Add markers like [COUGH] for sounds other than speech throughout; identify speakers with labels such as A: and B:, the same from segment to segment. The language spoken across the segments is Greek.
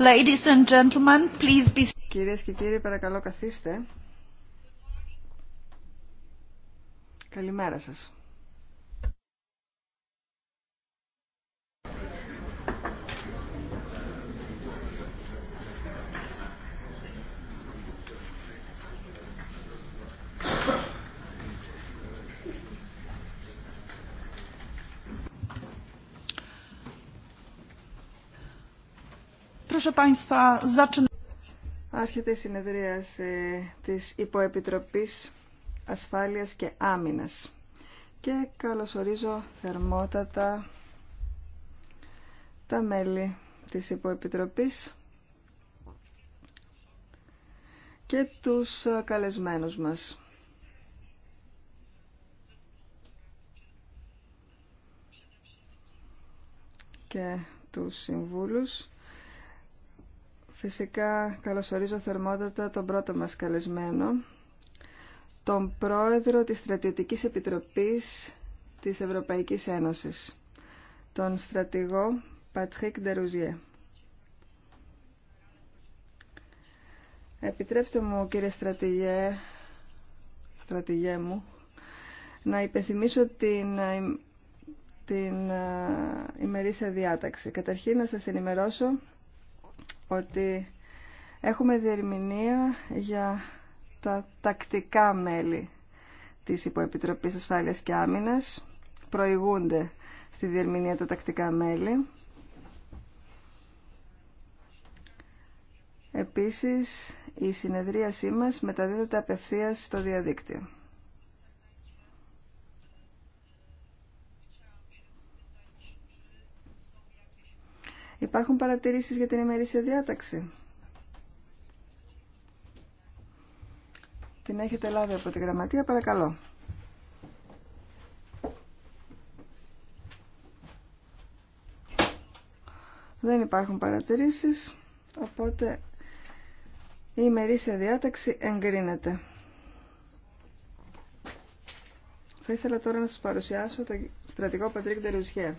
A: Ladies and gentlemen, please be... Κυρίες και κύριοι, παρακαλώ καθίστε. Καλημέρα σας. proszę Państwa, zaczynamy. Άρχεται η συνεδρίαση της Υποεπιτροπής Ασφάλειας και Άμυνας. Και καλωσορίζω θερμότατα τα μέλη της Υποεπιτροπής και τους καλεσμένους μας. και τους συμβούλους Φυσικά καλωσορίζω θερμότατα τον πρώτο μας καλεσμένο, τον πρόεδρο της Στρατιωτικής Επιτροπής της Ευρωπαϊκής Ένωσης, τον στρατηγό Πατρίκ Ντερουζιέ. Επιτρέψτε μου κύριε στρατηγέ, στρατηγέ μου, να υπενθυμίσω την, την ε, ημερήσια διάταξη. Καταρχήν να σας ενημερώσω ότι έχουμε διερμηνία για τα τακτικά μέλη της Υποεπιτροπής Ασφάλειας και Άμυνας. Προηγούνται στη διερμηνία τα τακτικά μέλη. Επίσης, η συνεδρίασή μας μεταδίδεται απευθείας στο διαδίκτυο. Υπάρχουν παρατηρήσεις για την ημερήσια διάταξη. Την έχετε λάβει από τη γραμματεία, παρακαλώ. Δεν υπάρχουν παρατηρήσεις, οπότε η ημερήσια διάταξη εγκρίνεται. Θα ήθελα τώρα να σας παρουσιάσω τον στρατηγό Πατρίκ Ντερουζιέ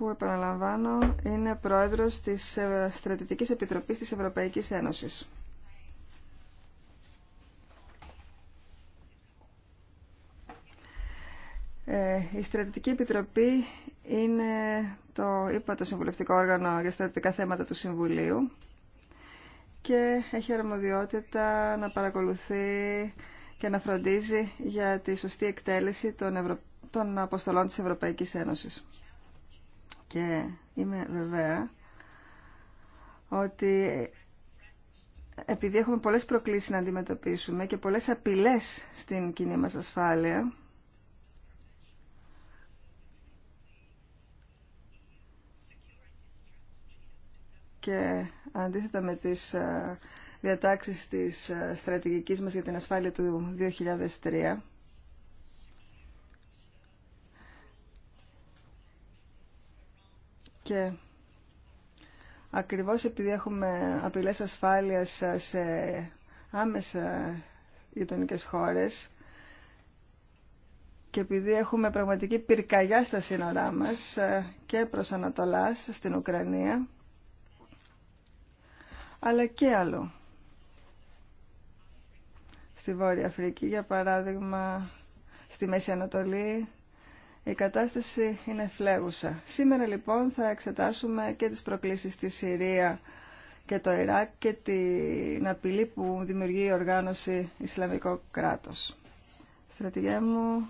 A: που επαναλαμβάνω είναι πρόεδρος της ε, Στρατητικής Επιτροπής της Ευρωπαϊκής Ένωσης. Ε, η Στρατητική Επιτροπή είναι το ύπατο συμβουλευτικό όργανο για στρατητικά θέματα του Συμβουλίου και έχει αρμοδιότητα να παρακολουθεί και να φροντίζει για τη σωστή εκτέλεση των, Ευρω... των αποστολών της Ευρωπαϊκής Ένωσης και είμαι βεβαία ότι επειδή έχουμε πολλές προκλήσεις να αντιμετωπίσουμε και πολλές απειλές στην κοινή μας ασφάλεια, και αντίθετα με τις ε, διατάξεις της ε, στρατηγικής μας για την ασφάλεια του 2003, Και ακριβώς επειδή έχουμε απειλές ασφάλειας σε άμεσα γειτονικέ χώρες και επειδή έχουμε πραγματική πυρκαγιά στα σύνορά μας και προς Ανατολάς στην Ουκρανία αλλά και άλλο στη Βόρεια Αφρική για παράδειγμα στη Μέση Ανατολή η κατάσταση είναι φλέγουσα. Σήμερα λοιπόν θα εξετάσουμε και τις προκλήσεις στη Συρία και το Ιράκ και την απειλή που δημιουργεί η οργάνωση Ισλαμικό κράτος. Στρατηγέ μου,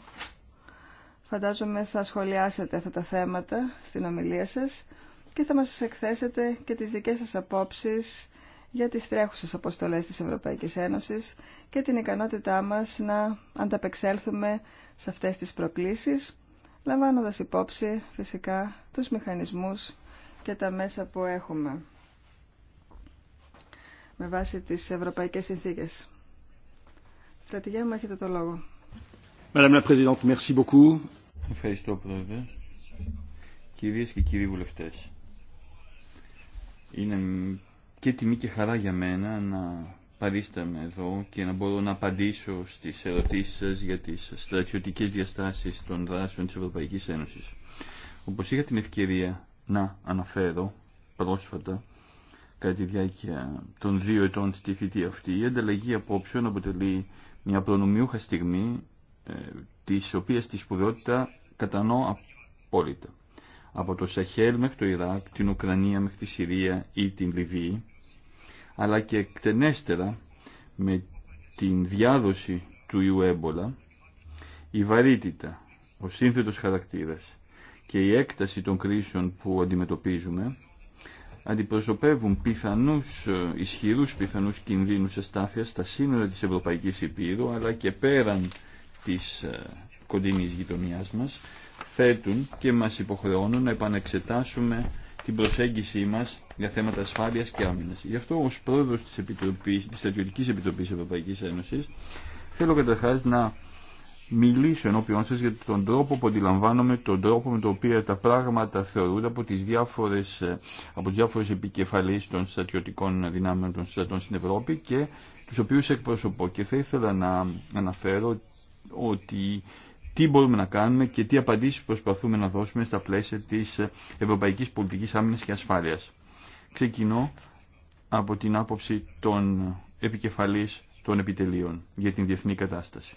A: φαντάζομαι θα σχολιάσετε αυτά τα θέματα στην ομιλία σας και θα μας εκθέσετε και τις δικές σας απόψεις για τις τρέχουσες αποστολές της Ευρωπαϊκής Ένωσης και την ικανότητά μας να ανταπεξέλθουμε σε αυτές τις προκλήσεις λαμβάνοντας υπόψη φυσικά τους μηχανισμούς και τα μέσα που έχουμε με βάση τις ευρωπαϊκές συνθήκες. Στρατηγιά μου, έχετε το λόγο.
B: Ευχαριστώ, Πρόεδρε. Κυρίες και κύριοι βουλευτές, είναι και τιμή και χαρά για μένα να παρίστα με εδώ και να μπορώ να απαντήσω στις ερωτήσεις σας για τις στρατιωτικές διαστάσεις των δράσεων της Ευρωπαϊκής Ένωσης. Όπως είχα την ευκαιρία να αναφέρω πρόσφατα, κατά τη διάρκεια των δύο ετών στη θητεία αυτή, η ανταλλαγή απόψεων αποτελεί μια προνομιούχα στιγμή, ε, της οποίας τη σπουδαιότητα κατανοώ απόλυτα. Από το Σαχέλ μέχρι το Ιράκ, την Ουκρανία μέχρι τη Συρία ή την Λιβύη, αλλά και εκτενέστερα με την διάδοση του ιού έμπολα, η βαρύτητα, ο σύνθετος χαρακτήρας και η έκταση των κρίσεων που αντιμετωπίζουμε αντιπροσωπεύουν πιθανούς, ισχυρούς πιθανούς κινδύνους αστάθειας στα σύνορα της Ευρωπαϊκής Υπήρου αλλά και πέραν της ε, κοντινής γειτονιάς μας θέτουν και μας υποχρεώνουν να επανεξετάσουμε την προσέγγιση μας για θέματα ασφάλειας και άμυνας. Γι' αυτό ως πρόεδρος της, Επιτροπής, της Στρατιωτικής Επιτροπής Ευρωπαϊκής Ένωσης θέλω καταρχά να μιλήσω ενώπιον σας για τον τρόπο που αντιλαμβάνομαι, τον τρόπο με τον οποίο τα πράγματα θεωρούνται από τις διάφορες, ε, από των στρατιωτικών δυνάμεων των στρατών στην Ευρώπη και τους οποίους εκπροσωπώ. Και θα ήθελα να αναφέρω ότι τι μπορούμε να κάνουμε και τι απαντήσεις προσπαθούμε να δώσουμε στα πλαίσια της Ευρωπαϊκής Πολιτικής Άμυνας και Ασφάλειας. Ξεκινώ από την άποψη των επικεφαλής των επιτελείων για την διεθνή κατάσταση.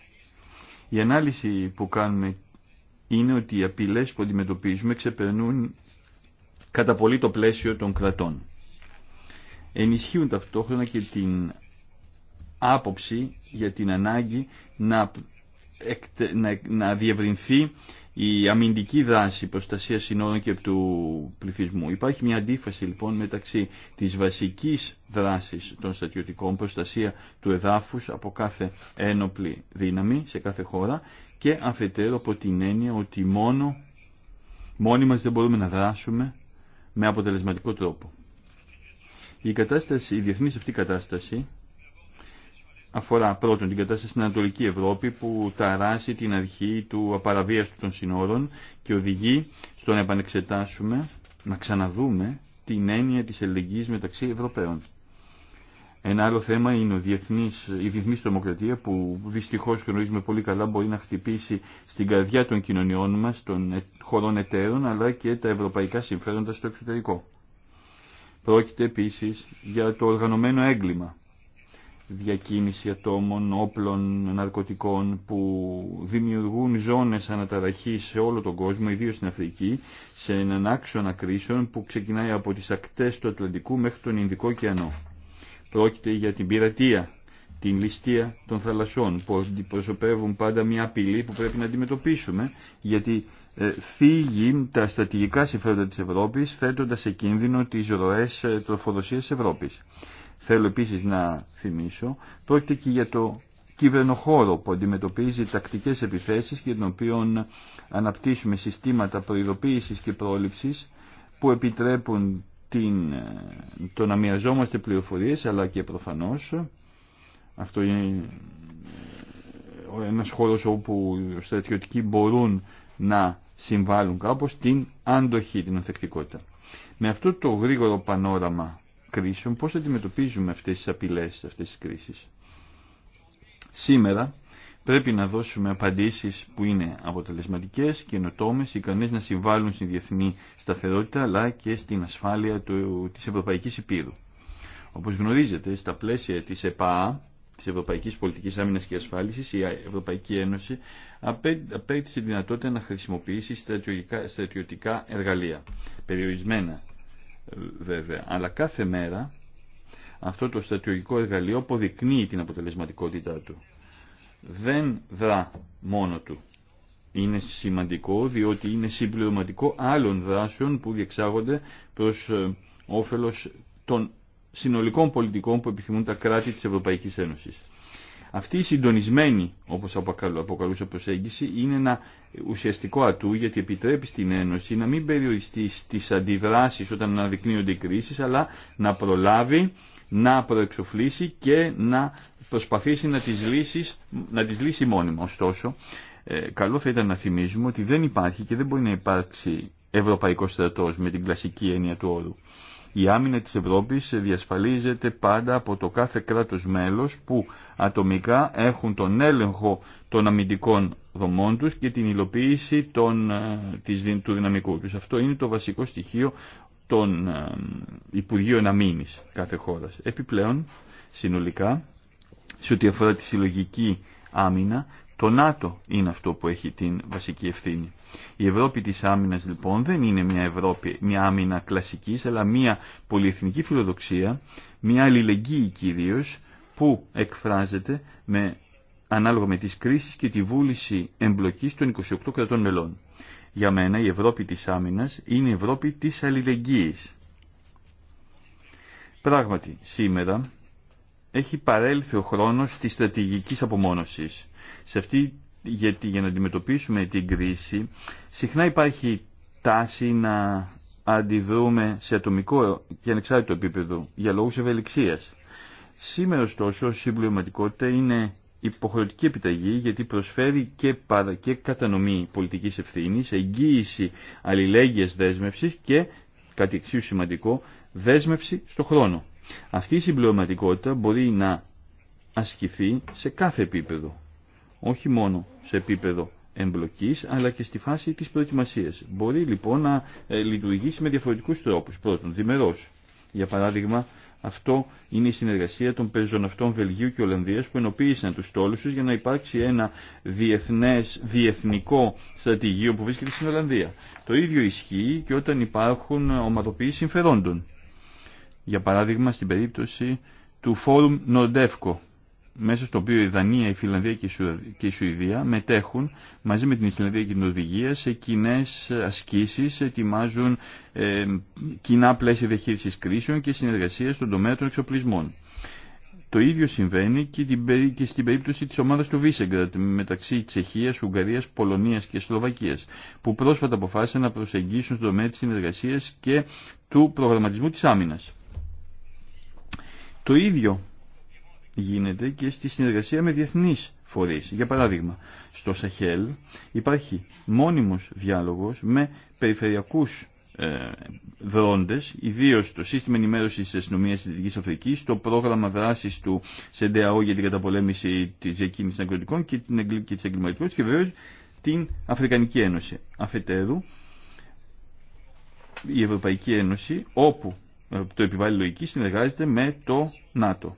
B: Η ανάλυση που κάνουμε είναι ότι οι απειλές που αντιμετωπίζουμε ξεπερνούν κατά πολύ το πλαίσιο των κρατών. Ενισχύουν ταυτόχρονα και την άποψη για την ανάγκη να να διευρυνθεί η αμυντική δράση προστασία συνόρων και του πληθυσμού. Υπάρχει μια αντίφαση λοιπόν μεταξύ της βασικής δράσης των στρατιωτικών προστασία του εδάφους από κάθε ένοπλη δύναμη σε κάθε χώρα και αφετέρου από την έννοια ότι μόνο μόνοι μας δεν μπορούμε να δράσουμε με αποτελεσματικό τρόπο. Η, κατάσταση, η διεθνής αυτή κατάσταση αφορά πρώτον την κατάσταση στην Ανατολική Ευρώπη που ταράσει την αρχή του απαραβίαστου των συνόρων και οδηγεί στο να επανεξετάσουμε, να ξαναδούμε την έννοια της ελεγγύης μεταξύ Ευρωπαίων. Ένα άλλο θέμα είναι ο διεθνής, η διεθνής τρομοκρατία που δυστυχώς γνωρίζουμε πολύ καλά μπορεί να χτυπήσει στην καρδιά των κοινωνιών μας, των ε, χωρών εταίρων αλλά και τα ευρωπαϊκά συμφέροντα στο εξωτερικό. Πρόκειται επίσης για το οργανωμένο έγκλημα διακίνηση ατόμων, όπλων, ναρκωτικών που δημιουργούν ζώνες αναταραχής σε όλο τον κόσμο, ιδίως στην Αφρική, σε έναν άξονα κρίσεων που ξεκινάει από τις ακτές του Ατλαντικού μέχρι τον Ινδικό ωκεανό. Πρόκειται για την πειρατεία, την ληστεία των θαλασσών που αντιπροσωπεύουν πάντα μια απειλή που πρέπει να αντιμετωπίσουμε γιατί ε, φύγει τα στρατηγικά συμφέροντα της Ευρώπης φέτοντας σε κίνδυνο τις ροές ε, τροφοδοσίας της Ευρώπης θέλω επίσης να θυμίσω, πρόκειται και για το κυβερνοχώρο που αντιμετωπίζει τακτικές επιθέσεις και των οποίων αναπτύσσουμε συστήματα προειδοποίησης και πρόληψης που επιτρέπουν την, το να μοιραζόμαστε πληροφορίες αλλά και προφανώς αυτό είναι ε, ένας χώρος όπου οι στρατιωτικοί μπορούν να συμβάλλουν κάπως την αντοχή, την ανθεκτικότητα. Με αυτό το γρήγορο πανόραμα κρίσεων, πώς αντιμετωπίζουμε αυτές τις απειλές, αυτές τις κρίσεις. Σήμερα πρέπει να δώσουμε απαντήσεις που είναι αποτελεσματικές, καινοτόμες, ικανές να συμβάλλουν στην διεθνή σταθερότητα αλλά και στην ασφάλεια του, της Ευρωπαϊκής Υπήρου. Όπως γνωρίζετε, στα πλαίσια της ΕΠΑ, της Ευρωπαϊκής Πολιτικής Άμυνας και Ασφάλισης, η Ευρωπαϊκή Ένωση απέκτησε δυνατότητα να χρησιμοποιήσει στρατιωτικά εργαλεία, περιορισμένα βέβαια, αλλά κάθε μέρα αυτό το στρατιωτικό εργαλείο αποδεικνύει την αποτελεσματικότητά του. Δεν δρά μόνο του. Είναι σημαντικό διότι είναι συμπληρωματικό άλλων δράσεων που διεξάγονται προς ε, όφελος των συνολικών πολιτικών που επιθυμούν τα κράτη της Ευρωπαϊκής Ένωσης. Αυτή η συντονισμένη, όπω αποκαλούσα προσέγγιση, είναι ένα ουσιαστικό ατού γιατί επιτρέπει στην Ένωση να μην περιοριστεί στις αντιδράσει όταν αναδεικνύονται οι κρίσει, αλλά να προλάβει, να προεξοφλήσει και να προσπαθήσει να τις, λύσεις, να τις λύσει μόνιμα. Ωστόσο, ε, καλό θα ήταν να θυμίζουμε ότι δεν υπάρχει και δεν μπορεί να υπάρξει ευρωπαϊκό στρατός με την κλασική έννοια του όρου. Η άμυνα της Ευρώπης διασφαλίζεται πάντα από το κάθε κράτος μέλος που ατομικά έχουν τον έλεγχο των αμυντικών δομών τους και την υλοποίηση των, ε, της, του δυναμικού τους. Αυτό είναι το βασικό στοιχείο των ε, Υπουργείων Αμήνης κάθε χώρας. Επιπλέον, συνολικά, σε ό,τι αφορά τη συλλογική άμυνα, το ΝΑΤΟ είναι αυτό που έχει την βασική ευθύνη. Η Ευρώπη της άμυνας λοιπόν δεν είναι μια, Ευρώπη, μια άμυνα κλασικής, αλλά μια πολυεθνική φιλοδοξία, μια αλληλεγγύη κυρίω που εκφράζεται με, ανάλογα με τις κρίσεις και τη βούληση εμπλοκής των 28 κρατών μελών. Για μένα η Ευρώπη της άμυνας είναι η Ευρώπη της αλληλεγγύης. Πράγματι, σήμερα έχει παρέλθει ο χρόνος της στρατηγικής απομόνωσης. Σε αυτή, γιατί για να αντιμετωπίσουμε την κρίση, συχνά υπάρχει τάση να αντιδρούμε σε ατομικό και ανεξάρτητο επίπεδο για λόγους ευελιξίας. Σήμερα ωστόσο συμπληρωματικότητα είναι υποχρεωτική επιταγή γιατί προσφέρει και, παρα, και κατανομή πολιτικής ευθύνης, εγγύηση αλληλέγγυας δέσμευσης και, κάτι εξίσου σημαντικό, δέσμευση στο χρόνο. Αυτή η συμπληρωματικότητα μπορεί να ασκηθεί σε κάθε επίπεδο, όχι μόνο σε επίπεδο εμπλοκής, αλλά και στη φάση της προετοιμασίας. Μπορεί λοιπόν να ε, λειτουργήσει με διαφορετικούς τρόπους. Πρώτον, διμερός. Για παράδειγμα, αυτό είναι η συνεργασία των πεζοναυτών Βελγίου και Ολλανδίας που ενοποίησαν τους στόλους τους για να υπάρξει ένα διεθνές, διεθνικό στρατηγείο που βρίσκεται στην Ολλανδία. Το ίδιο ισχύει και όταν υπάρχουν ομαδοποιήσεις συμφερόντων για παράδειγμα στην περίπτωση του φόρουμ Νορντεύκο, μέσα στο οποίο η Δανία, η Φιλανδία και η Σουηδία μετέχουν μαζί με την Ισλανδία και την Ορβηγία σε κοινέ ασκήσει ετοιμάζουν ε, κοινά πλαίσια διαχείριση κρίσεων και συνεργασία στον τομέα των εξοπλισμών. Το ίδιο συμβαίνει και στην περίπτωση της ομάδας του Βίσεγκρατ μεταξύ Τσεχίας, Ουγγαρίας, Πολωνίας και Σλοβακίας που πρόσφατα αποφάσισαν να προσεγγίσουν στον τομέα τη συνεργασία και του προγραμματισμού της άμυνας. Το ίδιο γίνεται και στη συνεργασία με διεθνείς φορείς. Για παράδειγμα, στο Σαχέλ υπάρχει μόνιμος διάλογος με περιφερειακούς ε, δρόντες, ιδίως το σύστημα ενημέρωσης της αστυνομίας της Δυτικής Αφρικής, το πρόγραμμα δράσης του ΣΕΝΤΕΑΟ για την καταπολέμηση της διακίνησης ναρκωτικών και, την, και της εγκληματικότητας και βεβαίως την Αφρικανική Ένωση. Αφετέρου, η Ευρωπαϊκή Ένωση, όπου ε, το επιβάλλει λογική, συνεργάζεται με το ΝΑΤΟ.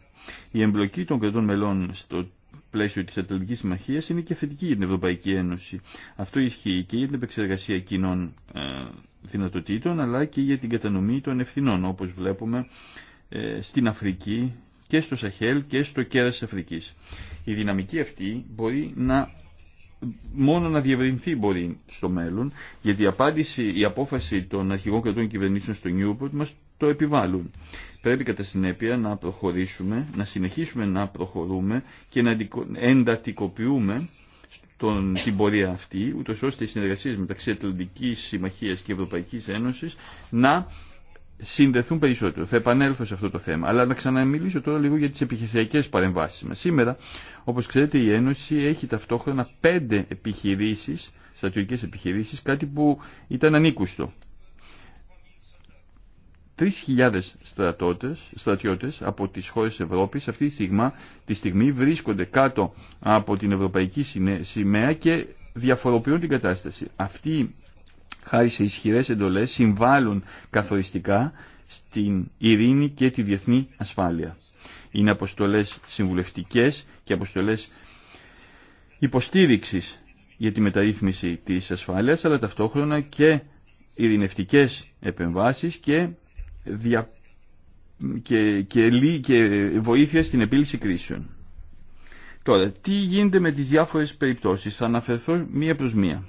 B: Η εμπλοκή των κρατών μελών στο πλαίσιο της Ατλαντικής Συμμαχίας είναι και θετική για την Ευρωπαϊκή Ένωση. Αυτό ισχύει και για την επεξεργασία κοινών ε, δυνατοτήτων, αλλά και για την κατανομή των ευθυνών, όπως βλέπουμε ε, στην Αφρική και στο Σαχέλ και στο κέρας της Αφρικής. Η δυναμική αυτή μπορεί να μόνο να διευρυνθεί μπορεί στο μέλλον, γιατί η, απάντηση, η απόφαση των αρχηγών κρατών κυβερνήσεων στο Νιούπορτ μας το επιβάλλουν. Πρέπει κατά συνέπεια να προχωρήσουμε, να συνεχίσουμε να προχωρούμε και να εντατικοποιούμε τον, την πορεία αυτή, ούτω ώστε οι συνεργασίε μεταξύ Ατλαντική Συμμαχία και Ευρωπαϊκή Ένωση να συνδεθούν περισσότερο. Θα επανέλθω σε αυτό το θέμα. Αλλά να ξαναμιλήσω τώρα λίγο για τι επιχειρησιακέ παρεμβάσει μα. Σήμερα, όπω ξέρετε, η Ένωση έχει ταυτόχρονα πέντε επιχειρήσει, στρατιωτικέ επιχειρήσει, κάτι που ήταν ανήκουστο. 3.000 στρατιώτε στρατιώτες από τις χώρες Ευρώπης αυτή τη, στιγμή, τη στιγμή βρίσκονται κάτω από την Ευρωπαϊκή Σημαία και διαφοροποιούν την κατάσταση. Αυτοί, χάρη σε ισχυρές εντολές, συμβάλλουν καθοριστικά στην ειρήνη και τη διεθνή ασφάλεια. Είναι αποστολές συμβουλευτικές και αποστολές υποστήριξης για τη μεταρρύθμιση της ασφάλειας, αλλά ταυτόχρονα και ειρηνευτικές επεμβάσεις και δια... και, και, και βοήθεια στην επίλυση κρίσεων. Τώρα, τι γίνεται με τις διάφορες περιπτώσεις. Θα αναφερθώ μία προς μία.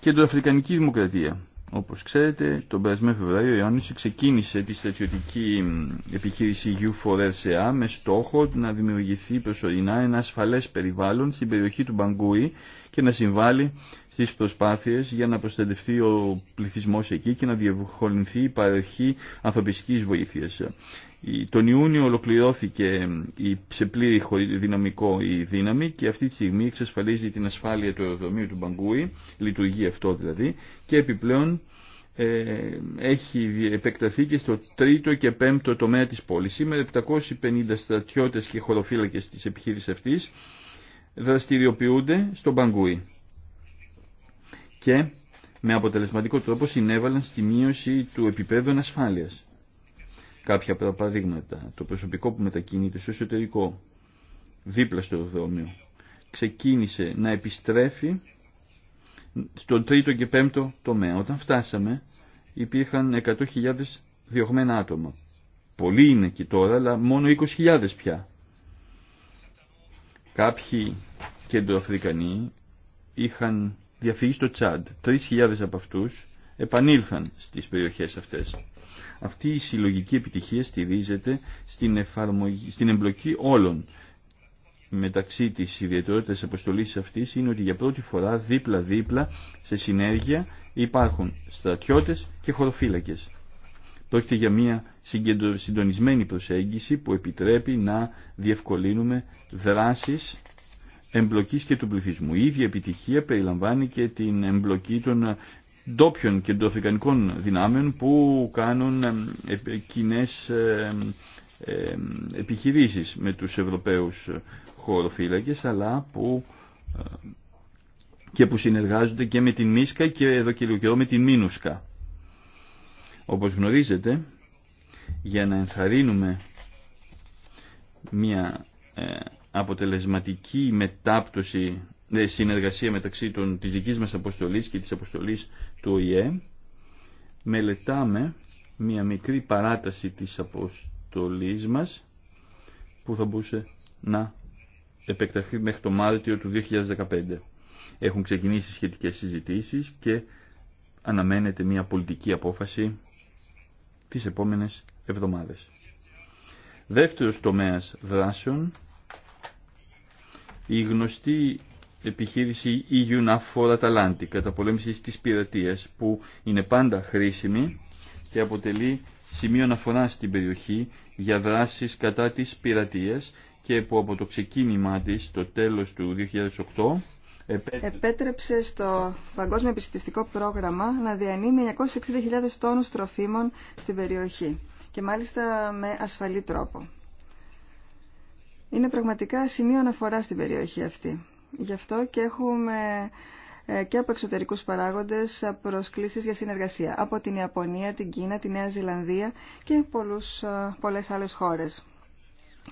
B: Κεντροαφρικανική Δημοκρατία. Όπως ξέρετε, τον περασμένο Φεβρουάριο ο Ιωάννης ξεκίνησε τη στρατιωτική επιχείρηση U4RCA με στόχο να δημιουργηθεί προσωρινά ένα ασφαλές περιβάλλον στην περιοχή του Μπαγκούι και να συμβάλλει στις προσπάθειες για να προστατευτεί ο πληθυσμός εκεί και να διευκολυνθεί η παροχή ανθρωπιστικής βοήθειας. Τον Ιούνιο ολοκληρώθηκε σε πλήρη δυναμικό η δύναμη και αυτή τη στιγμή εξασφαλίζει την ασφάλεια του αεροδρομίου του Μπαγκούι, λειτουργεί αυτό δηλαδή, και επιπλέον ε, έχει επεκταθεί και στο τρίτο και πέμπτο τομέα της πόλης. Σήμερα 750 στρατιώτες και χωροφύλακες της επιχείρησης αυτής δραστηριοποιούνται στο Μπαγκούι και με αποτελεσματικό τρόπο συνέβαλαν στη μείωση του επίπεδου ασφάλειας. Κάποια παραδείγματα. Το προσωπικό που μετακινείται στο εσωτερικό, δίπλα στο δρόμιο ξεκίνησε να επιστρέφει στον τρίτο και πέμπτο τομέα. Όταν φτάσαμε υπήρχαν 100.000 διωγμένα άτομα. Πολλοί είναι και τώρα, αλλά μόνο 20.000 πια. Κάποιοι κεντροαφρικανοί είχαν διαφυγή στο Τσάντ. 3.000 από αυτούς επανήλθαν στις περιοχές αυτές. Αυτή η συλλογική επιτυχία στηρίζεται στην, στην εμπλοκή όλων. Μεταξύ της ιδιαιτερότητας αποστολής αυτής είναι ότι για πρώτη φορά δίπλα-δίπλα σε συνέργεια υπάρχουν στρατιώτες και χωροφύλακες. Πρόκειται για μια συντονισμένη προσέγγιση που επιτρέπει να διευκολύνουμε δράσεις εμπλοκής και του πληθυσμού. Η ίδια επιτυχία περιλαμβάνει και την εμπλοκή των ντόπιων και ντοθεκανικών δυνάμεων που κάνουν κοινέ επιχειρήσεις με τους Ευρωπαίους χωροφύλακες αλλά που ε, και που συνεργάζονται και με την Μίσκα και εδώ και λίγο καιρό με την Μίνουσκα. Όπως γνωρίζετε, για να ενθαρρύνουμε μια ε, αποτελεσματική μετάπτωση, ε, συνεργασία μεταξύ των, της δικής μας αποστολής και της αποστολής του ΟΗΕ, μελετάμε μια μικρή παράταση της αποστολής μας που θα μπορούσε να επεκταθεί μέχρι το Μάρτιο του 2015. Έχουν ξεκινήσει σχετικές συζητήσεις και αναμένεται μια πολιτική απόφαση τις επόμενες εβδομάδες. Δεύτερος τομέας δράσεων η γνωστή επιχείρηση EUNAFOR Atalanti, πολέμηση της πειρατείας, που είναι πάντα χρήσιμη και αποτελεί σημείο αναφορά στην περιοχή για δράσεις κατά της πειρατείας και που από το ξεκίνημά της, το τέλος του 2008,
A: επέτρεψε στο Παγκόσμιο Επιστημιστικό Πρόγραμμα να διανύει 960.000 τόνους τροφίμων στην περιοχή και μάλιστα με ασφαλή τρόπο είναι πραγματικά σημείο αναφορά στην περιοχή αυτή. Γι' αυτό και έχουμε ε, και από εξωτερικού παράγοντε προσκλήσει για συνεργασία από την Ιαπωνία, την Κίνα, τη Νέα Ζηλανδία και ε, πολλέ άλλε χώρε.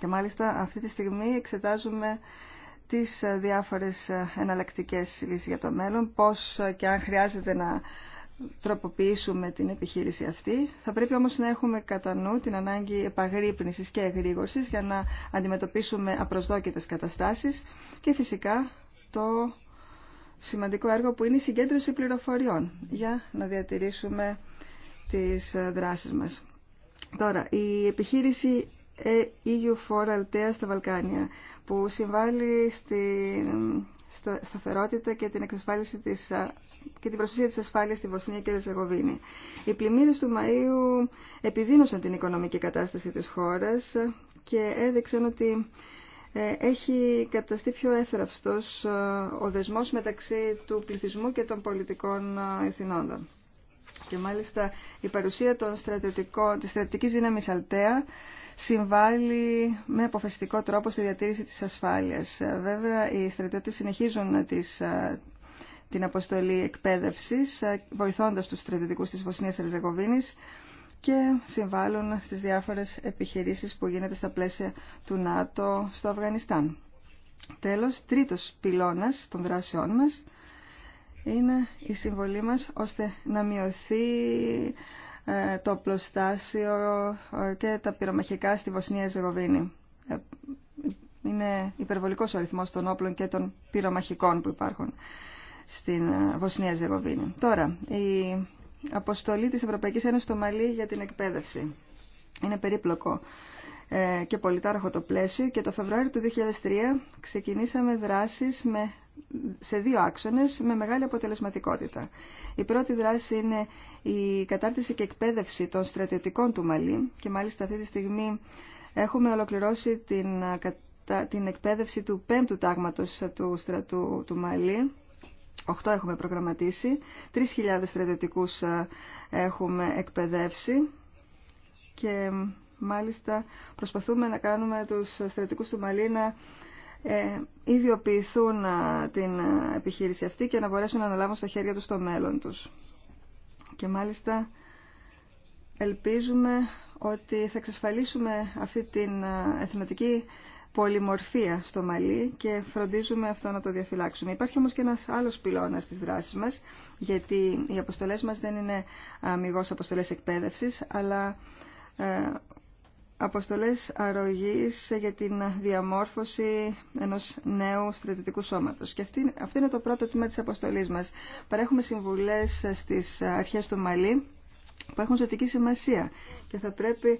A: Και μάλιστα αυτή τη στιγμή εξετάζουμε τις ε, διάφορες εναλλακτικές λύσεις για το μέλλον, πώς και αν χρειάζεται να τροποποιήσουμε την επιχείρηση αυτή. Θα πρέπει όμως να έχουμε κατά νου την ανάγκη επαγρύπνησης και εγρήγορσης για να αντιμετωπίσουμε απροσδόκητες καταστάσεις και φυσικά το σημαντικό έργο που είναι η συγκέντρωση πληροφοριών για να διατηρήσουμε τις δράσεις μας. Τώρα, η επιχείρηση ε- EU4 Altea στα Βαλκάνια που συμβάλλει στην σταθερότητα και την εξασφάλιση της, και την προστασία της ασφάλειας στη Βοσνία και Ζεγοβίνη. Οι πλημμύρες του Μαΐου επιδίνωσαν την οικονομική κατάσταση της χώρας και έδειξαν ότι ε, έχει καταστεί πιο έθραυστος ο δεσμός μεταξύ του πληθυσμού και των πολιτικών εθνών. Και μάλιστα η παρουσία των στρατιωτικών, της στρατιωτικής δύναμης Αλτέα συμβάλλει με αποφασιστικό τρόπο στη διατήρηση της ασφάλειας. Βέβαια, οι στρατιώτες συνεχίζουν τις, την αποστολή εκπαίδευσης, βοηθώντας τους στρατιωτικούς της Βοσνίας Ερζεγοβίνης και συμβάλλουν στις διάφορες επιχειρήσεις που γίνεται στα πλαίσια του ΝΑΤΟ στο Αφγανιστάν. Τέλος, τρίτος πυλώνας των δράσεών μας είναι η συμβολή μας ώστε να μειωθεί ε, το πλωστάσιο ε, και τα πυρομαχικά στη Βοσνία Ζεγοβίνη. Ε, είναι υπερβολικός ο αριθμός των όπλων και των πυρομαχικών που υπάρχουν στην Βοσνία Ζεγοβίνη. Τώρα, η αποστολή της Ευρωπαϊκής Ένωσης στο Μαλί για την εκπαίδευση. Είναι περίπλοκο ε, και πολιτάρχο το πλαίσιο και το Φεβρουάριο του 2003 ξεκινήσαμε δράσεις με, σε δύο άξονες με μεγάλη αποτελεσματικότητα. Η πρώτη δράση είναι η κατάρτιση και εκπαίδευση των στρατιωτικών του Μαλή και μάλιστα αυτή τη στιγμή έχουμε ολοκληρώσει την, ε, την εκπαίδευση του πέμπτου τάγματος του στρατού του Μαλή 8 έχουμε προγραμματίσει, 3.000 στρατιωτικούς ε, έχουμε εκπαιδεύσει και Μάλιστα προσπαθούμε να κάνουμε τους στρατικούς του Μαλή να ε, ιδιοποιηθούν την επιχείρηση αυτή και να μπορέσουν να αναλάβουν στα χέρια τους το μέλλον τους. Και μάλιστα ελπίζουμε ότι θα εξασφαλίσουμε αυτή την εθνοτική πολυμορφία στο Μαλί και φροντίζουμε αυτό να το διαφυλάξουμε. Υπάρχει όμως και ένας άλλος πυλώνας της δράσης μας, γιατί οι αποστολές μας δεν είναι αμυγός αποστολές εκπαίδευσης, αλλά ε, αποστολές αρρωγής για την διαμόρφωση ενός νέου στρατιωτικού σώματος. Και αυτή, αυτό είναι το πρώτο τμήμα της αποστολής μας. Παρέχουμε συμβουλές στις αρχές του Μαλή που έχουν ζωτική σημασία και θα πρέπει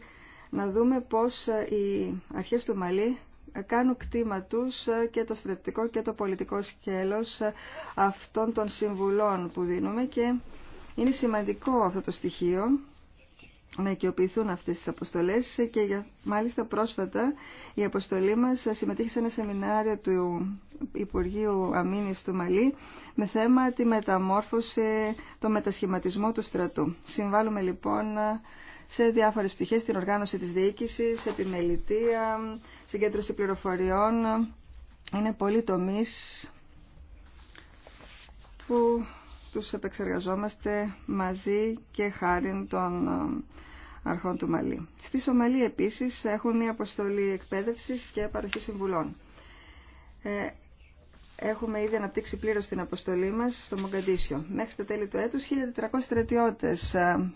A: να δούμε πώς οι αρχές του Μαλή κάνουν κτήμα τους και το στρατητικό και το πολιτικό σκέλος αυτών των συμβουλών που δίνουμε και είναι σημαντικό αυτό το στοιχείο να οικειοποιηθούν αυτές τις αποστολές και για, μάλιστα πρόσφατα η αποστολή μας συμμετείχε σε ένα σεμινάριο του Υπουργείου Αμήνης του Μαλή με θέμα τη μεταμόρφωση, το μετασχηματισμό του στρατού. Συμβάλλουμε λοιπόν σε διάφορες πτυχές, την οργάνωση της διοίκησης, επιμελητία, συγκέντρωση πληροφοριών. Είναι πολλοί τομείς που τους επεξεργαζόμαστε μαζί και χάρη των ε, αρχών του Μαλή. Στη Σομαλία επίσης έχουν μια αποστολή εκπαίδευσης και παροχή συμβουλών. Ε, έχουμε ήδη αναπτύξει πλήρως την αποστολή μας στο Μογκαντήσιο. Μέχρι το τέλη του έτους 1.400 στρατιώτες ε,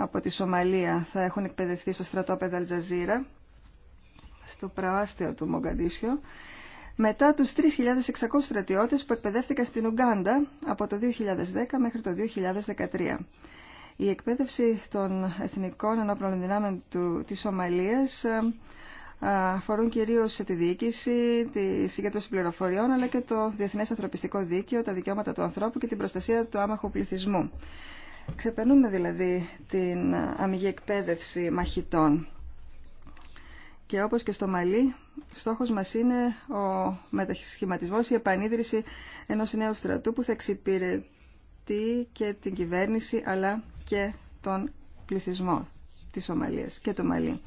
A: από τη Σομαλία θα έχουν εκπαιδευτεί στο στρατόπεδο Αλτζαζίρα, στο προάστιο του Μογκαντήσιο μετά τους 3.600 στρατιώτες που εκπαιδεύτηκαν στην Ουγκάντα από το 2010 μέχρι το 2013. Η εκπαίδευση των εθνικών ενόπλων δυνάμεων της Σομαλίας ε, αφορούν κυρίως τη διοίκηση, τη συγκέντρωση πληροφοριών, αλλά και το διεθνές ανθρωπιστικό δίκαιο, τα δικαιώματα του ανθρώπου και την προστασία του άμαχου πληθυσμού. Ξεπερνούμε δηλαδή την ε, αμυγή εκπαίδευση μαχητών και όπως και στο Μαλί, στόχος μας είναι ο μετασχηματισμός, η επανίδρυση ενός νέου στρατού που θα εξυπηρετεί και την κυβέρνηση αλλά και τον πληθυσμό της Ομαλίας και το Μαλί.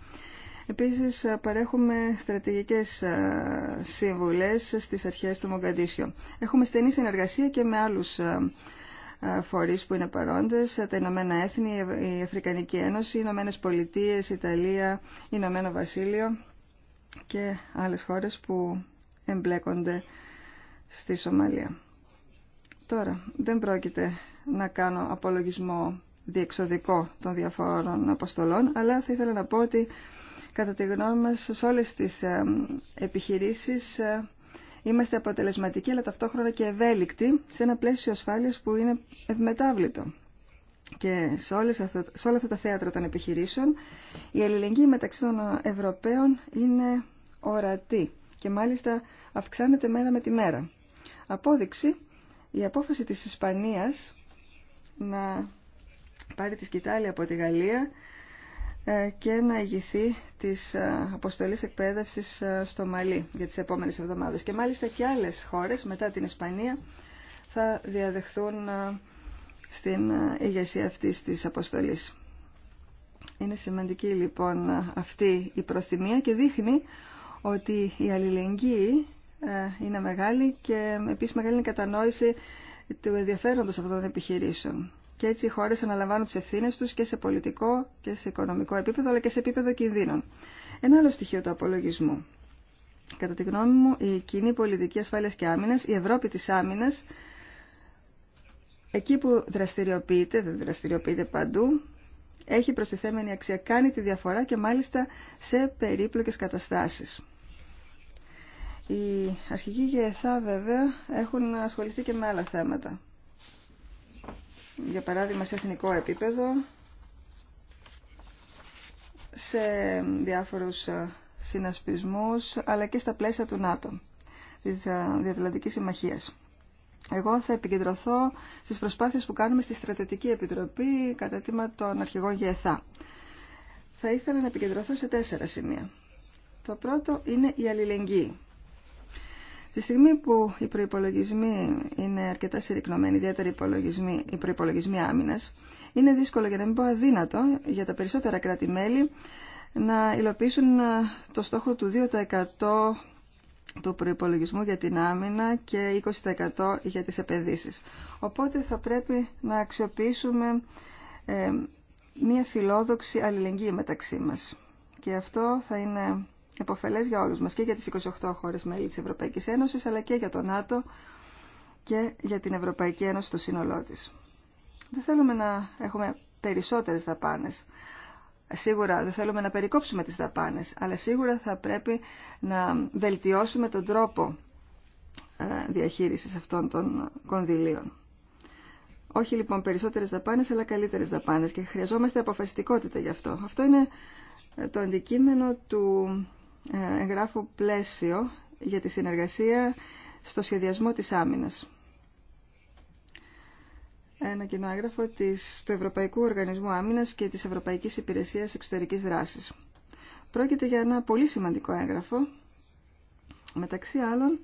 A: Επίσης παρέχουμε στρατηγικές σύμβουλες στις αρχές του Μογκαντήσιο. Έχουμε στενή συνεργασία και με άλλους ε, φορείς που είναι παρόντες, ε, τα Ηνωμένα Έθνη, η Αφρικανική Ένωση, οι Ηνωμένε Πολιτείε, Ιταλία, η Ηνωμένο Βασίλειο και άλλες χώρες που εμπλέκονται στη Σομαλία. Τώρα, δεν πρόκειται να κάνω απολογισμό διεξοδικό των διαφόρων αποστολών, αλλά θα ήθελα να πω ότι κατά τη γνώμη μας σε όλες τις ε, επιχειρήσεις είμαστε αποτελεσματικοί αλλά ταυτόχρονα και ευέλικτοι σε ένα πλαίσιο ασφάλειας που είναι ευμετάβλητο. Και σε, σε όλα αυτά τα θέατρα των επιχειρήσεων η αλληλεγγύη μεταξύ των Ευρωπαίων είναι ορατή και μάλιστα αυξάνεται μέρα με τη μέρα. Απόδειξη, η απόφαση της Ισπανίας να πάρει τη σκητάλη από τη Γαλλία ε, και να ηγηθεί της ε, αποστολής εκπαίδευσης ε, στο Μαλί για τις επόμενες εβδομάδες. Και μάλιστα και άλλες χώρες μετά την Ισπανία θα διαδεχθούν στην ηγεσία αυτής της αποστολής. Είναι σημαντική λοιπόν αυτή η προθυμία και δείχνει ότι η αλληλεγγύη είναι μεγάλη και επίσης μεγάλη είναι η κατανόηση του ενδιαφέροντος αυτών των επιχειρήσεων και έτσι οι χώρες αναλαμβάνουν τις ευθύνες τους και σε πολιτικό και σε οικονομικό επίπεδο αλλά και σε επίπεδο κινδύνων. Ένα άλλο στοιχείο του απολογισμού. Κατά τη γνώμη μου, η κοινή πολιτική ασφάλεια και άμυνας, η Ευρώπη της άμυνας, εκεί που δραστηριοποιείται, δεν δραστηριοποιείται παντού, έχει προστιθέμενη αξία, κάνει τη διαφορά και μάλιστα σε περίπλοκες καταστάσεις. Οι αρχικοί ΓΕΘΑ βέβαια έχουν ασχοληθεί και με άλλα θέματα για παράδειγμα σε εθνικό επίπεδο, σε διάφορους ε, συνασπισμούς, αλλά και στα πλαίσια του ΝΑΤΟ, της ε, Διατλαντικής Συμμαχίας. Εγώ θα επικεντρωθώ στις προσπάθειες που κάνουμε στη Στρατητική Επιτροπή κατά τίμα των αρχηγών ΓΕΘΑ. Θα ήθελα να επικεντρωθώ σε τέσσερα σημεία. Το πρώτο είναι η αλληλεγγύη. Τη στιγμή που οι προπολογισμοί είναι αρκετά συρρυκνωμένοι, ιδιαίτερα οι, προπολογισμοί άμυνα, είναι δύσκολο για να μην πω αδύνατο για τα περισσότερα κράτη-μέλη να υλοποιήσουν το στόχο του 2% του προϋπολογισμού για την άμυνα και 20% για τις επενδύσεις. Οπότε θα πρέπει να αξιοποιήσουμε ε, μία φιλόδοξη αλληλεγγύη μεταξύ μας. Και αυτό θα είναι εποφελές για όλου μα και για τι 28 χώρε μέλη τη Ευρωπαϊκή Ένωση, αλλά και για το ΝΑΤΟ και για την Ευρωπαϊκή Ένωση στο σύνολό τη. Δεν θέλουμε να έχουμε περισσότερε δαπάνε. Σίγουρα δεν θέλουμε να περικόψουμε τις δαπάνες, αλλά σίγουρα θα πρέπει να βελτιώσουμε τον τρόπο ε, διαχείρισης αυτών των κονδυλίων. Όχι λοιπόν περισσότερες δαπάνες, αλλά καλύτερες δαπάνες και χρειαζόμαστε αποφασιστικότητα γι' αυτό. Αυτό είναι ε, το αντικείμενο του ε, εγγράφω πλαίσιο για τη συνεργασία στο σχεδιασμό της άμυνας. Ένα κοινό έγγραφο του Ευρωπαϊκού Οργανισμού Άμυνας και της Ευρωπαϊκής Υπηρεσίας Εξωτερικής Δράσης. Πρόκειται για ένα πολύ σημαντικό έγγραφο, μεταξύ άλλων,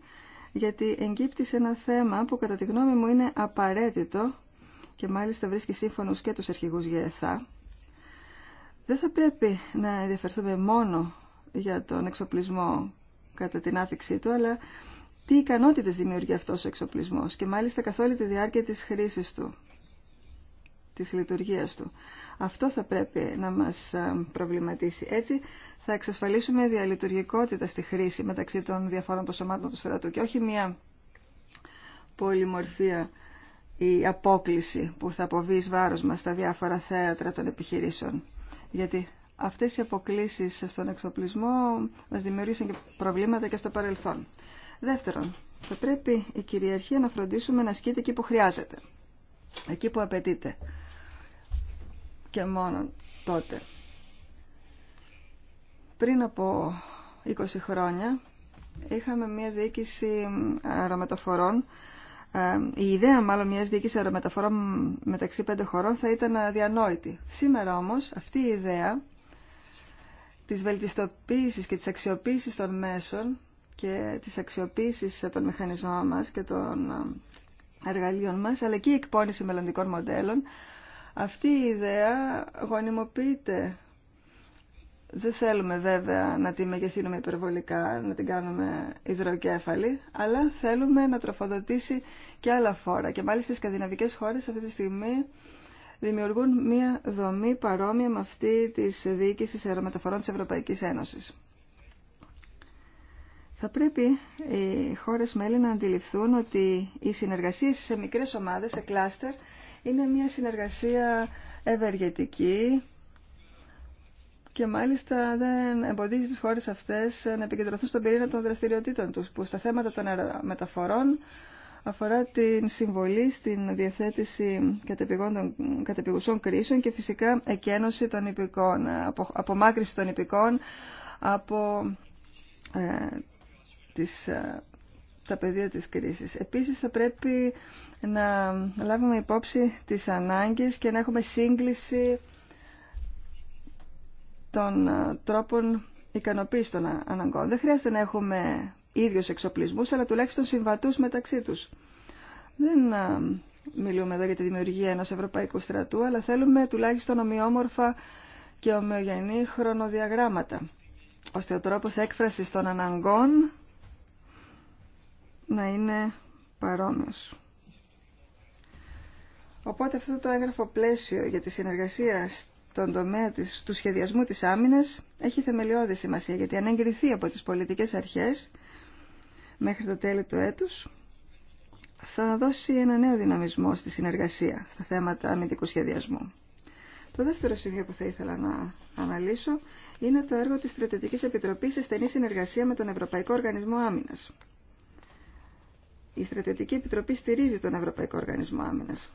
A: γιατί εγκύπτει σε ένα θέμα που κατά τη γνώμη μου είναι απαραίτητο και μάλιστα βρίσκει σύμφωνος και τους αρχηγούς ΓΕΘΑ. Δεν θα πρέπει να ενδιαφερθούμε μόνο για τον εξοπλισμό κατά την άφηξή του, αλλά τι ικανότητες δημιουργεί αυτός ο εξοπλισμός και μάλιστα καθ' όλη τη διάρκεια της χρήσης του, της λειτουργίας του. Αυτό θα πρέπει να μας προβληματίσει. Έτσι θα εξασφαλίσουμε διαλειτουργικότητα στη χρήση μεταξύ των διαφόρων των σωμάτων του στρατού και όχι μια πολυμορφία η απόκληση που θα αποβεί βάρος μας στα διάφορα θέατρα των επιχειρήσεων. Γιατί αυτές οι αποκλήσεις στον εξοπλισμό μας δημιουργήσαν και προβλήματα και στο παρελθόν. Δεύτερον, θα πρέπει η κυριαρχία να φροντίσουμε να ασκείται εκεί που χρειάζεται, εκεί που απαιτείται και μόνο τότε. Πριν από 20 χρόνια είχαμε μια διοίκηση αερομεταφορών ε, η ιδέα μάλλον μιας διοίκησης αερομεταφορών μεταξύ πέντε χωρών θα ήταν αδιανόητη. Σήμερα όμως αυτή η ιδέα της βελτιστοποίησης και της αξιοποίησης των μέσων και της αξιοποίησης των μηχανισμών μας και των ε, εργαλείων μας, αλλά και η εκπόνηση μελλοντικών μοντέλων, αυτή η ιδέα γονιμοποιείται. Δεν θέλουμε βέβαια να τη μεγεθύνουμε υπερβολικά, να την κάνουμε υδροκέφαλη, αλλά θέλουμε να τροφοδοτήσει και άλλα φόρα. Και μάλιστα οι σκανδιναβικές χώρες αυτή τη στιγμή δημιουργούν μία δομή παρόμοια με αυτή της διοίκησης αερομεταφορών της Ευρωπαϊκής Ένωσης. Θα πρέπει οι χώρες μέλη να αντιληφθούν ότι οι συνεργασίες σε μικρές ομάδες, σε κλάστερ, είναι μια συνεργασία ευεργετική και μάλιστα δεν εμποδίζει τις χώρες αυτές να αντιληφθουν οτι οι συνεργασιε σε μικρες ομαδες σε κλαστερ ειναι μια συνεργασια ευεργετικη και μαλιστα δεν εμποδιζει τις χωρες αυτες να επικεντρωθουν στον πυρήνα των δραστηριοτήτων τους, που στα θέματα των μεταφορών αφορά την συμβολή στην διαθέτηση κατεπηγουσών κρίσεων και φυσικά εκένωση των υπηκών, απομάκρυση των υπηκών από ε, ε, τα πεδία της κρίσης. Επίσης θα πρέπει να λάβουμε υπόψη τις ανάγκες και να έχουμε σύγκληση των ε, τρόπων ικανοποίηση των αναγκών. Δεν χρειάζεται να έχουμε ίδιους εξοπλισμούς, αλλά τουλάχιστον συμβατούς μεταξύ τους. Δεν μιλούμε εδώ για τη δημιουργία ενός ευρωπαϊκού στρατού, αλλά θέλουμε τουλάχιστον ομοιόμορφα και ομοιογενή χρονοδιαγράμματα, ώστε ο τρόπος έκφρασης των αναγκών να είναι παρόμοιος. Οπότε αυτό το έγγραφο πλαίσιο για τη συνεργασία στον τομέα της, του σχεδιασμού της άμυνας έχει θεμελιώδη σημασία, γιατί αν εγκριθεί από τις πολιτικές αρχές μέχρι το τέλη του έτους θα δώσει ένα νέο δυναμισμό στη συνεργασία στα θέματα αμυντικού σχεδιασμού. Το δεύτερο σημείο που θα ήθελα να αναλύσω είναι το έργο της Στρατιωτικής Επιτροπής σε στενή συνεργασία με τον Ευρωπαϊκό Οργανισμό Άμυνας. Η Στρατιωτική Επιτροπή στηρίζει τον Ευρωπαϊκό Οργανισμό Άμυνας.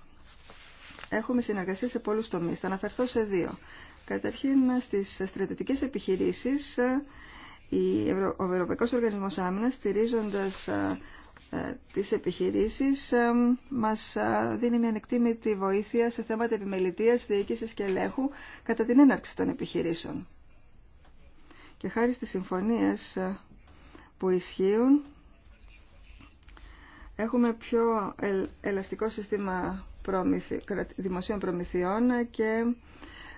A: Έχουμε συνεργασία σε πολλούς τομείς. Θα αναφερθώ σε δύο. Καταρχήν στις στρατιωτικές επιχειρήσεις ο Ευρωπαϊκός Οργανισμός Άμυνας στηρίζοντας ε, τις επιχειρήσεις ε, μας δίνει μια ανεκτήμητη βοήθεια σε θέματα επιμελητίας, διοίκησης και ελέγχου κατά την έναρξη των επιχειρήσεων. Και χάρη στις συμφωνίες ε, που ισχύουν έχουμε πιο ελαστικό σύστημα δημοσίων προμηθειών και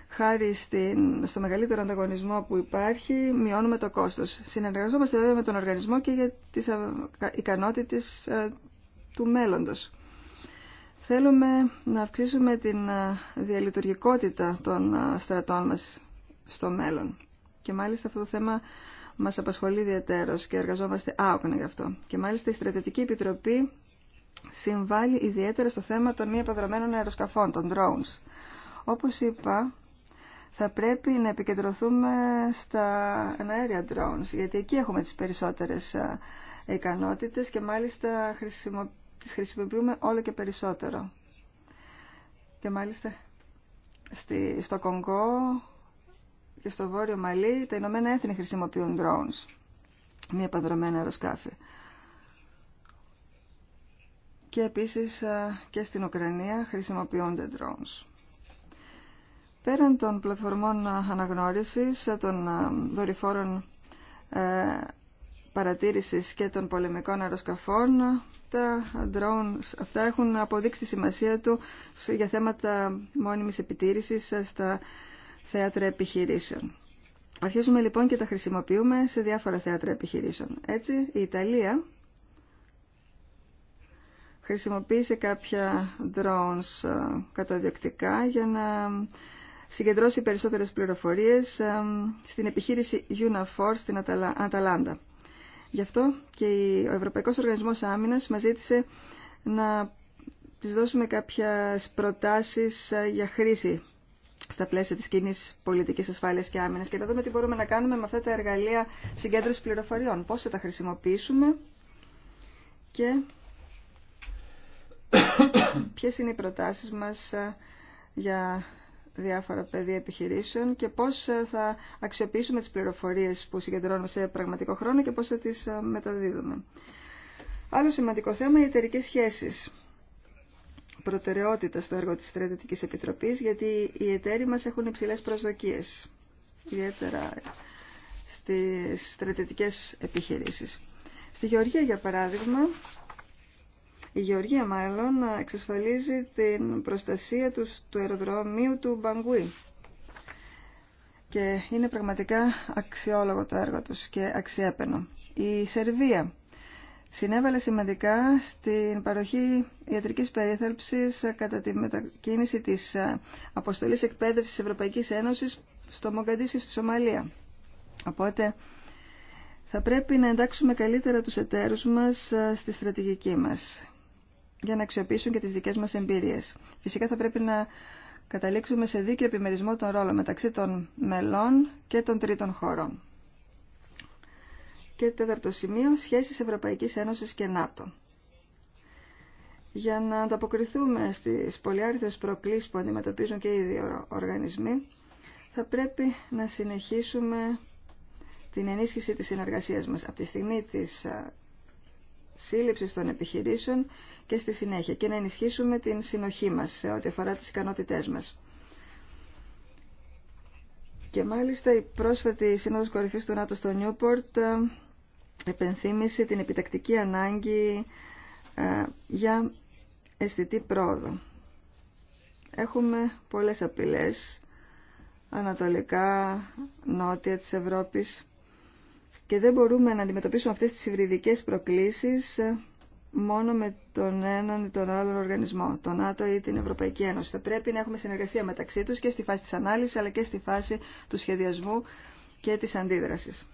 A: χάρη στην, στο μεγαλύτερο ανταγωνισμό που υπάρχει, μειώνουμε το κόστος. Συνεργαζόμαστε βέβαια με τον οργανισμό και για τις ε, ικανότητες ε, του μέλλοντος. Θέλουμε να αυξήσουμε την ε, διαλειτουργικότητα των στρατών μας στο μέλλον. Και μάλιστα αυτό το θέμα μας απασχολεί ιδιαίτερος και εργαζόμαστε άοκνα γι' αυτό. Και μάλιστα η Στρατιωτική Επιτροπή συμβάλλει ιδιαίτερα στο θέμα των μη επαδρομένων αεροσκαφών, των drones. Όπως είπα, θα πρέπει να επικεντρωθούμε στα αέρια drones, γιατί εκεί έχουμε τις περισσότερες ικανότητες και μάλιστα χρησιμο... τις χρησιμοποιούμε όλο και περισσότερο. Και μάλιστα στη... στο Κονγκό και στο Βόρειο Μαλί τα Ηνωμένα Έθνη χρησιμοποιούν drones, μη επανδρομένα αεροσκάφη. Και επίσης και στην Ουκρανία χρησιμοποιούνται drones. Πέραν των πλατφορμών αναγνώρισης, των ε, δορυφόρων ε, παρατήρησης και των πολεμικών αεροσκαφών, τα drones αυτά έχουν αποδείξει τη σημασία του για θέματα μόνιμης επιτήρησης στα θέατρα επιχειρήσεων. Αρχίζουμε λοιπόν και τα χρησιμοποιούμε σε διάφορα θέατρα επιχειρήσεων. Έτσι, η Ιταλία χρησιμοποίησε κάποια drones ε, καταδιοκτικά για να συγκεντρώσει περισσότερες πληροφορίες στην επιχείρηση UNAFOR στην Αταλάντα. Γι' αυτό και ο Ευρωπαϊκός Οργανισμός Άμυνας μας ζήτησε να της δώσουμε κάποιες προτάσεις ε, για χρήση στα πλαίσια της κοινή πολιτικής ασφάλειας και άμυνας και να δούμε τι μπορούμε να κάνουμε με αυτά τα εργαλεία συγκέντρωσης πληροφοριών, πώς θα τα χρησιμοποιήσουμε και [COUGHS] ποιες είναι οι προτάσεις μας ε, για διάφορα πεδία επιχειρήσεων και πώς ε, θα αξιοποιήσουμε τις πληροφορίες που συγκεντρώνουμε σε πραγματικό χρόνο και πώς θα τις ε, μεταδίδουμε. Άλλο σημαντικό θέμα, οι εταιρικέ σχέσεις. Προτεραιότητα στο έργο της Στρατιωτικής Επιτροπής, γιατί οι εταίροι μας έχουν υψηλές προσδοκίες, ιδιαίτερα στις στρατιωτικές επιχειρήσεις. Στη Γεωργία, για παράδειγμα, η Γεωργία μάλλον εξασφαλίζει την προστασία του, του αεροδρομίου του Μπαγκουή. Και είναι πραγματικά αξιόλογο το έργο τους και αξιέπαινο. Η Σερβία συνέβαλε σημαντικά στην παροχή ιατρικής περίθαλψης κατά τη μετακίνηση της αποστολής εκπαίδευσης της Ευρωπαϊκής Ένωσης στο Μογκαντήσιο στη Σομαλία. Οπότε θα πρέπει να εντάξουμε καλύτερα τους εταίρους μας στη στρατηγική μας για να αξιοποιήσουν και τις δικές μας εμπειρίες. Φυσικά θα πρέπει να καταλήξουμε σε δίκαιο επιμερισμό των ρόλων μεταξύ των μελών και των τρίτων χωρών. Και τέταρτο σημείο, σχέσεις Ευρωπαϊκής Ένωσης και ΝΑΤΟ. Για να ανταποκριθούμε στις πολυάριθμε προκλήσεις που αντιμετωπίζουν και οι δύο οργανισμοί, θα πρέπει να συνεχίσουμε την ενίσχυση της συνεργασίας μας. Από τη στιγμή της Σύλληψη των επιχειρήσεων και στη συνέχεια και να ενισχύσουμε την συνοχή μας σε ό,τι αφορά τις ικανότητές μας. Και μάλιστα η πρόσφατη Σύνοδος Κορυφής του ΝΑΤΟ στο Νιούπορτ ε, επενθύμησε την επιτακτική ανάγκη ε, για αισθητή πρόοδο. Έχουμε πολλές απειλές ανατολικά, νότια της Ευρώπης και δεν μπορούμε να αντιμετωπίσουμε αυτές τις υβριδικές προκλήσεις ε, μόνο με τον έναν ή τον άλλον οργανισμό, τον ΝΑΤΟ ή την Ευρωπαϊκή Ένωση. Θα πρέπει να έχουμε συνεργασία μεταξύ τους και στη φάση της ανάλυσης αλλά και στη φάση του σχεδιασμού και της αντίδρασης.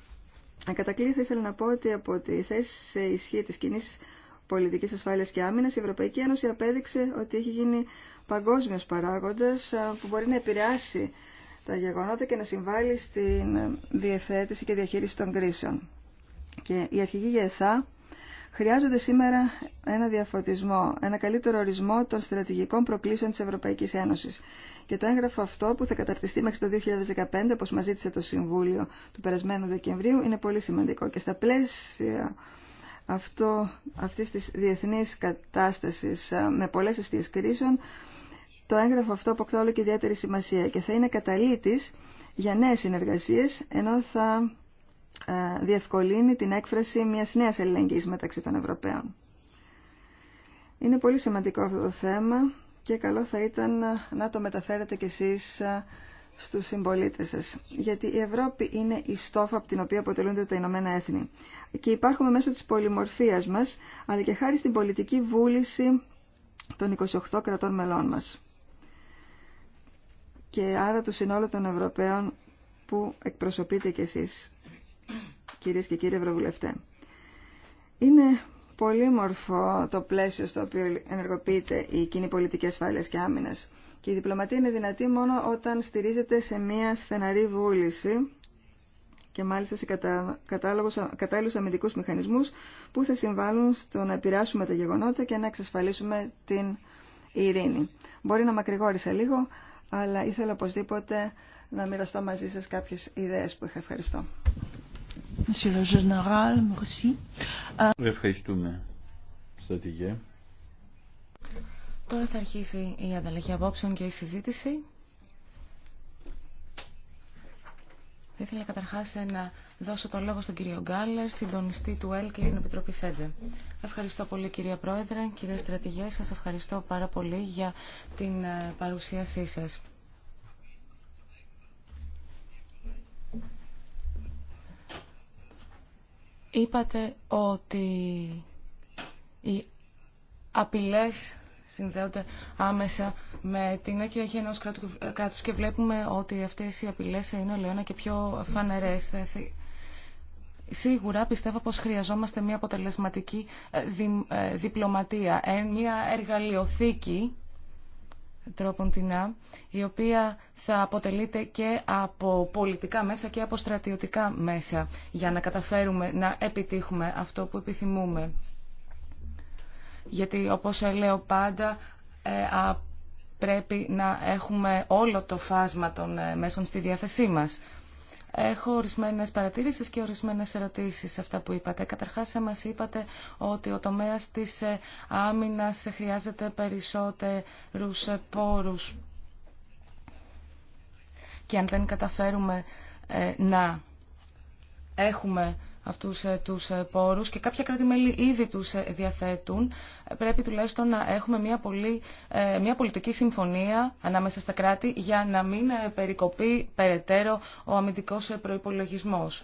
A: Ακατακλείδη ε, θα ήθελα να πω ότι από τη θέση σε ισχύ της κοινή πολιτικής ασφάλειας και άμυνας η Ευρωπαϊκή Ένωση απέδειξε ότι έχει γίνει παγκόσμιος παράγοντας ε, που μπορεί να επηρεάσει τα γεγονότα και να συμβάλλει στην διευθέτηση και διαχείριση των κρίσεων. Και οι αρχηγοί για ΕΘΑ χρειάζονται σήμερα ένα διαφωτισμό, ένα καλύτερο ορισμό των στρατηγικών προκλήσεων της Ευρωπαϊκής Ένωσης. Και το έγγραφο αυτό που θα καταρτιστεί μέχρι το 2015, όπως μας ζήτησε το Συμβούλιο του περασμένου Δεκεμβρίου, είναι πολύ σημαντικό. Και στα πλαίσια αυτό, αυτής της διεθνής κατάστασης ε, με πολλές αιστείες κρίσεων, το έγγραφο αυτό αποκτά όλο και ιδιαίτερη σημασία και θα είναι καταλήτης για νέες συνεργασίες, ενώ θα ε, διευκολύνει την έκφραση μιας νέας ελληνικής μεταξύ των Ευρωπαίων. Είναι πολύ σημαντικό αυτό το θέμα και καλό θα ήταν ε, να το μεταφέρετε κι εσείς ε, στους συμπολίτε σας. Γιατί η Ευρώπη είναι η στόφα από την οποία αποτελούνται τα Ηνωμένα Έθνη. Και υπάρχουμε μέσω της πολυμορφίας μας, αλλά και χάρη στην πολιτική βούληση των 28 κρατών μελών μας και άρα του συνόλου των Ευρωπαίων που εκπροσωπείτε κι εσείς, κυρίες και κύριοι Ευρωβουλευτέ. Είναι πολύ μορφό το πλαίσιο στο οποίο ενεργοποιείται η κοινή πολιτική ασφάλεια και άμυνα. Και η διπλωματία είναι δυνατή μόνο όταν στηρίζεται σε μια στεναρή βούληση και μάλιστα σε κατάλληλου αμυντικού μηχανισμού που θα συμβάλλουν στο να επηρεάσουμε τα γεγονότα και να εξασφαλίσουμε την ειρήνη. Μπορεί να μακρηγόρησα λίγο, αλλά ήθελα οπωσδήποτε να μοιραστώ μαζί σας κάποιες ιδέες που είχα. Ευχαριστώ.
B: Ε, ευχαριστούμε, στρατηγέ.
C: Τώρα θα αρχίσει η ανταλλαγή απόψεων και η συζήτηση. Θα ήθελα καταρχάς να δώσω το λόγο στον κύριο Γκάλερ, συντονιστή του ΕΛ και την Επιτροπή ΣΕΔΕ. Ευχαριστώ πολύ κυρία Πρόεδρε, κύριε Στρατηγέ, σας ευχαριστώ πάρα πολύ για την ε, παρουσίασή σας. Είπατε ότι οι απειλές συνδέονται άμεσα με την έκυρα ενό κράτου και βλέπουμε ότι αυτέ οι απειλέ είναι ολαιόνα και πιο φανερές. Ε, σίγουρα πιστεύω πως χρειαζόμαστε μια αποτελεσματική ε, ε, διπλωματία, μια εργαλειοθήκη τρόπον Α η οποία θα αποτελείται και από πολιτικά μέσα και από στρατιωτικά μέσα για να καταφέρουμε να επιτύχουμε αυτό που επιθυμούμε γιατί όπως λέω πάντα ε, πρέπει να έχουμε όλο το φάσμα των ε, μέσων στη διάθεσή μας. Έχω ορισμένες παρατήρησεις και ορισμένες ερωτήσεις σε αυτά που είπατε. Καταρχάς, ε, μας είπατε ότι ο τομέας της άμυνας χρειάζεται περισσότερους πόρους. Και αν δεν καταφέρουμε να έχουμε αυτούς ε, τους ε, πόρους και κάποια κράτη-μέλη ήδη τους ε, διαθέτουν. Πρέπει τουλάχιστον να έχουμε μια, πολύ, μια πολιτική συμφωνία ανάμεσα στα κράτη για να μην περικοπεί περαιτέρω ο αμυντικός προϋπολογισμός.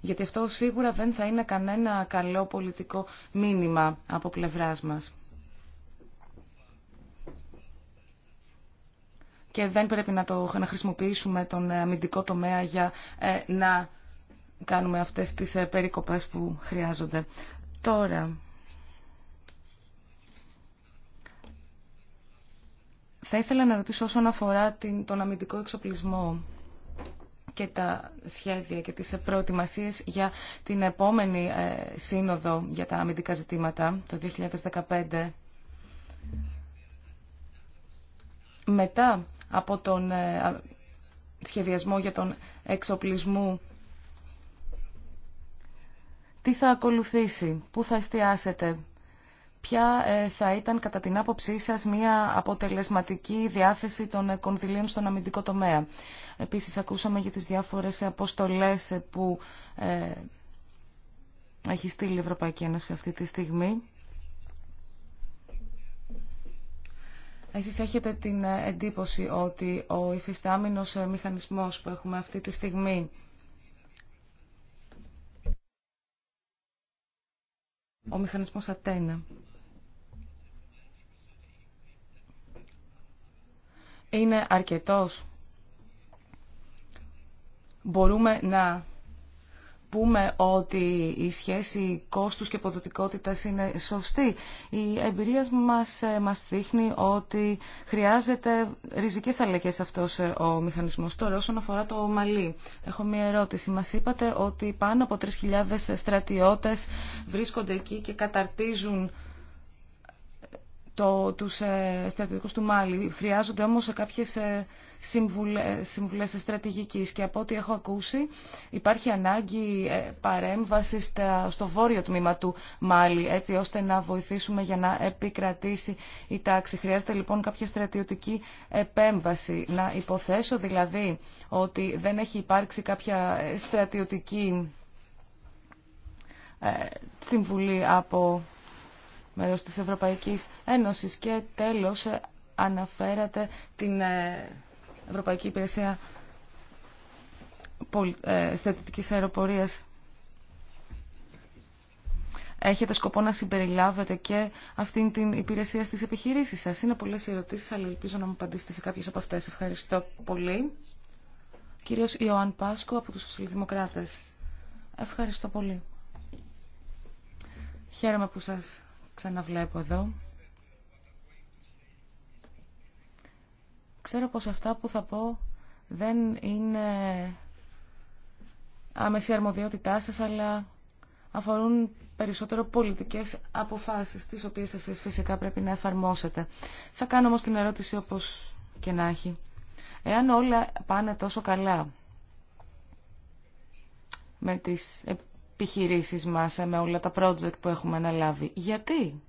C: Γιατί αυτό σίγουρα δεν θα είναι κανένα καλό πολιτικό μήνυμα από πλευράς μας. Και δεν πρέπει να, το, να χρησιμοποιήσουμε τον αμυντικό τομέα για να κάνουμε αυτές τις ε, περικοπές που χρειάζονται. Τώρα, θα ήθελα να ρωτήσω όσον αφορά την, τον αμυντικό εξοπλισμό και τα σχέδια και τις ε, προετοιμασίες για την επόμενη ε, σύνοδο για τα αμυντικά ζητήματα το 2015. Μετά από τον σχεδιασμό για τον εξοπλισμό τι θα ακολουθήσει, πού θα εστιάσετε, ποια ε, θα ήταν κατά την άποψή σας μια αποτελεσματική διάθεση των ε, κονδυλίων στον αμυντικό τομέα. Επίσης ακούσαμε για τις διάφορες αποστολές ε, που έχει στείλει η Ευρωπαϊκή Ένωση αυτή τη στιγμή. Εσείς έχετε την εντύπωση ότι ο υφιστάμινος μηχανισμός που έχουμε αυτή τη στιγμή ο μηχανισμός Ατένα. Είναι αρκετός. Μπορούμε να πούμε ότι η σχέση κόστους και αποδοτικότητας είναι σωστή. Η εμπειρία μας, ε, μας δείχνει ότι χρειάζεται ριζικές αλλαγές αυτός ε, ο μηχανισμός. Τώρα όσον αφορά το Μαλί, έχω μία ερώτηση. Μας είπατε ότι πάνω από 3.000 στρατιώτες βρίσκονται εκεί και καταρτίζουν το, τους ε, του Μάλι. Χρειάζονται όμως σε κάποιες ε, συμβουλές, στρατηγικής και από ό,τι έχω ακούσει υπάρχει ανάγκη ε, παρέμβαση στο βόρειο τμήμα του Μάλι έτσι ώστε να βοηθήσουμε για να επικρατήσει η τάξη. Χρειάζεται λοιπόν κάποια στρατιωτική επέμβαση. Να υποθέσω δηλαδή ότι δεν έχει υπάρξει κάποια ε, στρατιωτική συμβουλή από μέρος της Ευρωπαϊκής Ένωσης. Και τέλος ε, αναφέρατε την ε, Ευρωπαϊκή Υπηρεσία ε, Στατιωτικής Αεροπορίας. Έχετε σκοπό να συμπεριλάβετε και αυτήν την υπηρεσία στις επιχειρήσεις σας. Είναι πολλές ερωτήσεις, αλλά ελπίζω να μου απαντήσετε σε κάποιες από αυτές. Ευχαριστώ πολύ. Κύριος Ιωάνν Πάσκο από τους Σοσιαλδημοκράτες. Ευχαριστώ πολύ. Χαίρομαι που σας ξαναβλέπω εδώ. Ξέρω πως αυτά που θα πω δεν είναι άμεση αρμοδιότητά σας, αλλά αφορούν περισσότερο πολιτικές αποφάσεις, τις οποίες εσείς φυσικά πρέπει να εφαρμόσετε. Θα κάνω όμως την ερώτηση όπως και να έχει. Εάν όλα πάνε τόσο καλά με τις επιχειρήσεις μας ε, με όλα τα project που έχουμε αναλάβει. Γιατί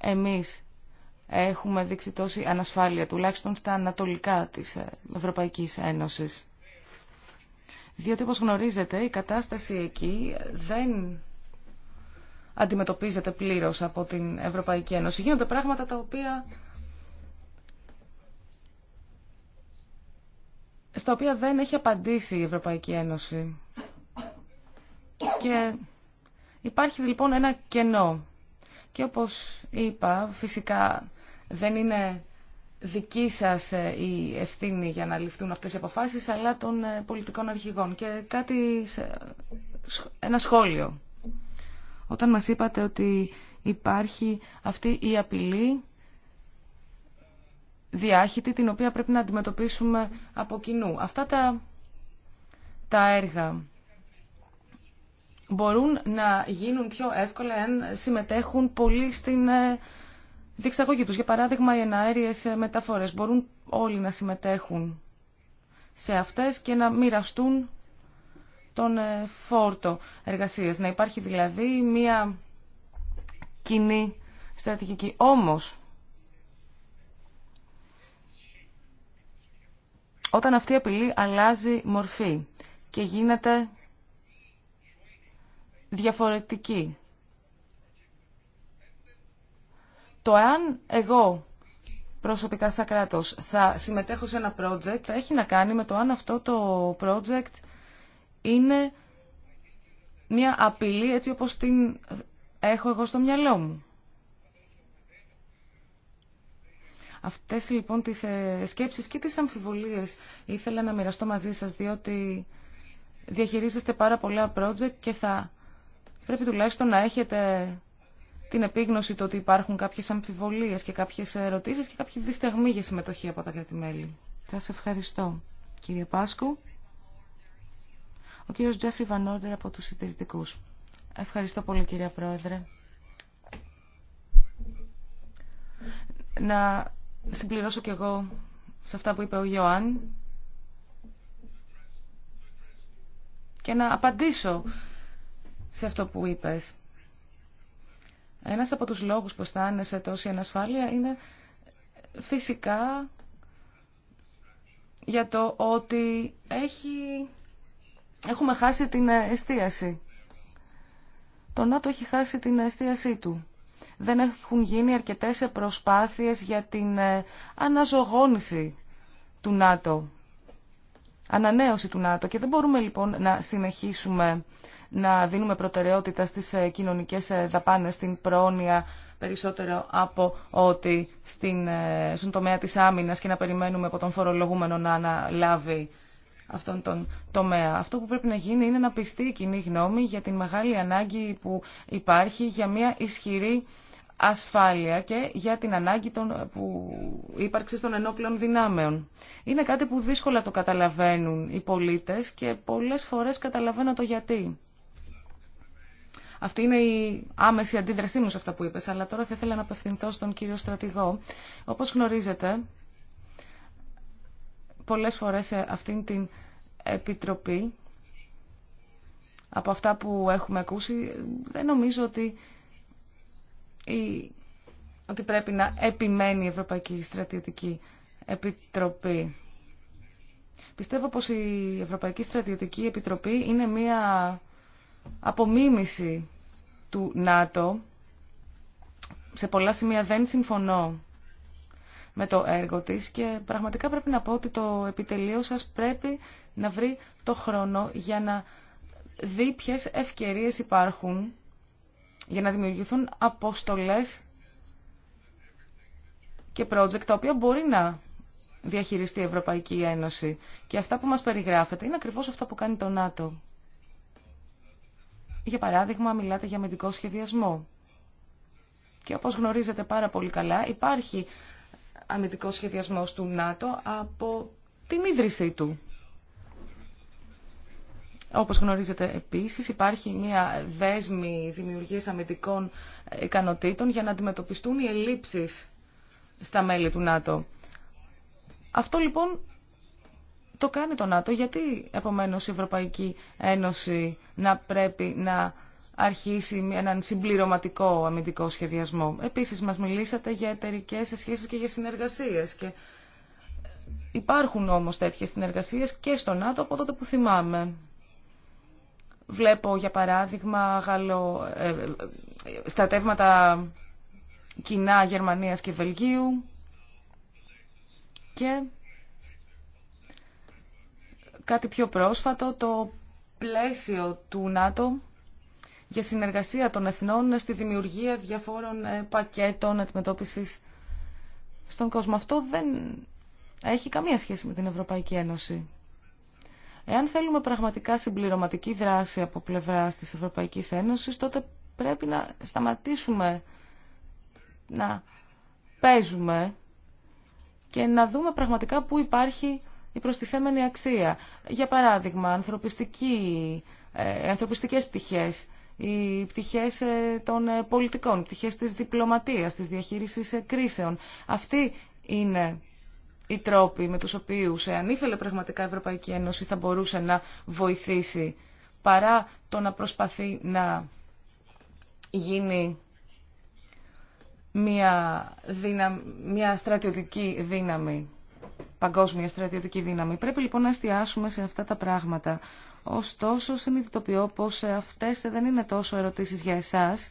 C: εμείς έχουμε δείξει τόση ανασφάλεια, τουλάχιστον στα ανατολικά της ε, Ευρωπαϊκής Ένωσης. Διότι όπως γνωρίζετε η κατάσταση εκεί δεν αντιμετωπίζεται πλήρως από την Ευρωπαϊκή Ένωση. Γίνονται πράγματα τα οποία στα οποία δεν έχει απαντήσει η Ευρωπαϊκή Ένωση. Και υπάρχει λοιπόν ένα κενό. Και όπως είπα, φυσικά δεν είναι δική σας ε, η ευθύνη για να ληφθούν αυτές οι αποφάσεις, αλλά των ε, πολιτικών αρχηγών. Και κάτι, ένα σχόλιο. Όταν μας είπατε ότι υπάρχει αυτή η απειλή διάχυτη την οποία πρέπει να αντιμετωπίσουμε από κοινού. Αυτά τα, τα έργα μπορούν να γίνουν πιο εύκολα αν συμμετέχουν πολλοί στην ε, διεξαγωγή τους. Για παράδειγμα, οι εναέριες ε, μεταφορές μπορούν όλοι να συμμετέχουν σε αυτές και να μοιραστούν τον ε, φόρτο εργασίας. Να υπάρχει δηλαδή μία κοινή στρατηγική. Όμως, όταν αυτή η απειλή αλλάζει μορφή και γίνεται διαφορετική. Το αν εγώ προσωπικά σαν κράτος θα συμμετέχω σε ένα project θα έχει να κάνει με το αν αυτό το project είναι μια απειλή έτσι όπως την έχω εγώ στο μυαλό μου. Αυτές λοιπόν τις ε, σκέψεις και τις αμφιβολίες ήθελα να μοιραστώ μαζί σας διότι διαχειρίζεστε πάρα πολλά project και θα πρέπει τουλάχιστον να έχετε την επίγνωση το ότι υπάρχουν κάποιες αμφιβολίες και κάποιες ερωτήσεις και κάποια δυσταγμή για συμμετοχή από τα κρατημέλη. Σα Σας ευχαριστώ κύριε Πάσκου. Ο κύριος Τζέφρι Βανόρτερ από τους συντηρητικούς. Ευχαριστώ πολύ κύριε Πρόεδρε. Να συμπληρώσω κι εγώ σε αυτά που είπε ο Ιωάνν και να απαντήσω σε αυτό που είπες. Ένας από τους λόγους που αισθάνεσαι σε τόση ανασφάλεια είναι φυσικά για το ότι έχει... έχουμε χάσει την εστίαση. Το ΝΑΤΟ έχει χάσει την εστίασή του δεν έχουν γίνει αρκετές προσπάθειες για την ε, αναζωγόνηση του ΝΑΤΟ, ανανέωση του ΝΑΤΟ και δεν μπορούμε λοιπόν να συνεχίσουμε να δίνουμε προτεραιότητα στις ε, κοινωνικές ε, δαπάνες, στην πρόνοια περισσότερο από ότι στην, στον τομέα της άμυνας και να περιμένουμε από τον φορολογούμενο να αναλάβει αυτόν τον τομέα. Αυτό που πρέπει να γίνει είναι να πιστεί η κοινή γνώμη για την μεγάλη ανάγκη που υπάρχει για μια ισχυρή ασφάλεια και για την ανάγκη των, που, ύπαρξη των ενόπλων δυνάμεων. Είναι κάτι που δύσκολα το καταλαβαίνουν οι πολίτες και πολλές φορές καταλαβαίνω το γιατί. Αυτή είναι η άμεση αντίδρασή μου σε αυτά που είπες, αλλά τώρα θα ήθελα να απευθυνθώ στον κύριο στρατηγό. Όπως γνωρίζετε, πολλές φορές σε αυτήν την επιτροπή, από αυτά που έχουμε ακούσει, δεν νομίζω ότι ότι πρέπει να επιμένει η Ευρωπαϊκή Στρατιωτική Επιτροπή. Πιστεύω πως η Ευρωπαϊκή Στρατιωτική Επιτροπή είναι μία απομίμηση του ΝΑΤΟ. Σε πολλά σημεία δεν συμφωνώ με το έργο της και πραγματικά πρέπει να πω ότι το επιτελείο σας πρέπει να βρει το χρόνο για να δει ποιες ευκαιρίες υπάρχουν για να δημιουργηθούν αποστολές και project τα οποία μπορεί να διαχειριστεί η Ευρωπαϊκή Ένωση. Και αυτά που μας περιγράφεται είναι ακριβώς αυτά που κάνει το ΝΑΤΟ. Για παράδειγμα, μιλάτε για αμυντικό σχεδιασμό. Και όπως γνωρίζετε πάρα πολύ καλά, υπάρχει αμυντικό σχεδιασμός του ΝΑΤΟ από την ίδρυσή του. Όπως γνωρίζετε επίσης υπάρχει μια δέσμη δημιουργίας αμυντικών ικανοτήτων για να αντιμετωπιστούν οι ελλείψεις στα μέλη του ΝΑΤΟ. Αυτό λοιπόν το κάνει το ΝΑΤΟ. Γιατί επομένως η Ευρωπαϊκή Ένωση να πρέπει να αρχίσει έναν συμπληρωματικό αμυντικό σχεδιασμό. Επίσης μας μιλήσατε για εταιρικέ σχέσεις και για συνεργασίες και υπάρχουν όμως τέτοιες συνεργασίες και στο ΝΑΤΟ από τότε που θυμάμαι. Βλέπω, για παράδειγμα, γαλλο... Ε, ε, στρατεύματα κοινά Γερμανίας και Βελγίου και κάτι πιο πρόσφατο, το πλαίσιο του ΝΑΤΟ για συνεργασία των εθνών στη δημιουργία διαφόρων ε, πακέτων αντιμετώπισης στον κόσμο. Αυτό δεν έχει καμία σχέση με την Ευρωπαϊκή Ένωση. Εάν θέλουμε πραγματικά συμπληρωματική δράση από πλευρά της Ευρωπαϊκή Ένωσης, τότε πρέπει να σταματήσουμε να παίζουμε και να δούμε πραγματικά πού υπάρχει η προστιθέμενη αξία. Για παράδειγμα, ανθρωπιστική, ε, ανθρωπιστικές πτυχές, οι πτυχές ε, των ε, πολιτικών, πτυχές της διπλωματίας, της διαχείρισης ε, κρίσεων. Αυτή είναι οι τρόποι με τους οποίους, εάν ήθελε πραγματικά η Ευρωπαϊκή Ένωση, θα μπορούσε να βοηθήσει, παρά το να προσπαθεί να γίνει μια, μια στρατιωτική δύναμη, παγκόσμια στρατιωτική δύναμη. Πρέπει λοιπόν να εστιάσουμε σε αυτά τα πράγματα. Ωστόσο, συνειδητοποιώ πως αυτές δεν είναι τόσο ερωτήσεις για εσάς,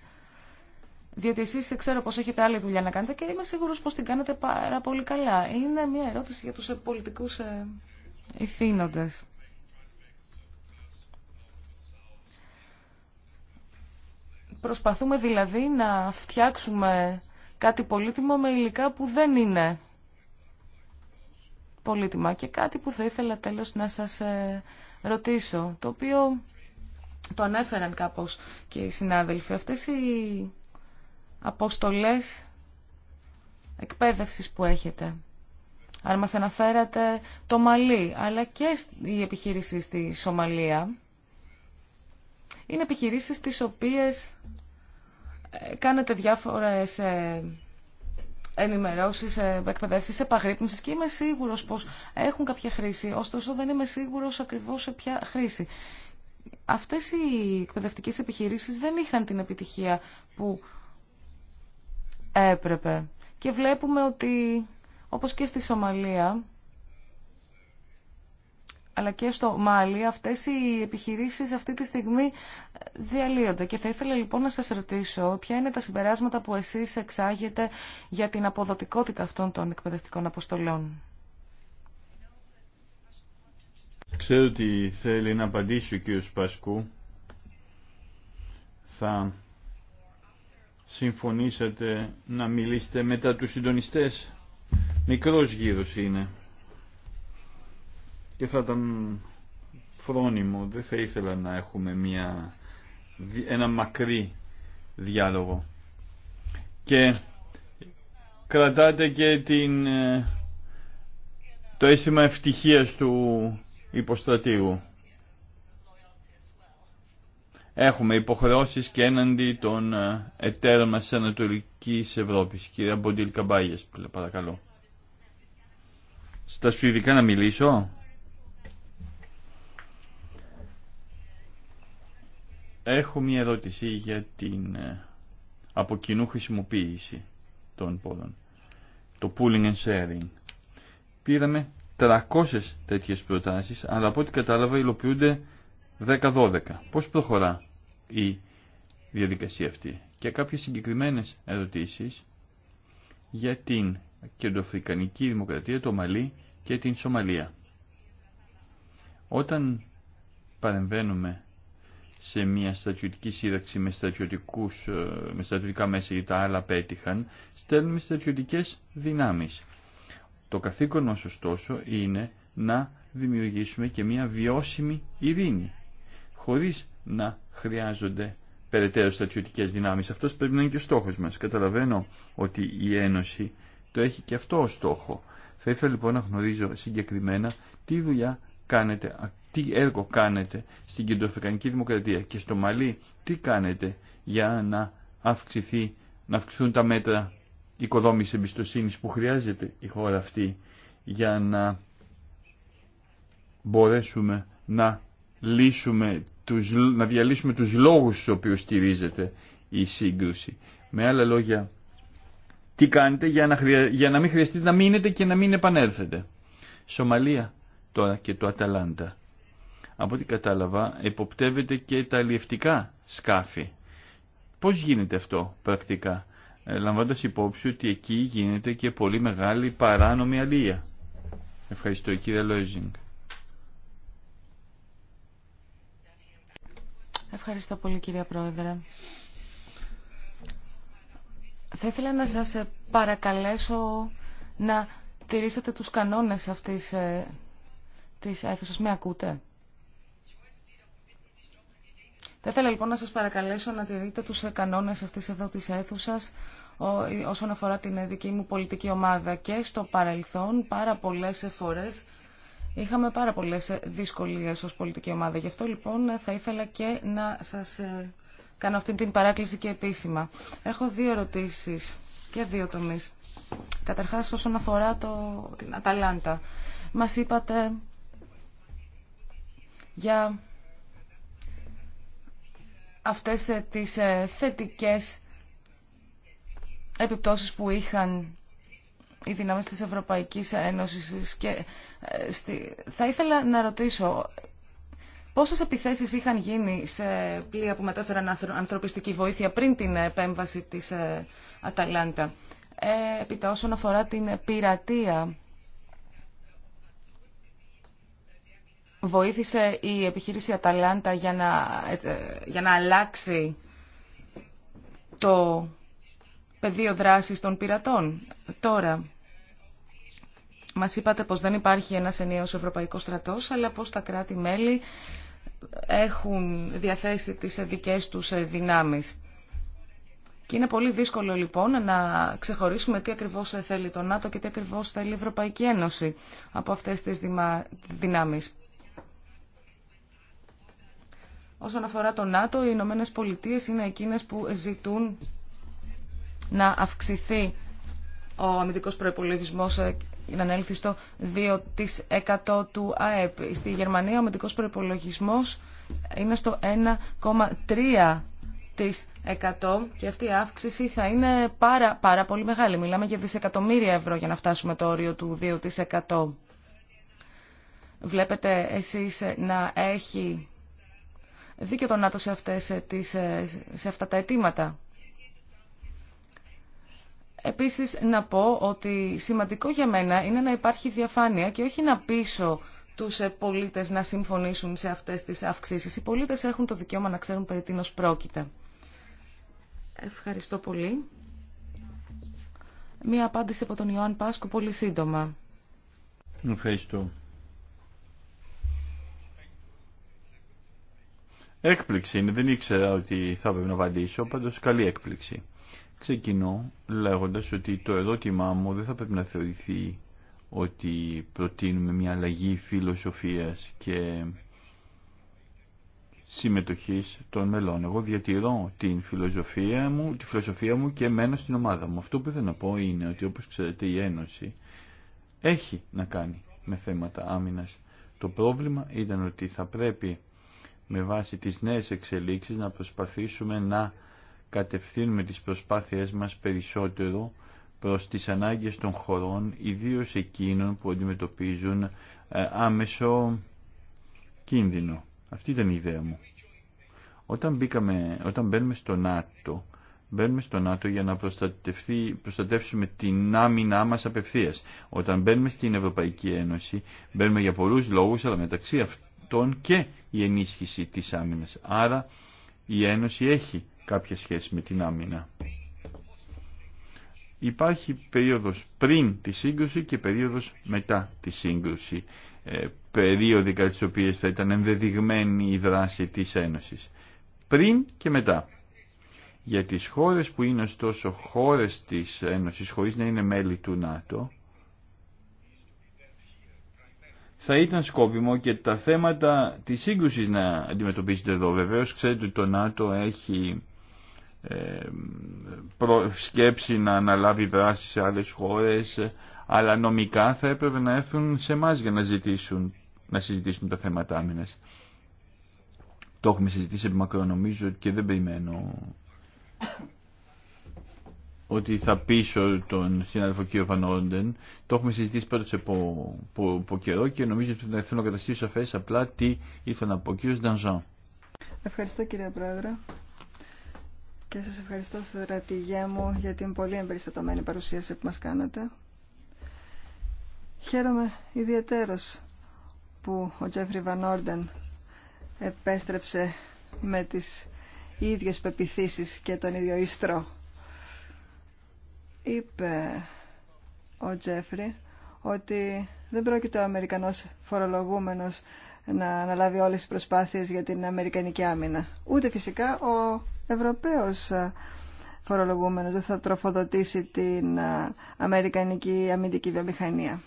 C: διότι εσείς ξέρω πως έχετε άλλη δουλειά να κάνετε και είμαι σίγουρο πώ την κάνετε πάρα πολύ καλά. Είναι μια ερώτηση για τους ε, πολιτικούς ε, ηθήνοντε. Προσπαθούμε δηλαδή να φτιάξουμε κάτι πολύτιμο με υλικά που δεν είναι πολύτιμα. Και κάτι που θα ήθελα τέλος να σας ε, ρωτήσω, το οποίο το ανέφεραν κάπως και οι συνάδελφοι. Αυτές οι αποστολές εκπαίδευσης που έχετε. Αν μας αναφέρατε το Μαλί, αλλά και η επιχείρηση στη Σομαλία, είναι επιχειρήσεις τις οποίες ε, κάνετε διάφορες ε, ενημερώσεις, ε, εκπαιδεύσεις, επαγρύπνησης και είμαι σίγουρος πως έχουν κάποια χρήση, ωστόσο δεν είμαι σίγουρος ακριβώς σε ποια χρήση. Αυτές οι εκπαιδευτικές επιχειρήσεις δεν είχαν την επιτυχία που έπρεπε. Και βλέπουμε ότι, όπως και στη Σομαλία, αλλά και στο Μάλι, αυτές οι επιχειρήσεις αυτή τη στιγμή διαλύονται. Και θα ήθελα λοιπόν να σας ρωτήσω ποια είναι τα συμπεράσματα που εσείς εξάγετε για την αποδοτικότητα αυτών των εκπαιδευτικών αποστολών.
B: Ξέρω ότι θέλει να απαντήσει ο κ. Πασκού. Θα συμφωνήσατε να μιλήσετε μετά τους συντονιστές. Μικρός γύρος είναι. Και θα ήταν φρόνιμο. Δεν θα ήθελα να έχουμε μια, ένα μακρύ διάλογο. Και κρατάτε και την, ε, το αίσθημα ευτυχίας του υποστρατήγου έχουμε υποχρεώσεις και έναντι των ε, εταίρων μας της Ανατολικής Ευρώπης. Κυρία Μποντήλ Καμπάγιας, παρακαλώ. Στα Σουηδικά να μιλήσω. Έχω μία ερώτηση για την ε, από κοινού χρησιμοποίηση των πόρων. Το pooling and sharing. Πήραμε 300 τέτοιες προτάσεις, αλλά από ό,τι κατάλαβα υλοποιούνται 10-12. Πώς προχωρά η διαδικασία αυτή. Και κάποιες συγκεκριμένες ερωτήσεις για την κεντροαφρικανική δημοκρατία, το Μαλί και την Σομαλία. Όταν παρεμβαίνουμε σε μια στρατιωτική σύραξη με, στρατιωτικούς, ε, με στρατιωτικά μέσα ή τα άλλα πέτυχαν, στέλνουμε στρατιωτικές δυνάμεις. Το καθήκον μας ωστόσο είναι να δημιουργήσουμε και μια βιώσιμη ειρήνη χωρίς να χρειάζονται περαιτέρω στρατιωτικέ δυνάμεις. Αυτός πρέπει να είναι και ο στόχος μας. Καταλαβαίνω ότι η Ένωση το έχει και αυτό ως στόχο. Θα ήθελα λοιπόν να γνωρίζω συγκεκριμένα τι δουλειά κάνετε, τι έργο κάνετε στην Κεντροαφρικανική Δημοκρατία και στο Μαλί τι κάνετε για να αυξηθεί, να αυξηθούν τα μέτρα οικοδόμησης εμπιστοσύνης που χρειάζεται η χώρα αυτή για να μπορέσουμε να λύσουμε τους, να διαλύσουμε τους λόγους στους οποίους στηρίζεται η σύγκρουση. Με άλλα λόγια, τι κάνετε για να, για να μην χρειαστείτε να μείνετε και να μην επανέλθετε. Σομαλία τώρα και το Αταλάντα. Από ό,τι κατάλαβα, εποπτεύεται και τα αλλιευτικά σκάφη. Πώς γίνεται αυτό πρακτικά, ε, λαμβάνοντας υπόψη ότι εκεί γίνεται και πολύ μεγάλη παράνομη αλία. Ευχαριστώ κύριε Λόιζινγκ.
C: Ευχαριστώ πολύ κυρία Πρόεδρε. Θα ήθελα να σας παρακαλέσω να τηρήσετε τους κανόνες αυτής ε, της αίθουσας. Με ακούτε. Θα ήθελα λοιπόν να σας παρακαλέσω να τηρείτε τους κανόνες αυτής εδώ της αίθουσας όσον αφορά την δική μου πολιτική ομάδα και στο παρελθόν πάρα πολλές φορές Είχαμε πάρα πολλές δυσκολίες ως πολιτική ομάδα. Γι' αυτό λοιπόν θα ήθελα και να σας ε, κάνω αυτή την παράκληση και επίσημα. Έχω δύο ερωτήσει και δύο τομείς. Καταρχάς όσον αφορά το, την Αταλάντα. Μας είπατε για αυτές ε, τις ε, θετικές επιπτώσεις που είχαν οι δυνάμεις της Ευρωπαϊκής Ένωσης και ε, στη... θα ήθελα να ρωτήσω πόσες επιθέσεις είχαν γίνει σε πλοία που μετέφεραν ανθρωπιστική βοήθεια πριν την επέμβαση της ε, Αταλάντα. Ε, επίτα όσον αφορά την πειρατεία βοήθησε η επιχείρηση Αταλάντα για να, ε, για να αλλάξει το πεδίο δράσης των πειρατών. Τώρα, Μα είπατε πως δεν υπάρχει ένας ενιαίο ευρωπαϊκός στρατός, αλλά πως τα κράτη-μέλη έχουν διαθέσει τις δικέ τους δυνάμει. Και είναι πολύ δύσκολο λοιπόν να ξεχωρίσουμε τι ακριβώς θέλει το ΝΑΤΟ και τι ακριβώς θέλει η Ευρωπαϊκή Ένωση από αυτές τις δυνάμεις. Όσον αφορά το ΝΑΤΟ, οι Ηνωμένε Πολιτείε είναι εκείνες που ζητούν να αυξηθεί ο αμυντικός προϋπολογισμός να ανέλθει στο 2% του ΑΕΠ. Στη Γερμανία ο μετικός προϋπολογισμός είναι στο 1,3% και αυτή η αύξηση θα είναι πάρα, πάρα πολύ μεγάλη. Μιλάμε για δισεκατομμύρια ευρώ για να φτάσουμε το όριο του 2%. Βλέπετε εσείς να έχει δίκιο το ΝΑΤΟ σε, αυτές, σε αυτά τα αιτήματα. Επίσης να πω ότι σημαντικό για μένα είναι να υπάρχει διαφάνεια και όχι να πείσω τους ε, πολίτες να συμφωνήσουν σε αυτές τις αυξήσεις. Οι πολίτες έχουν το δικαίωμα να ξέρουν περί τίνος πρόκειται. Ευχαριστώ πολύ. Μία απάντηση από τον Ιωάννη Πάσκο πολύ σύντομα.
B: Ευχαριστώ. Έκπληξη είναι, δεν ήξερα ότι θα έπρεπε να απαντήσω, πάντως καλή έκπληξη. Ξεκινώ λέγοντας ότι το ερώτημά μου δεν θα πρέπει να θεωρηθεί ότι προτείνουμε μια αλλαγή φιλοσοφίας και συμμετοχής των μελών. Εγώ διατηρώ την φιλοσοφία μου, τη φιλοσοφία μου και μένω στην ομάδα μου. Αυτό που δεν να πω είναι ότι όπως ξέρετε η Ένωση έχει να κάνει με θέματα άμυνας. Το πρόβλημα ήταν ότι θα πρέπει με βάση τις νέες εξελίξεις να προσπαθήσουμε να κατευθύνουμε τις προσπάθειές μας περισσότερο προς τις ανάγκες των χωρών, ιδίως εκείνων που αντιμετωπίζουν ε, άμεσο κίνδυνο. Αυτή ήταν η ιδέα μου. Όταν, μπήκαμε, όταν μπαίνουμε στο ΝΑΤΟ, μπαίνουμε στο ΝΑΤΟ για να προστατεύσουμε την άμυνά μας απευθείας. Όταν μπαίνουμε στην Ευρωπαϊκή Ένωση, μπαίνουμε για πολλούς λόγους, αλλά μεταξύ αυτών και η ενίσχυση της άμυνας. Άρα η Ένωση έχει κάποια σχέση με την άμυνα. Υπάρχει περίοδος πριν τη σύγκρουση και περίοδος μετά τη σύγκρουση. Ε, περίοδοι κατά τις οποίες θα ήταν ενδεδειγμένη η δράση της Ένωσης. Πριν και μετά. Για τις χώρες που είναι ωστόσο χώρες της Ένωσης χωρίς να είναι μέλη του ΝΑΤΟ, θα ήταν σκόπιμο και τα θέματα της σύγκρουσης να αντιμετωπίζεται εδώ. Βεβαίως ξέρετε ότι το ΝΑΤΟ έχει ε, σκέψη να αναλάβει δράση σε άλλες χώρες, αλλά νομικά θα έπρεπε να έρθουν σε εμά για να, ζητήσουν, να συζητήσουν τα θέματα άμυνας. Το έχουμε συζητήσει επί νομίζω και δεν περιμένω ότι θα πείσω τον συνάδελφο κύριο Βανόντεν. Το έχουμε συζητήσει πρώτα από πο, πο, καιρό και νομίζω ότι θα θέλω να καταστήσω σαφές απλά τι ήθελα να πω.
A: Ευχαριστώ κύριε Πρόεδρε. Και σας ευχαριστώ στρατηγέ μου για την πολύ εμπεριστατωμένη παρουσίαση που μας κάνατε. Χαίρομαι ιδιαίτερος που ο Τζέφρι Βανόρντεν επέστρεψε με τις ίδιες πεπιθήσεις και τον ίδιο ίστρο. Είπε ο Τζέφρι ότι δεν πρόκειται ο Αμερικανός φορολογούμενος να αναλάβει όλες τις προσπάθειες για την Αμερικανική άμυνα. Ούτε φυσικά ο Ευρωπαίος ε, φορολογούμενος δεν θα τροφοδοτήσει την ε, αμερικανική αμυντική βιομηχανία.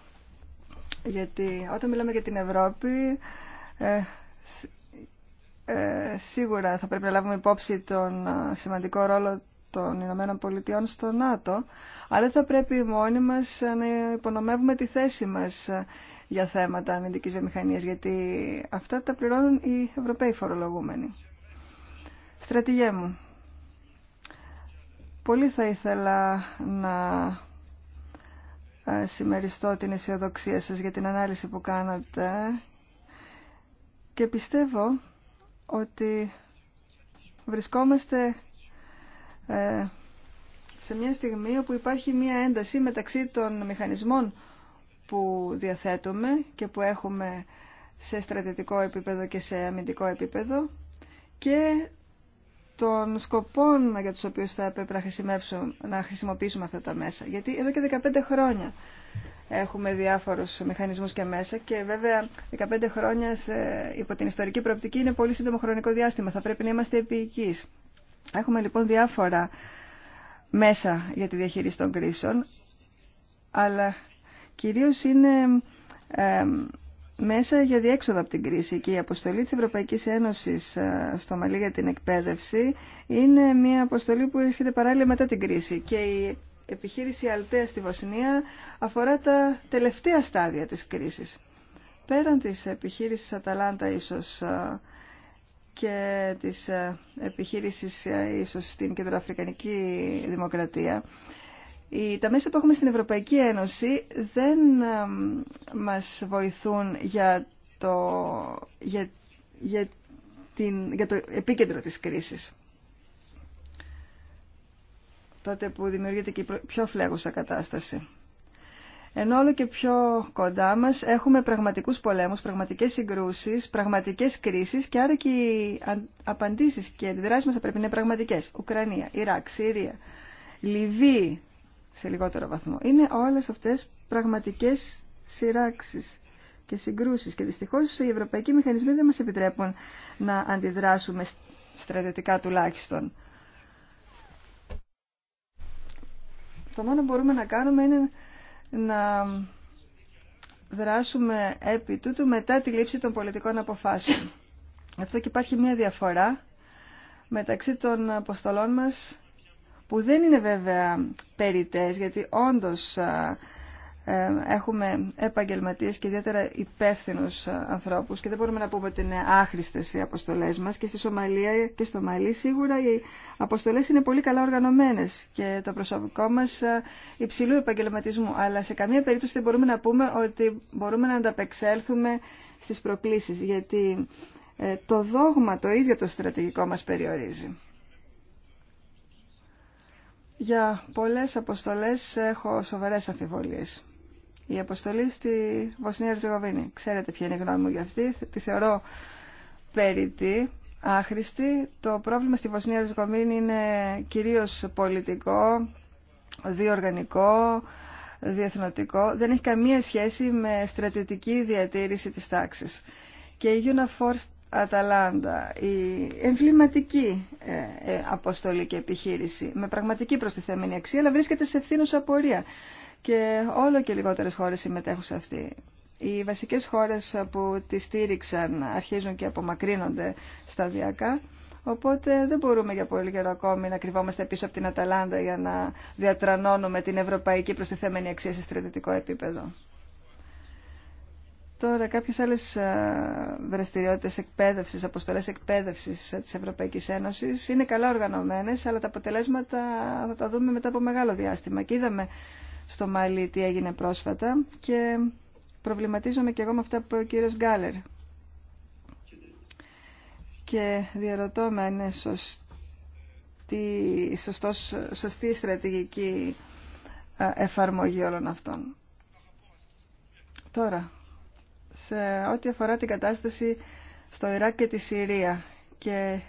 A: Γιατί όταν μιλάμε για την Ευρώπη, ε, ε, σίγουρα θα πρέπει να λάβουμε υπόψη τον ε, σημαντικό ρόλο των Ηνωμένων Πολιτειών στο ΝΑΤΟ, αλλά θα πρέπει μόνοι μας να υπονομεύουμε τη θέση μας για θέματα αμυντικής βιομηχανίας, γιατί αυτά τα πληρώνουν οι Ευρωπαίοι φορολογούμενοι. Στρατηγέ μου, πολύ θα ήθελα να ε, συμμεριστώ την αισιοδοξία σας για την ανάλυση που κάνατε και πιστεύω ότι βρισκόμαστε ε, σε μια στιγμή όπου υπάρχει μια ένταση μεταξύ των μηχανισμών που διαθέτουμε και που έχουμε σε στρατιωτικό επίπεδο και σε αμυντικό επίπεδο και των σκοπών για τους οποίους θα έπρεπε να, να χρησιμοποιήσουμε αυτά τα μέσα. Γιατί εδώ και 15 χρόνια έχουμε διάφορους μηχανισμούς και μέσα και βέβαια 15 χρόνια σε, υπό την ιστορική προοπτική είναι πολύ σύντομο χρονικό διάστημα. Θα πρέπει να είμαστε επίοικείς. Έχουμε λοιπόν διάφορα μέσα για τη διαχείριση των κρίσεων, αλλά κυρίως είναι μέσα για διέξοδο από την κρίση και η αποστολή της Ευρωπαϊκής Ένωσης ε, στο Μαλί για την εκπαίδευση είναι μια αποστολή που έρχεται παράλληλα μετά την κρίση και η επιχείρηση Αλτέα στη Βοσνία αφορά τα τελευταία στάδια της κρίσης. Πέραν της επιχείρησης Αταλάντα ίσως ε, και της ε, επιχείρησης ίσως στην Κεντροαφρικανική Δημοκρατία τα μέσα που έχουμε στην Ευρωπαϊκή Ένωση δεν μας βοηθούν για το, την, το επίκεντρο της κρίσης. Τότε που δημιουργείται και η πιο φλέγουσα κατάσταση. Ενώ όλο και πιο κοντά μας έχουμε πραγματικούς πολέμους, πραγματικές συγκρούσεις, πραγματικές κρίσεις και άρα και οι απαντήσεις και οι αντιδράσεις μας θα πρέπει να είναι πραγματικές. Ουκρανία, Ιράκ, Σύρια, Λιβύη, σε λιγότερο βαθμό. Είναι όλες αυτές πραγματικές σειράξεις και συγκρούσεις και δυστυχώς οι ευρωπαϊκοί μηχανισμοί δεν μας επιτρέπουν να αντιδράσουμε στρατιωτικά τουλάχιστον. Το μόνο που μπορούμε να κάνουμε είναι να δράσουμε επί τούτου μετά τη λήψη των πολιτικών αποφάσεων. Αυτό και υπάρχει μια διαφορά μεταξύ των αποστολών μας που δεν είναι βέβαια περιτές, γιατί όντως ε, ε, έχουμε επαγγελματίες και ιδιαίτερα υπεύθυνου ε, ανθρώπους και δεν μπορούμε να πούμε ότι είναι άχρηστες οι αποστολές μας και στη Σομαλία και στο Μαλή σίγουρα οι αποστολές είναι πολύ καλά οργανωμένες και το προσωπικό μας υψηλού επαγγελματισμού αλλά σε καμία περίπτωση δεν μπορούμε να πούμε ότι μπορούμε να ανταπεξέλθουμε στις προκλήσεις γιατί το δόγμα το ίδιο το στρατηγικό μας περιορίζει. Για πολλές αποστολές έχω σοβαρές αμφιβολίες. Η αποστολή στη Βοσνία Ριζεγοβίνη. Ξέρετε ποια είναι η γνώμη μου για αυτή. Τη θεωρώ περίτη, άχρηστη. Το πρόβλημα στη Βοσνία Ριζεγοβίνη είναι κυρίως πολιτικό, διοργανικό, διεθνωτικό. Δεν έχει καμία σχέση με στρατιωτική διατήρηση της τάξης. Και η UNAFOR Αταλάντα, η εμβληματική ε, ε, αποστολή και επιχείρηση με πραγματική προστιθέμενη αξία, αλλά βρίσκεται σε ευθύνουσα πορεία και όλο και λιγότερες χώρες συμμετέχουν σε αυτή. Οι βασικές χώρες που τη στήριξαν αρχίζουν και απομακρύνονται σταδιακά, οπότε δεν μπορούμε για πολύ καιρό ακόμη να κρυβόμαστε πίσω από την Αταλάντα για να διατρανώνουμε την ευρωπαϊκή προστιθέμενη αξία σε στρατιωτικό επίπεδο. Τώρα κάποιες άλλες ε, δραστηριότητες εκπαίδευσης, αποστολές εκπαίδευσης ε, της Ευρωπαϊκής Ένωσης είναι καλά οργανωμένες, αλλά τα αποτελέσματα θα τα δούμε μετά από μεγάλο διάστημα. Και είδαμε στο Μάλι τι έγινε πρόσφατα και προβληματίζομαι και εγώ με αυτά που είπε ο κύριος Γκάλερ. Και διαρωτώ με αν είναι σωστή, σωστός, σωστή στρατηγική ε, εφαρμογή όλων αυτών. Τώρα, σε ό,τι αφορά την κατάσταση στο Ιράκ και τη Συρία και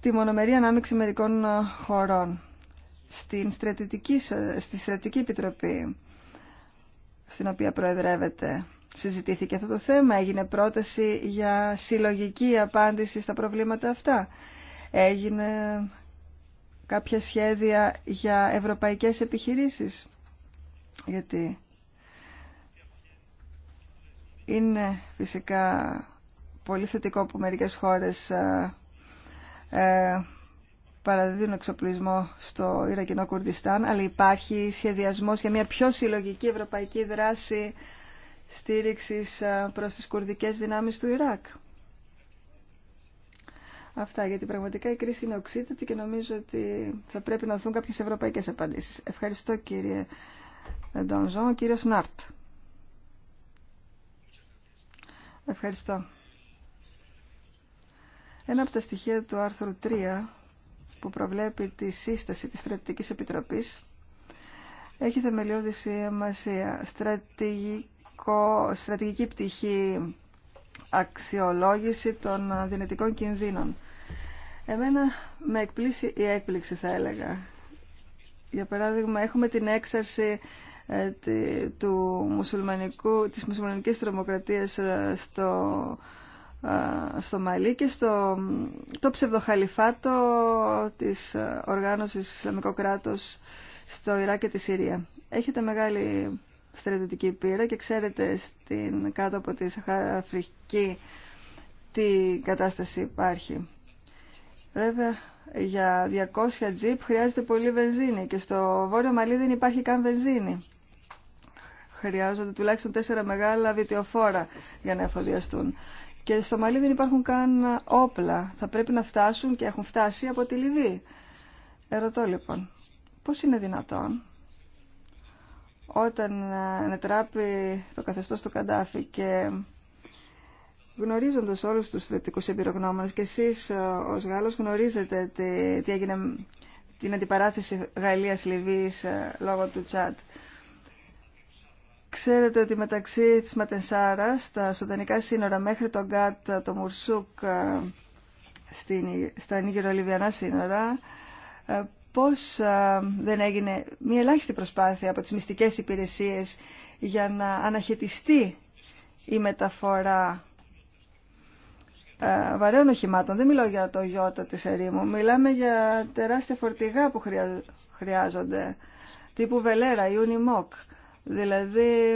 A: τη μονομερή ανάμειξη μερικών ε, χωρών. Στην στρατιωτική, στη στρατιωτική επιτροπή στην οποία προεδρεύεται συζητήθηκε αυτό το θέμα, έγινε πρόταση για συλλογική απάντηση στα προβλήματα αυτά. Έγινε κάποια σχέδια για ευρωπαϊκές επιχειρήσεις, γιατί είναι φυσικά πολύ θετικό που μερικές χώρες ε, ε, παραδίδουν εξοπλισμό στο Ιρακινό Κουρδιστάν, αλλά υπάρχει σχεδιασμός για μια πιο συλλογική ευρωπαϊκή δράση στήριξης ε, προς τις κουρδικές δυνάμεις του Ιράκ. Αυτά, γιατί πραγματικά η κρίση είναι οξύτατη και νομίζω ότι θα πρέπει να δουν κάποιες ευρωπαϊκές απαντήσεις. Ευχαριστώ κύριε Ντονζόν, κύριος Νάρτ. Ευχαριστώ. Ένα από τα στοιχεία του άρθρου 3 που προβλέπει τη σύσταση της Στρατηγικής Επιτροπής έχει θεμελιώδη σημασία. Στρατηγικό, στρατηγική πτυχή αξιολόγηση των δυνητικών κινδύνων. Εμένα με εκπλήσει η έκπληξη θα έλεγα. Για παράδειγμα έχουμε την έξαρση ε, του μουσουλμανικού, της μουσουλμανικής τρομοκρατίας ε, στο, ε, στο Μαλί και στο το ψευδοχαλιφάτο της οργάνωσης Ισλαμικό κράτος στο Ιράκ και τη Συρία. Έχετε μεγάλη στρατιωτική πείρα και ξέρετε στην κάτω από τη Σαχάρα Αφρική τι κατάσταση υπάρχει. Βέβαια, για 200 τζιπ χρειάζεται πολύ βενζίνη και στο Βόρειο Μαλί δεν υπάρχει καν βενζίνη. Χρειάζονται τουλάχιστον τέσσερα μεγάλα βιτιοφόρα για να εφοδιαστούν. Και στο Μαλί δεν υπάρχουν καν όπλα. Θα πρέπει να φτάσουν και έχουν φτάσει από τη Λιβύη. Ερωτώ λοιπόν, πώς είναι δυνατόν όταν ε, ανετράπει το καθεστώς του Καντάφη και γνωρίζοντας όλους τους στρατικούς εμπειρογνώμονες και εσείς ε, ως Γάλλος γνωρίζετε τι, έγινε την αντιπαράθεση Γαλλίας-Λιβύης ε, λόγω του Τσάτ. Ξέρετε ότι μεταξύ της Ματενσάρα στα Σοδανικά σύνορα μέχρι τον Γκάτ, το Μουρσούκ, ε, στην, στα Νίγερο-Λιβιανά σύνορα, πώς δεν έγινε μια ελάχιστη προσπάθεια από τις μυστικές υπηρεσίες για να αναχαιτιστεί η μεταφορά ε, βαρέων οχημάτων. Δεν μιλάω για το γιώτα της ερήμου. Μιλάμε για τεράστια φορτηγά που χρειάζονται. Τύπου Βελέρα ή Unimog. Δηλαδή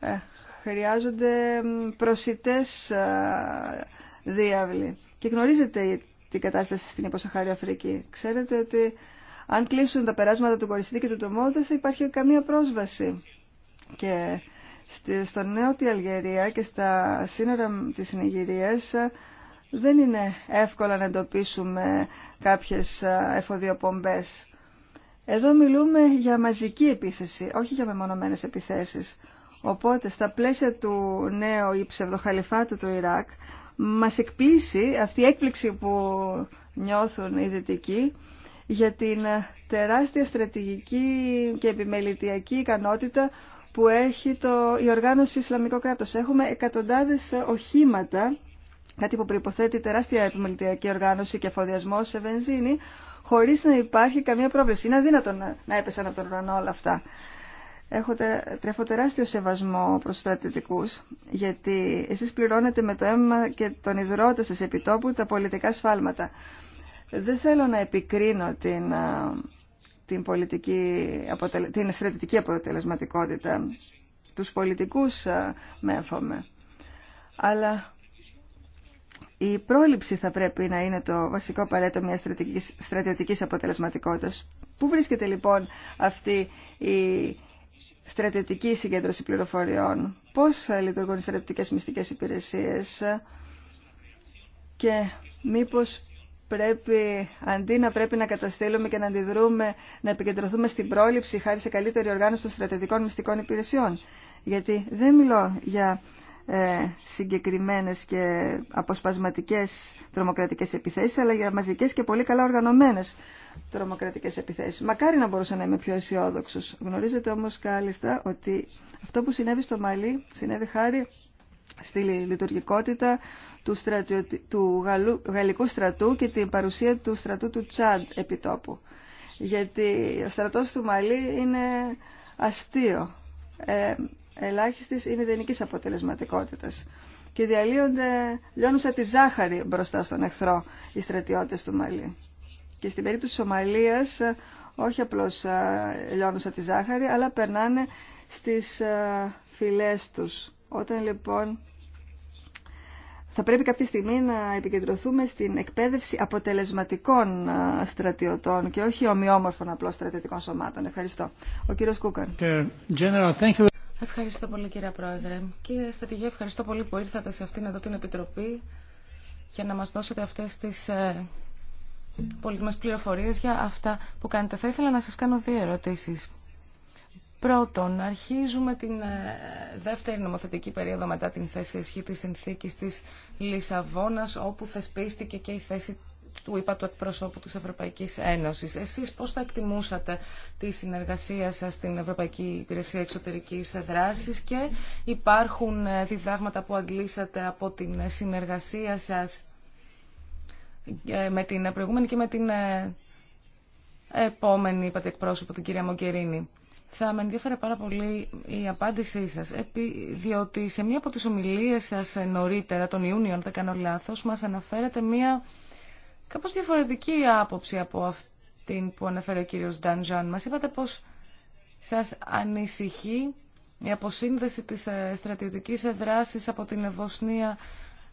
A: ε, χρειάζονται προσιτές ε, διάβλοι. Και γνωρίζετε την κατάσταση στην υποσαχάρη Αφρική. Ξέρετε ότι αν κλείσουν τα περάσματα του Κοριστή και του Τομό δεν θα υπάρχει καμία πρόσβαση. Και στο νέο τη Αλγερία και στα σύνορα της Νιγηρίας ε, δεν είναι εύκολα να εντοπίσουμε κάποιες ε, εφοδιοπομπές. Εδώ μιλούμε για μαζική επίθεση, όχι για μεμονωμένες επιθέσεις. Οπότε στα πλαίσια του νέου ή ψευδοχαλιφάτου του Ιράκ μας εκπλήσει αυτή η του ιρακ μας εκπλησει αυτη η εκπληξη που νιώθουν οι δυτικοί για την ε, τεράστια στρατηγική και επιμελητιακή ικανότητα που έχει το, η οργάνωση Ισλαμικό κράτος. Έχουμε εκατοντάδες οχήματα, κάτι που προϋποθέτει τεράστια επιμελητιακή οργάνωση και αφοδιασμό σε βενζίνη, χωρίς να υπάρχει καμία πρόβληση. Είναι αδύνατο να, να έπεσαν από τον ουρανό όλα αυτά. Έχω, τρέφω τεράστιο σεβασμό προς τους στρατιωτικούς, γιατί εσείς πληρώνετε με το αίμα και τον υδρότα σας επιτόπου τα πολιτικά σφάλματα. Δεν θέλω να επικρίνω την την, πολιτική, την στρατιωτική αποτελεσματικότητα. Τους πολιτικούς ε, έφομαι. Αλλά η πρόληψη θα πρέπει να είναι το βασικό παρέτο μιας στρατιωτικής, στρατιωτικής αποτελεσματικότητας. Πού βρίσκεται λοιπόν αυτή η στρατιωτική συγκέντρωση πληροφοριών, πώς ε, λειτουργούν οι στρατιωτικές μυστικές υπηρεσίες και μήπως πρέπει, αντί να πρέπει να καταστέλουμε και να αντιδρούμε, να επικεντρωθούμε στην πρόληψη χάρη σε καλύτερη οργάνωση των στρατηγικών μυστικών υπηρεσιών. Γιατί δεν μιλώ για ε, συγκεκριμένες και αποσπασματικές τρομοκρατικές επιθέσεις, αλλά για μαζικές και πολύ καλά οργανωμένες τρομοκρατικές επιθέσεις. Μακάρι να μπορούσα να είμαι πιο αισιόδοξο. Γνωρίζετε όμως κάλλιστα ότι αυτό που συνέβη στο Μαλί συνέβη χάρη στη λειτουργικότητα του, του γαλλικού στρατού και την παρουσία του στρατού του Τσάντ επιτόπου. Γιατί ο στρατός του Μαλή είναι αστείο, ε, ελάχιστης ή μηδενικής αποτελεσματικότητας και διαλύονται, σαν τη ζάχαρη μπροστά στον εχθρό οι στρατιώτες του Μαλή. Και στην περίπτωση της Σομαλίας ε, όχι απλώς ε, σαν τη ζάχαρη, αλλά περνάνε στις ε, φυλές τους όταν λοιπόν θα πρέπει κάποια στιγμή να επικεντρωθούμε στην εκπαίδευση αποτελεσματικών στρατιωτών και όχι ομοιόμορφων απλώς στρατιωτικών σωμάτων. Ευχαριστώ. Ο κύριος Κούκαν.
B: Ε,
C: ευχαριστώ πολύ κύριε Πρόεδρε. Κύριε Στατηγέ, ευχαριστώ πολύ που ήρθατε σε αυτήν εδώ την Επιτροπή για να μας δώσετε αυτές τις ε, πολύτιμες πληροφορίες για αυτά που κάνετε. Θα ήθελα να σας κάνω δύο ερωτήσεις. Πρώτον, αρχίζουμε την ε, δεύτερη νομοθετική περίοδο μετά την θέση ισχύ της συνθήκης της Λισαβόνας, όπου θεσπίστηκε και η θέση του είπα του εκπροσώπου της Ευρωπαϊκής Ένωσης. Εσείς πώς θα εκτιμούσατε τη συνεργασία σας στην Ευρωπαϊκή Υπηρεσία Εξωτερικής Δράσης και υπάρχουν ε, διδάγματα που αντλήσατε από την συνεργασία σας ε, με την προηγούμενη και με την επόμενη είπατε εκπρόσωπο, την κυρία Μογκερίνη θα με ενδιαφέρε πάρα πολύ η απάντησή σας, διότι σε μία από τις ομιλίες σας νωρίτερα, τον Ιούνιο, αν δεν κάνω λάθος, μας αναφέρατε μία κάπως διαφορετική άποψη από αυτήν που αναφέρει ο κύριος Ντανζάν. Μας είπατε πως σας ανησυχεί η αποσύνδεση της ε, στρατιωτικής δράση από την Ευωσνία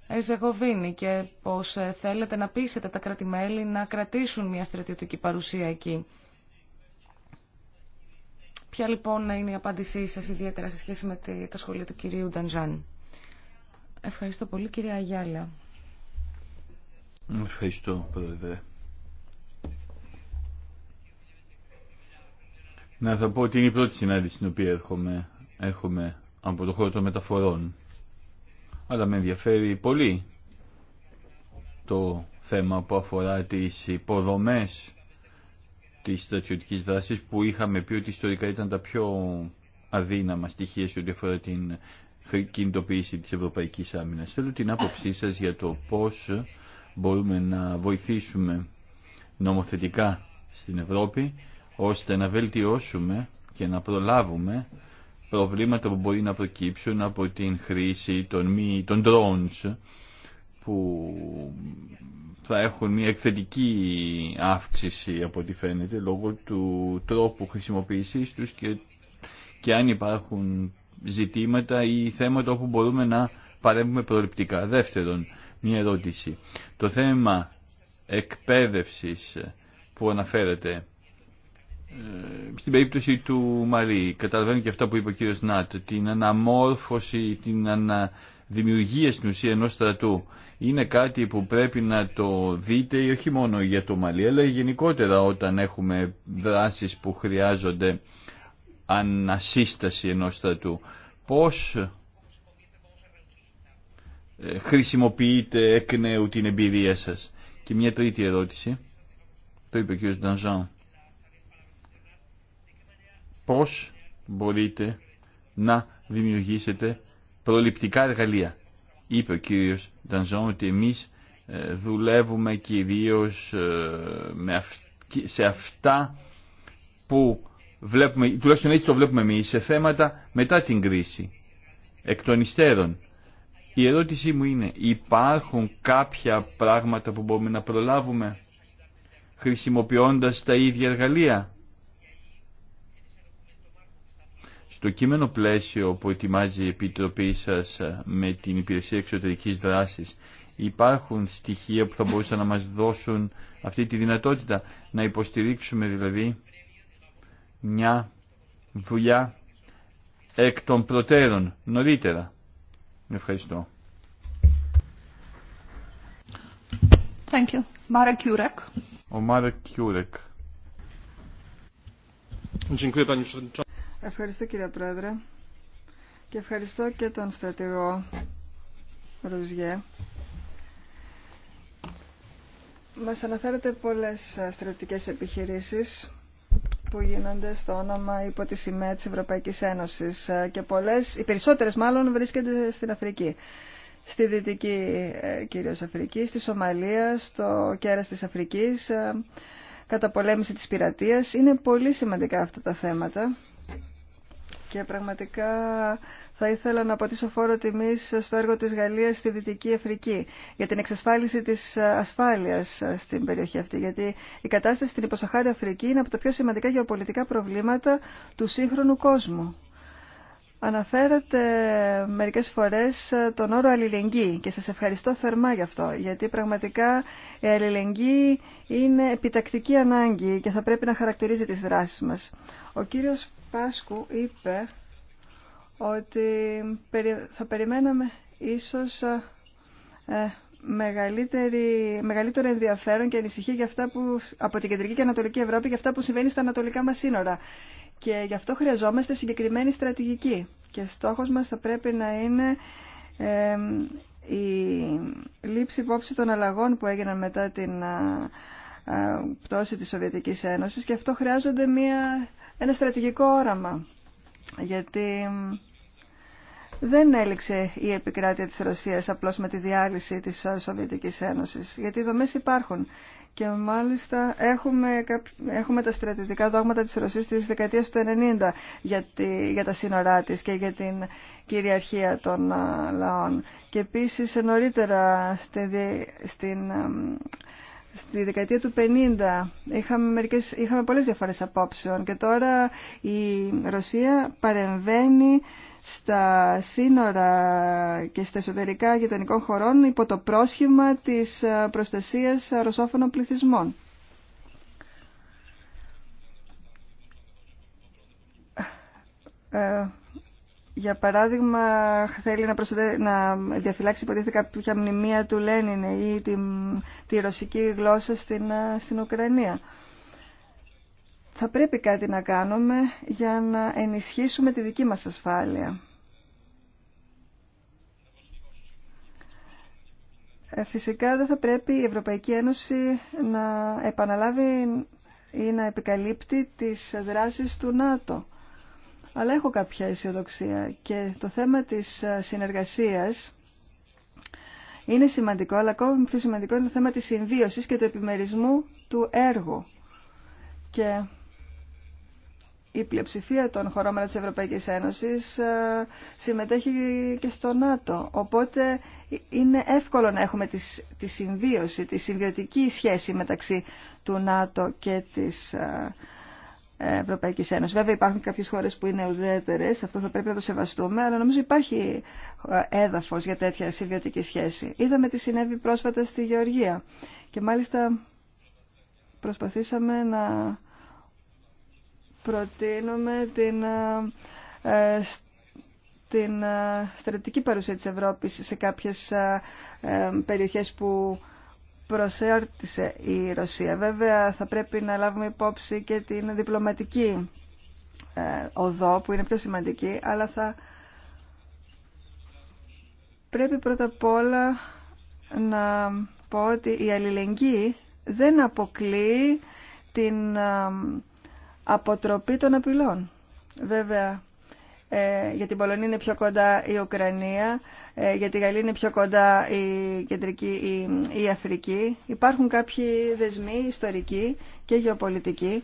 C: Ερζεγοβίνη και πως ε, θέλετε να πείσετε τα κρατημέλη να κρατήσουν μια στρατιωτική παρουσία εκεί. Ποια λοιπόν είναι η απάντησή σας ιδιαίτερα σε σχέση με τα σχόλια του κυρίου Νταντζάν. Ευχαριστώ πολύ κυρία Αγιάλα.
B: Ευχαριστώ πρόεδρε. Να θα πω ότι είναι η πρώτη συνάντηση στην οποία έρχομαι, έρχομαι από το χώρο των μεταφορών. Αλλά με ενδιαφέρει πολύ το θέμα που αφορά τις υποδομές τη στρατιωτική δράση που είχαμε πει ότι ιστορικά ήταν τα πιο αδύναμα στοιχεία σε ό,τι αφορά την κινητοποίηση τη Ευρωπαϊκή Άμυνα. Θέλω την άποψή σα για το πώς μπορούμε να βοηθήσουμε νομοθετικά στην Ευρώπη ώστε να βελτιώσουμε και να προλάβουμε προβλήματα που μπορεί να προκύψουν από την χρήση των, μη, των drones που θα έχουν μια εκθετική αύξηση από ό,τι φαίνεται λόγω του τρόπου χρησιμοποίησής τους και, και αν υπάρχουν ζητήματα ή θέματα όπου μπορούμε να παρέμβουμε προληπτικά. Δεύτερον, μια ερώτηση. Το θέμα εκπαίδευσης που αναφέρεται ε, στην περίπτωση του Μαρή, καταλαβαίνω και αυτά που είπε ο κύριος Νάτ, την αναμόρφωση, την ανα, δημιουργία στην ουσία ενός στρατού είναι κάτι που πρέπει να το δείτε ή όχι μόνο για το Μαλί αλλά γενικότερα όταν έχουμε δράσεις που χρειάζονται ανασύσταση ενός στρατού. Πώς ε, χρησιμοποιείτε εκ νέου την εμπειρία σας. Και μια τρίτη ερώτηση, το είπε ο κ. Ντανζάν. Πώς μπορείτε να δημιουργήσετε προληπτικά εργαλεία. Είπε ο κύριος Ντανζόν ότι εμείς ε, δουλεύουμε κυρίως ε, σε αυτά που βλέπουμε, τουλάχιστον έτσι το βλέπουμε εμείς, σε θέματα μετά την κρίση, εκ των υστέρων. Η ερώτησή μου είναι, υπάρχουν κάποια πράγματα που μπορούμε να προλάβουμε χρησιμοποιώντας τα ίδια εργαλεία. Στο κείμενο πλαίσιο που ετοιμάζει η Επιτροπή σας ε, με την Υπηρεσία Εξωτερικής Δράσης υπάρχουν στοιχεία που θα μπορούσαν να μας δώσουν αυτή τη δυνατότητα να υποστηρίξουμε δηλαδή μια δουλειά εκ των προτέρων νωρίτερα. Ευχαριστώ.
A: Thank you. Marek
B: Ο Marek Jurek. Dziękuję Panie Przewodniczący.
A: Ευχαριστώ κύριε Πρόεδρε και ευχαριστώ και τον στρατηγό Ρουζιέ. Μας αναφέρετε πολλές στρατηγικές επιχειρήσεις που γίνονται στο όνομα υπό τη σημαία της Ευρωπαϊκής Ένωσης και πολλές, οι περισσότερες μάλλον βρίσκονται στην Αφρική. Στη Δυτική ε, κυρίως Αφρική, στη Σομαλία, στο κέρας της Αφρικής, ε, κατά πολέμηση της πειρατείας. Είναι πολύ σημαντικά αυτά τα θέματα και πραγματικά θα ήθελα να πατήσω φόρο τιμή στο έργο της Γαλλίας στη Δυτική Αφρική για την εξασφάλιση της ασφάλειας στην περιοχή αυτή γιατί η κατάσταση στην υποσαχάρη Αφρική είναι από τα πιο σημαντικά γεωπολιτικά προβλήματα του σύγχρονου κόσμου. Αναφέρατε μερικές φορές τον όρο αλληλεγγύη και σας ευχαριστώ θερμά γι' αυτό, γιατί πραγματικά η αλληλεγγύη είναι επιτακτική ανάγκη και θα πρέπει να χαρακτηρίζει τις δράσεις μας. Ο κύριος Πάσκου είπε ότι θα περιμέναμε ίσως ε, ε, μεγαλύτερη, μεγαλύτερο ενδιαφέρον και ανησυχία για αυτά που, από την Κεντρική και Ανατολική Ευρώπη για αυτά που συμβαίνει στα ανατολικά μας σύνορα. Και γι' αυτό χρειαζόμαστε συγκεκριμένη στρατηγική. Και στόχος μας θα πρέπει να είναι ε, η λήψη υπόψη των αλλαγών που έγιναν μετά την ε, πτώση της Σοβιετικής Ένωσης και αυτό χρειάζονται μια ένα στρατηγικό όραμα, γιατί δεν έληξε η επικράτεια της Ρωσίας απλώς με τη διάλυση της Σοβιετικής Ένωσης, γιατί οι δομές υπάρχουν. Και μάλιστα έχουμε, έχουμε τα στρατητικά δόγματα της Ρωσίας της δεκαετίας του 1990 για, για τα σύνορά της και για την κυριαρχία των ε, λαών. Και επίσης ε, νωρίτερα στην ε, Στη δεκαετία του 50 είχαμε, μερικές, είχαμε πολλές διαφορές απόψεων και τώρα η Ρωσία παρεμβαίνει στα σύνορα και στα εσωτερικά γειτονικών χωρών υπό το πρόσχημα της ε, προστασίας ρωσόφωνων πληθυσμών. Ε, για παράδειγμα, θέλει να, να διαφυλάξει υποτίθεται κάποια μνημεία του Λένινε ή τη, τη ρωσική γλώσσα στην, ε, στην Ουκρανία. Θα πρέπει κάτι να κάνουμε για να ενισχύσουμε τη δική μας ασφάλεια. Ε, φυσικά δεν θα πρέπει η Ευρωπαϊκή Ένωση να επαναλάβει ή να επικαλύπτει τις δράσεις του ΝΑΤΟ αλλά έχω κάποια αισιοδοξία και το θέμα της ε, συνεργασίας είναι σημαντικό, αλλά ακόμη πιο σημαντικό είναι το θέμα της συμβίωσης και του επιμερισμού του έργου. Και η πλειοψηφία των χωρών της Ευρωπαϊκής Ένωσης ε, συμμετέχει και στο ΝΑΤΟ. Οπότε είναι εύκολο να έχουμε τη συμβίωση, τη συμβιωτική σχέση μεταξύ του ΝΑΤΟ και της ε, Ευρωπαϊκή Ένωση, Βέβαια υπάρχουν κάποιες χώρες που είναι ουδέτερες, αυτό θα πρέπει να το σεβαστούμε, αλλά νομίζω υπάρχει ε, έδαφος για τέτοια συμβιωτική σχέση. Είδαμε τι συνέβη πρόσφατα στη Γεωργία και μάλιστα προσπαθήσαμε να προτείνουμε την, ε, ε, την στρατηγική παρουσία της Ευρώπης σε κάποιες περιοχές που προσέρτησε η Ρωσία. Βέβαια θα πρέπει να λάβουμε υπόψη και την διπλωματική ε, οδό που είναι πιο σημαντική, αλλά θα πρέπει πρώτα απ' όλα να πω ότι η αλληλεγγύη δεν αποκλεί την ε, αποτροπή των απειλών. Βέβαια, ε, για την Πολωνία είναι πιο κοντά η Ουκρανία, ε, για τη Γαλλία είναι πιο κοντά η, κεντρική, η, η Αφρική. Υπάρχουν κάποιοι δεσμοί ιστορικοί και γεωπολιτικοί,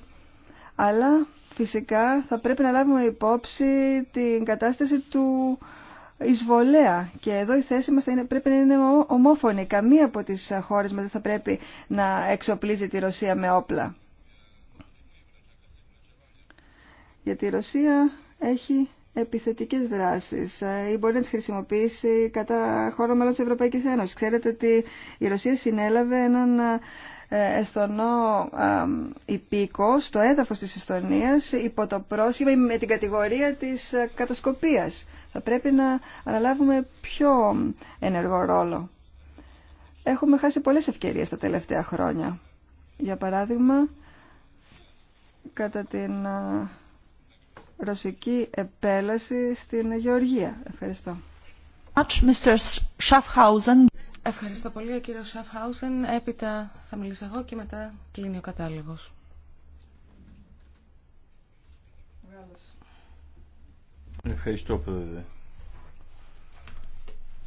A: αλλά φυσικά θα πρέπει να λάβουμε υπόψη την κατάσταση του εισβολέα και εδώ η θέση μας είναι, πρέπει να είναι ομόφωνη. Καμία από τις χώρες μας δεν θα πρέπει να εξοπλίζει τη Ρωσία με όπλα. Γιατί η Ρωσία έχει επιθετικές δράσεις ε, ή μπορεί να τις χρησιμοποιήσει κατά χώρο μέλος της Ευρωπαϊκής Ένωσης. Ξέρετε ότι η Ρωσία συνέλαβε έναν ε, εστονό υπήκο στο έδαφος της Εστονίας υπό το πρόσχημα με την κατηγορία της ε, κατασκοπίας. Θα πρέπει να αναλάβουμε πιο ενεργό ρόλο. Έχουμε χάσει πολλές ευκαιρίες τα τελευταία χρόνια. Για παράδειγμα, κατά την ρωσική επέλαση στην Γεωργία. Ευχαριστώ.
C: Ευχαριστώ πολύ ο κύριος Σαφχάουσεν. Έπειτα θα μιλήσω εγώ και μετά κλείνει ο κατάλογος.
B: Ευχαριστώ πρόεδρε.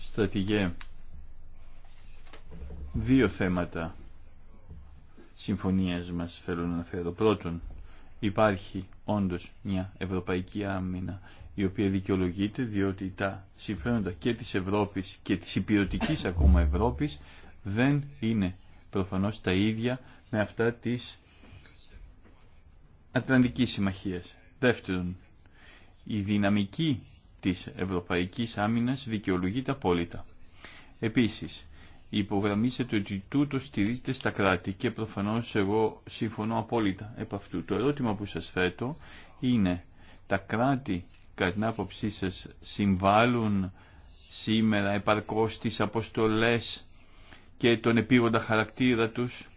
B: Στρατηγέ, δύο θέματα συμφωνίας μας θέλω να αναφέρω. Πρώτον, υπάρχει όντως μια ευρωπαϊκή άμυνα η οποία δικαιολογείται διότι τα συμφέροντα και της Ευρώπης και της υπηρετικής ακόμα Ευρώπης δεν είναι προφανώς τα ίδια με αυτά της Ατλαντικής Συμμαχίας. Δεύτερον, η δυναμική της ευρωπαϊκής άμυνας δικαιολογείται απόλυτα. Επίσης, υπογραμμίσετε ότι τούτο στηρίζεται στα κράτη και προφανώς εγώ συμφωνώ απόλυτα επ' αυτού. Το ερώτημα που σας θέτω είναι τα κράτη κατά την άποψή σας συμβάλλουν σήμερα επαρκώς στις αποστολές και τον επίγοντα χαρακτήρα τους.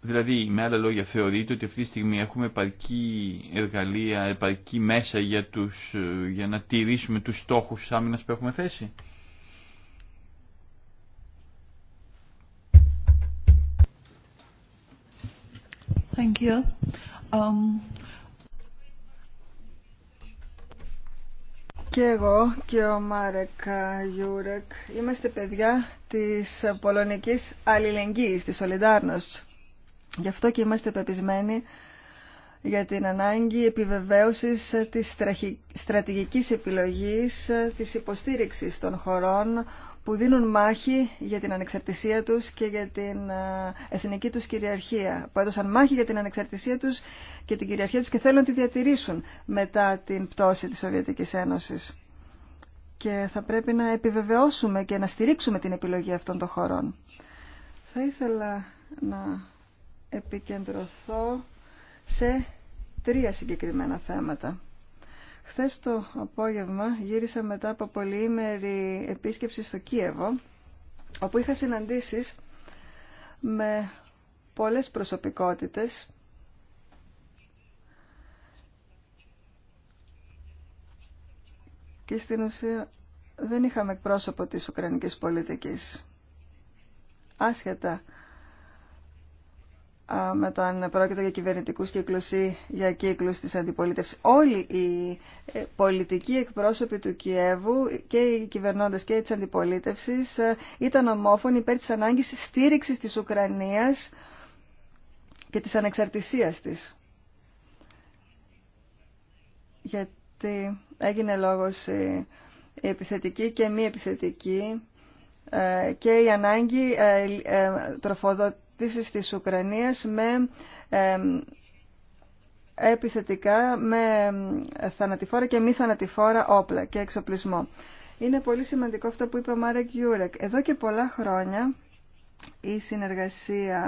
B: Δηλαδή, με άλλα λόγια, θεωρείτε ότι αυτή τη στιγμή έχουμε επαρκή εργαλεία, επαρκή μέσα για, τους, για να τηρήσουμε τους στόχους άμυνας που έχουμε θέσει. Um,
A: και εγώ και ο Μάρεκ Γιούρεκ είμαστε παιδιά της πολωνικής αλληλεγγύης, της Σολιντάρνος. Γι' αυτό και είμαστε πεπισμένοι για την ανάγκη επιβεβαίωσης της στρατηγικής επιλογής της υποστήριξης των χωρών που δίνουν μάχη για την ανεξαρτησία τους και για την εθνική τους κυριαρχία, που έδωσαν μάχη για την ανεξαρτησία τους και την κυριαρχία τους και θέλουν να τη διατηρήσουν μετά την πτώση της Σοβιετικής Ένωσης. Και θα πρέπει να επιβεβαιώσουμε και να στηρίξουμε την επιλογή αυτών των χωρών. Θα ήθελα να επικεντρωθώ σε τρία συγκεκριμένα θέματα. Χθες το απόγευμα γύρισα μετά από πολυήμερη επίσκεψη στο Κίεβο, όπου είχα συναντήσεις με πολλές προσωπικότητες και στην ουσία δεν είχαμε πρόσωπο της Ουκρανικής πολιτικής. Άσχετα με το αν πρόκειται για κυβερνητικούς κύκλους ή για κύκλους της αντιπολίτευσης. Όλοι οι ε, πολιτικοί εκπρόσωποι του Κιέβου και οι κυβερνώντε και της αντιπολίτευσης ε, ήταν ομόφωνοι υπέρ της ανάγκης στήριξης της Ουκρανίας και της ανεξαρτησίας της. Γιατί έγινε λόγος η επιθετική και μη επιθετική ε, και η ανάγκη τροφοδότηση αναζήτησης της Ουκρανίας με επιθετικά, με θανατηφόρα και μη θανατηφόρα όπλα και εξοπλισμό. Είναι πολύ σημαντικό αυτό που είπε ο Μάρεκ Γιούρεκ. Εδώ και πολλά χρόνια η συνεργασία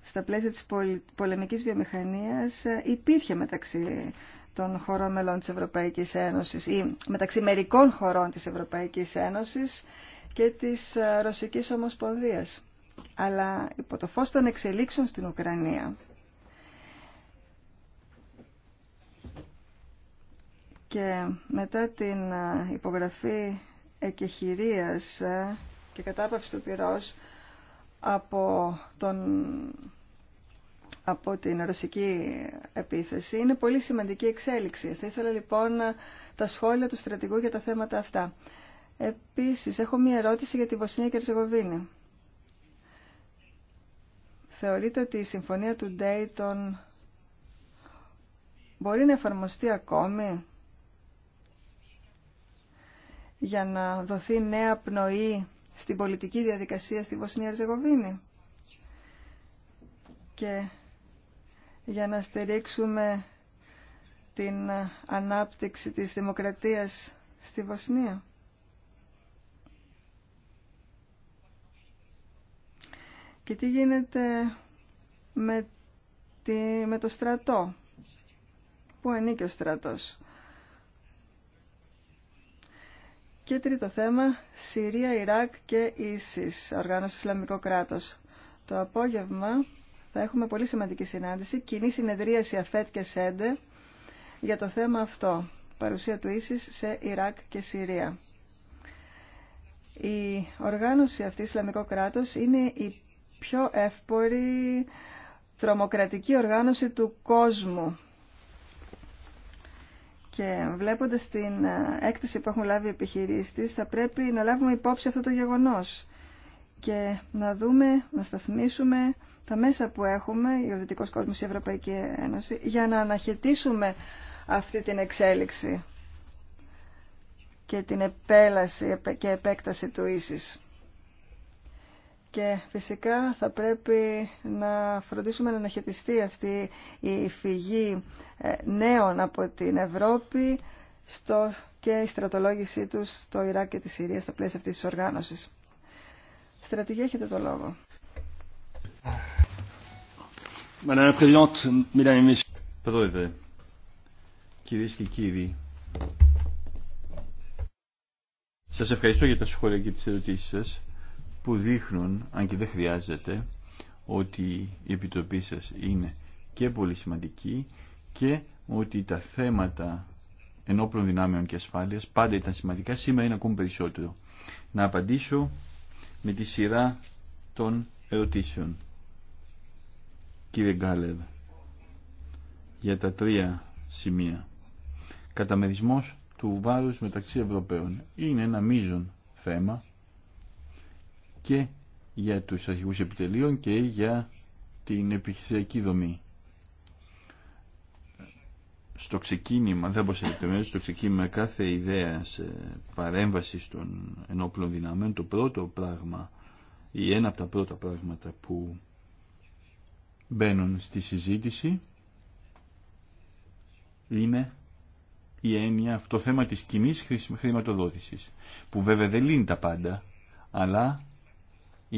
A: στα πλαίσια της πολεμικής βιομηχανίας ε, υπήρχε μεταξύ των χωρών μελών της Ευρωπαϊκής Ένωσης ή μεταξύ μερικών χωρών της Ευρωπαϊκής Ένωσης και της ε, Ρωσικής Ομοσπονδίας αλλά υπό το φως των εξελίξεων στην Ουκρανία. Και μετά την υπογραφή εκεχηρίας και κατάπαυση του πυρός από, τον, από την ρωσική επίθεση είναι πολύ σημαντική εξέλιξη. Θα ήθελα λοιπόν τα σχόλια του στρατηγού για τα θέματα αυτά. Επίσης, έχω μία ερώτηση για την Βοσνία και Ερζεγοβίνη θεωρείτε ότι η συμφωνία του Dayton μπορεί να εφαρμοστεί ακόμη για να δοθεί νέα πνοή στην πολιτική διαδικασία στη Βοσνία ριζεγοβινη και για να στηρίξουμε την ανάπτυξη της δημοκρατίας στη Βοσνία. Και τι γίνεται με, με το στρατό. Πού ανήκει ο στρατός. Και τρίτο θέμα, Συρία, Ιράκ και Ίσης, οργάνωση Ισλαμικό κράτος. Το απόγευμα θα έχουμε πολύ σημαντική συνάντηση, κοινή συνεδρίαση ΑΦΕΤ και ΣΕΝΤΕ για το θέμα αυτό, παρουσία του Ίσης σε Ιράκ και Συρία. Η οργάνωση αυτή Ισλαμικό κράτος είναι η πιο εύπορη τρομοκρατική οργάνωση του κόσμου. Και βλέποντας την ε, έκταση που έχουν λάβει οι θα πρέπει να λάβουμε υπόψη αυτό το γεγονός και να δούμε, να σταθμίσουμε τα μέσα που έχουμε, ο Δυτικός Κόσμος, η Ευρωπαϊκή Ένωση, για να αναχαιτήσουμε αυτή την εξέλιξη και την επέλαση και επέκταση του ίσης. Και φυσικά θα πρέπει να φροντίσουμε να αναχαιτιστεί αυτή η φυγή ε, νέων από την Ευρώπη στο και η στρατολόγησή τους στο Ιράκ και τη Συρία στα πλαίσια αυτής της οργάνωσης. Στρατηγία έχετε το λόγο.
B: Σα κυρίες και κύριοι, σας ευχαριστώ για τα σχόλια και τις ερωτήσεις σας που δείχνουν, αν και δεν χρειάζεται, ότι η επιτροπή σας είναι και πολύ σημαντική και ότι τα θέματα ενόπλων δυνάμεων και ασφάλειας πάντα ήταν σημαντικά, σήμερα είναι ακόμη περισσότερο. Να απαντήσω με τη σειρά των ερωτήσεων. Κύριε Γκάλερ, για τα τρία σημεία. Καταμερισμός του βάρους μεταξύ Ευρωπαίων είναι ένα μείζον θέμα και για τους αρχηγούς επιτελείων και για την επιχειρησιακή δομή. Στο ξεκίνημα, δεν να στο ξεκίνημα κάθε ιδέα παρέμβαση των ενόπλων δυναμών το πρώτο πράγμα ή ένα από τα πρώτα πράγματα που μπαίνουν στη συζήτηση είναι η έννοια, αυτό το θέμα της κοινή χρηματοδότησης, που βέβαια δεν λύνει τα πάντα, αλλά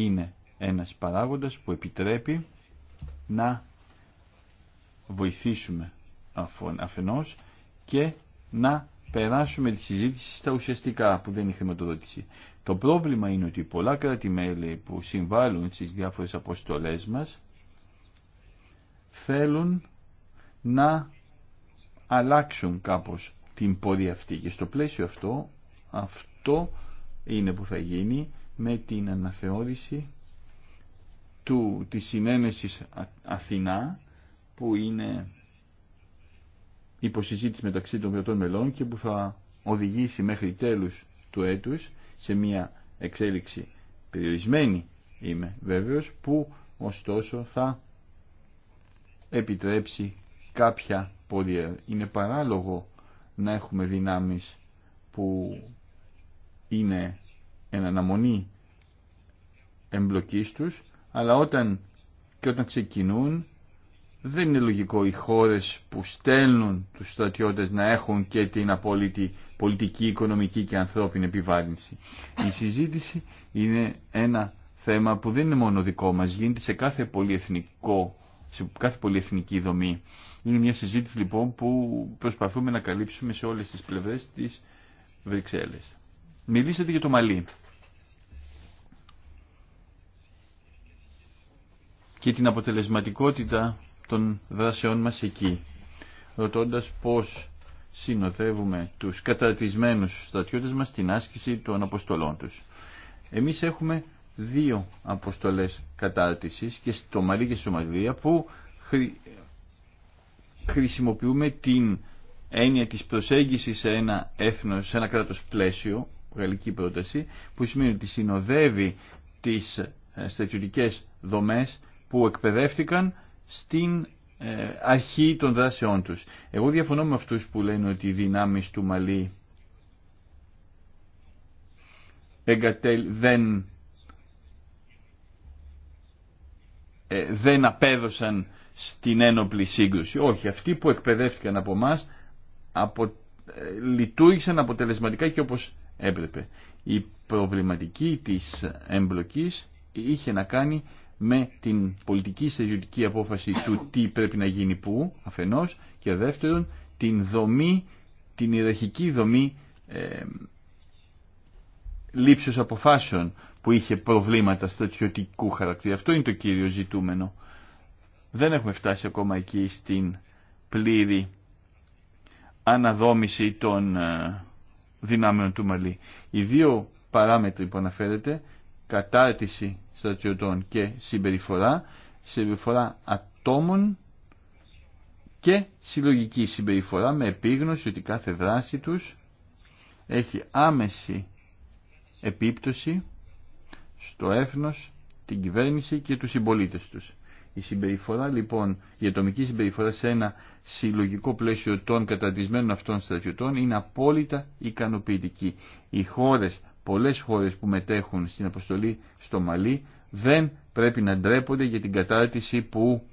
B: είναι ένας παράγοντας που επιτρέπει να βοηθήσουμε αφενός και να περάσουμε τη συζήτηση στα ουσιαστικά που δεν είναι χρηματοδότηση. Το πρόβλημα είναι ότι πολλά κράτη-μέλη που συμβάλλουν στις διάφορες αποστολές μας θέλουν να αλλάξουν κάπως την πορεία αυτή και στο πλαίσιο αυτό αυτό είναι που θα γίνει με την αναθεώρηση του, της συνένεσης Αθηνά που είναι υποσυζήτηση μεταξύ των κρατών μελών και που θα οδηγήσει μέχρι τέλους του έτους σε μια εξέλιξη περιορισμένη είμαι βέβαιος που ωστόσο θα επιτρέψει κάποια πόδια. Είναι παράλογο να έχουμε δυνάμεις που είναι εν αναμονή εμπλοκής τους, αλλά όταν και όταν ξεκινούν δεν είναι λογικό οι χώρες που στέλνουν τους στρατιώτες να έχουν και την απόλυτη πολιτική, οικονομική και ανθρώπινη επιβάρυνση. Η συζήτηση είναι ένα θέμα που δεν είναι μόνο δικό μας, γίνεται σε κάθε πολυεθνικό, σε κάθε πολυεθνική δομή. Είναι μια συζήτηση λοιπόν που προσπαθούμε να καλύψουμε σε όλες τις πλευρές της Βρυξέλλες. Μιλήσατε για το Μαλί. και την αποτελεσματικότητα των δράσεών μας εκεί, ρωτώντας πώς συνοδεύουμε τους καταρτισμένους στρατιώτες μας στην άσκηση των αποστολών τους. Εμείς έχουμε δύο αποστολές κατάρτισης και στο Μαλή και στο που χρησιμοποιούμε την έννοια της προσέγγισης σε ένα έθνος, σε ένα κράτος πλαίσιο, γαλλική πρόταση, που σημαίνει ότι συνοδεύει τις ε, στρατιωτικές δομές που εκπαιδεύτηκαν στην ε, αρχή των δράσεών τους. Εγώ διαφωνώ με αυτούς που λένε ότι οι δυνάμεις του Μαλή δεν, ε, δεν απέδωσαν στην ένοπλη σύγκρουση. Όχι, αυτοί που εκπαιδεύτηκαν από εμά απο, ε, λειτουργήσαν αποτελεσματικά και όπως έπρεπε. Η προβληματική της εμπλοκής είχε να κάνει με την πολιτική στρατιωτική απόφαση του τι πρέπει να γίνει πού αφενός και δεύτερον την δομή, την ιεραρχική δομή ε, λήψεως αποφάσεων που είχε προβλήματα στρατιωτικού χαρακτήρα. Αυτό είναι το κύριο ζητούμενο. Δεν έχουμε φτάσει ακόμα εκεί στην πλήρη αναδόμηση των ε, δυνάμεων του Μαλή. Οι δύο παράμετροι που αναφέρεται, κατάρτιση στρατιωτών και συμπεριφορά, συμπεριφορά ατόμων και συλλογική συμπεριφορά με επίγνωση ότι κάθε δράση τους έχει άμεση επίπτωση στο έθνος, την κυβέρνηση και τους συμπολίτε τους. Η συμπεριφορά λοιπόν, η ατομική συμπεριφορά σε ένα συλλογικό πλαίσιο των καταρτισμένων αυτών στρατιωτών είναι απόλυτα ικανοποιητική. Οι χώρες πολλές χώρες που μετέχουν στην αποστολή στο Μαλή δεν πρέπει να ντρέπονται για την κατάρτιση που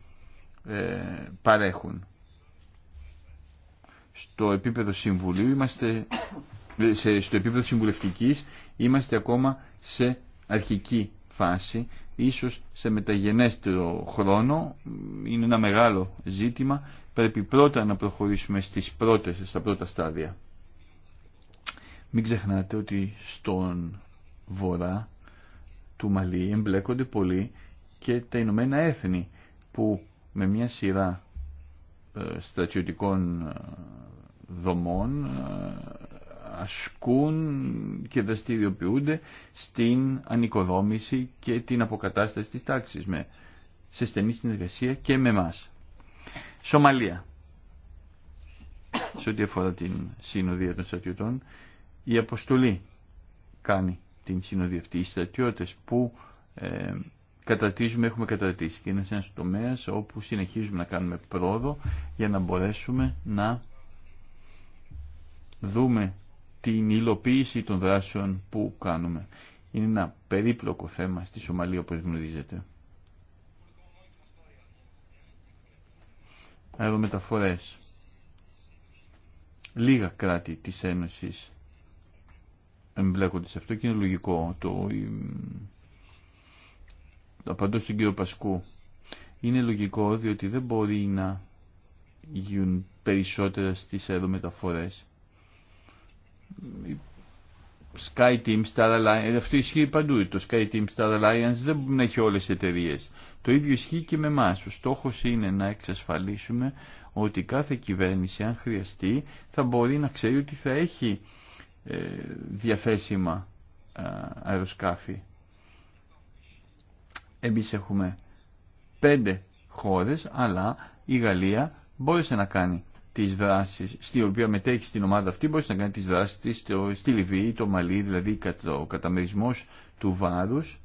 B: ε, παρέχουν. Στο επίπεδο συμβουλίου είμαστε, στο επίπεδο συμβουλευτικής είμαστε ακόμα σε αρχική φάση, ίσως σε μεταγενέστερο χρόνο, είναι ένα μεγάλο ζήτημα, πρέπει πρώτα να προχωρήσουμε στις πρώτες, στα πρώτα στάδια. Μην ξεχνάτε ότι στον βορρά του Μαλή εμπλέκονται πολύ και τα Ηνωμένα Έθνη που με μια σειρά ε, στρατιωτικών ε, δομών ε, ασκούν και δραστηριοποιούνται στην ανικοδόμηση και την αποκατάσταση της τάξης με, σε στενή συνεργασία και με μας. Σομαλία. Σε ό,τι αφορά την συνοδεία των στρατιωτών, η αποστολή κάνει την συνοδευτή αυτή. Οι στρατιώτες που ε, κατατίζουμε έχουμε κατατήσει και είναι σε ένας όπου συνεχίζουμε να κάνουμε πρόοδο για να μπορέσουμε να δούμε την υλοποίηση των δράσεων που κάνουμε. Είναι ένα περίπλοκο θέμα στη Σομαλία όπως γνωρίζετε. Αερομεταφορές. Λίγα κράτη της Ένωσης εμπλέκονται σε αυτό και είναι λογικό. Το, το απαντώ στον κύριο Πασκού. Είναι λογικό διότι δεν μπορεί να γίνουν περισσότερα στις αερομεταφορές. Sky Team, Star Alliance, αυτό ισχύει παντού. Το Sky Team, Star Alliance δεν μπορεί να έχει όλες τις εταιρείε. Το ίδιο ισχύει και με εμά. Ο στόχος είναι να εξασφαλίσουμε ότι κάθε κυβέρνηση, αν χρειαστεί, θα μπορεί να ξέρει ότι θα έχει ε, διαθέσιμα ε, αεροσκάφη. Εμείς έχουμε πέντε χώρες, αλλά η Γαλλία μπόρεσε να κάνει τις δράσεις, στη οποία μετέχει στην ομάδα αυτή, μπορεί να κάνει τις δράσεις της στο, στη Λιβύη, το Μαλί, δηλαδή ο καταμερισμός του βάρους,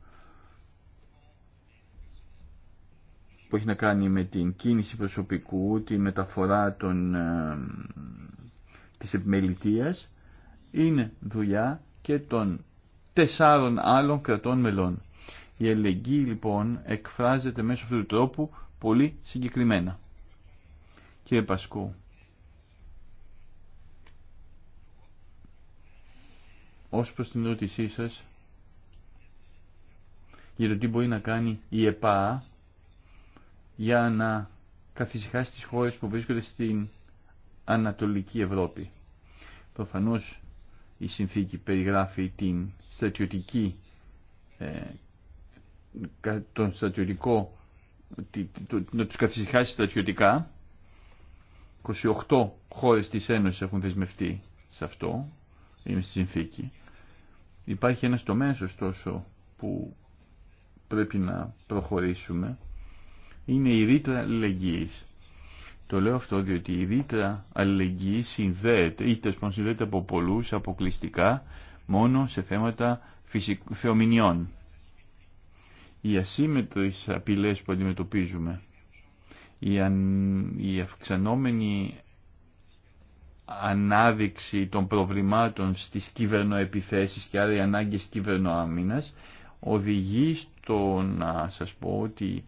B: που έχει να κάνει με την κίνηση προσωπικού, τη μεταφορά των, ε, της επιμελητίας είναι δουλειά και των τεσσάρων άλλων κρατών μελών. Η ελεγγύη λοιπόν εκφράζεται μέσω αυτού του τρόπου πολύ συγκεκριμένα. Κύριε Πασκού, ως προς την ερώτησή σας για το τι μπορεί να κάνει η ΕΠΑ για να καθησυχάσει τις χώρες που βρίσκονται στην Ανατολική Ευρώπη. Προφανώς η συνθήκη περιγράφει την στρατιωτική, ε, τον στρατιωτικό, να τους καθησυχάσει στρατιωτικά. 28 χώρες της Ένωσης έχουν δεσμευτεί σε αυτό, είναι στη συνθήκη. Υπάρχει ένας τομέας ωστόσο που πρέπει να προχωρήσουμε, είναι η ρήτρα λεγγύης. Το λέω αυτό διότι η ρήτρα αλληλεγγύη συνδέεται ή τεσπον λοιπόν συνδέεται από πολλού αποκλειστικά μόνο σε θέματα θεομηνιών. Οι ασύμετρες απειλές που αντιμετωπίζουμε, η, η αυξανόμενη ανάδειξη των προβλημάτων στις κυβερνοεπιθέσεις και άρα οι ανάγκες κυβερνοάμυνας οδηγεί στο να σας πω ότι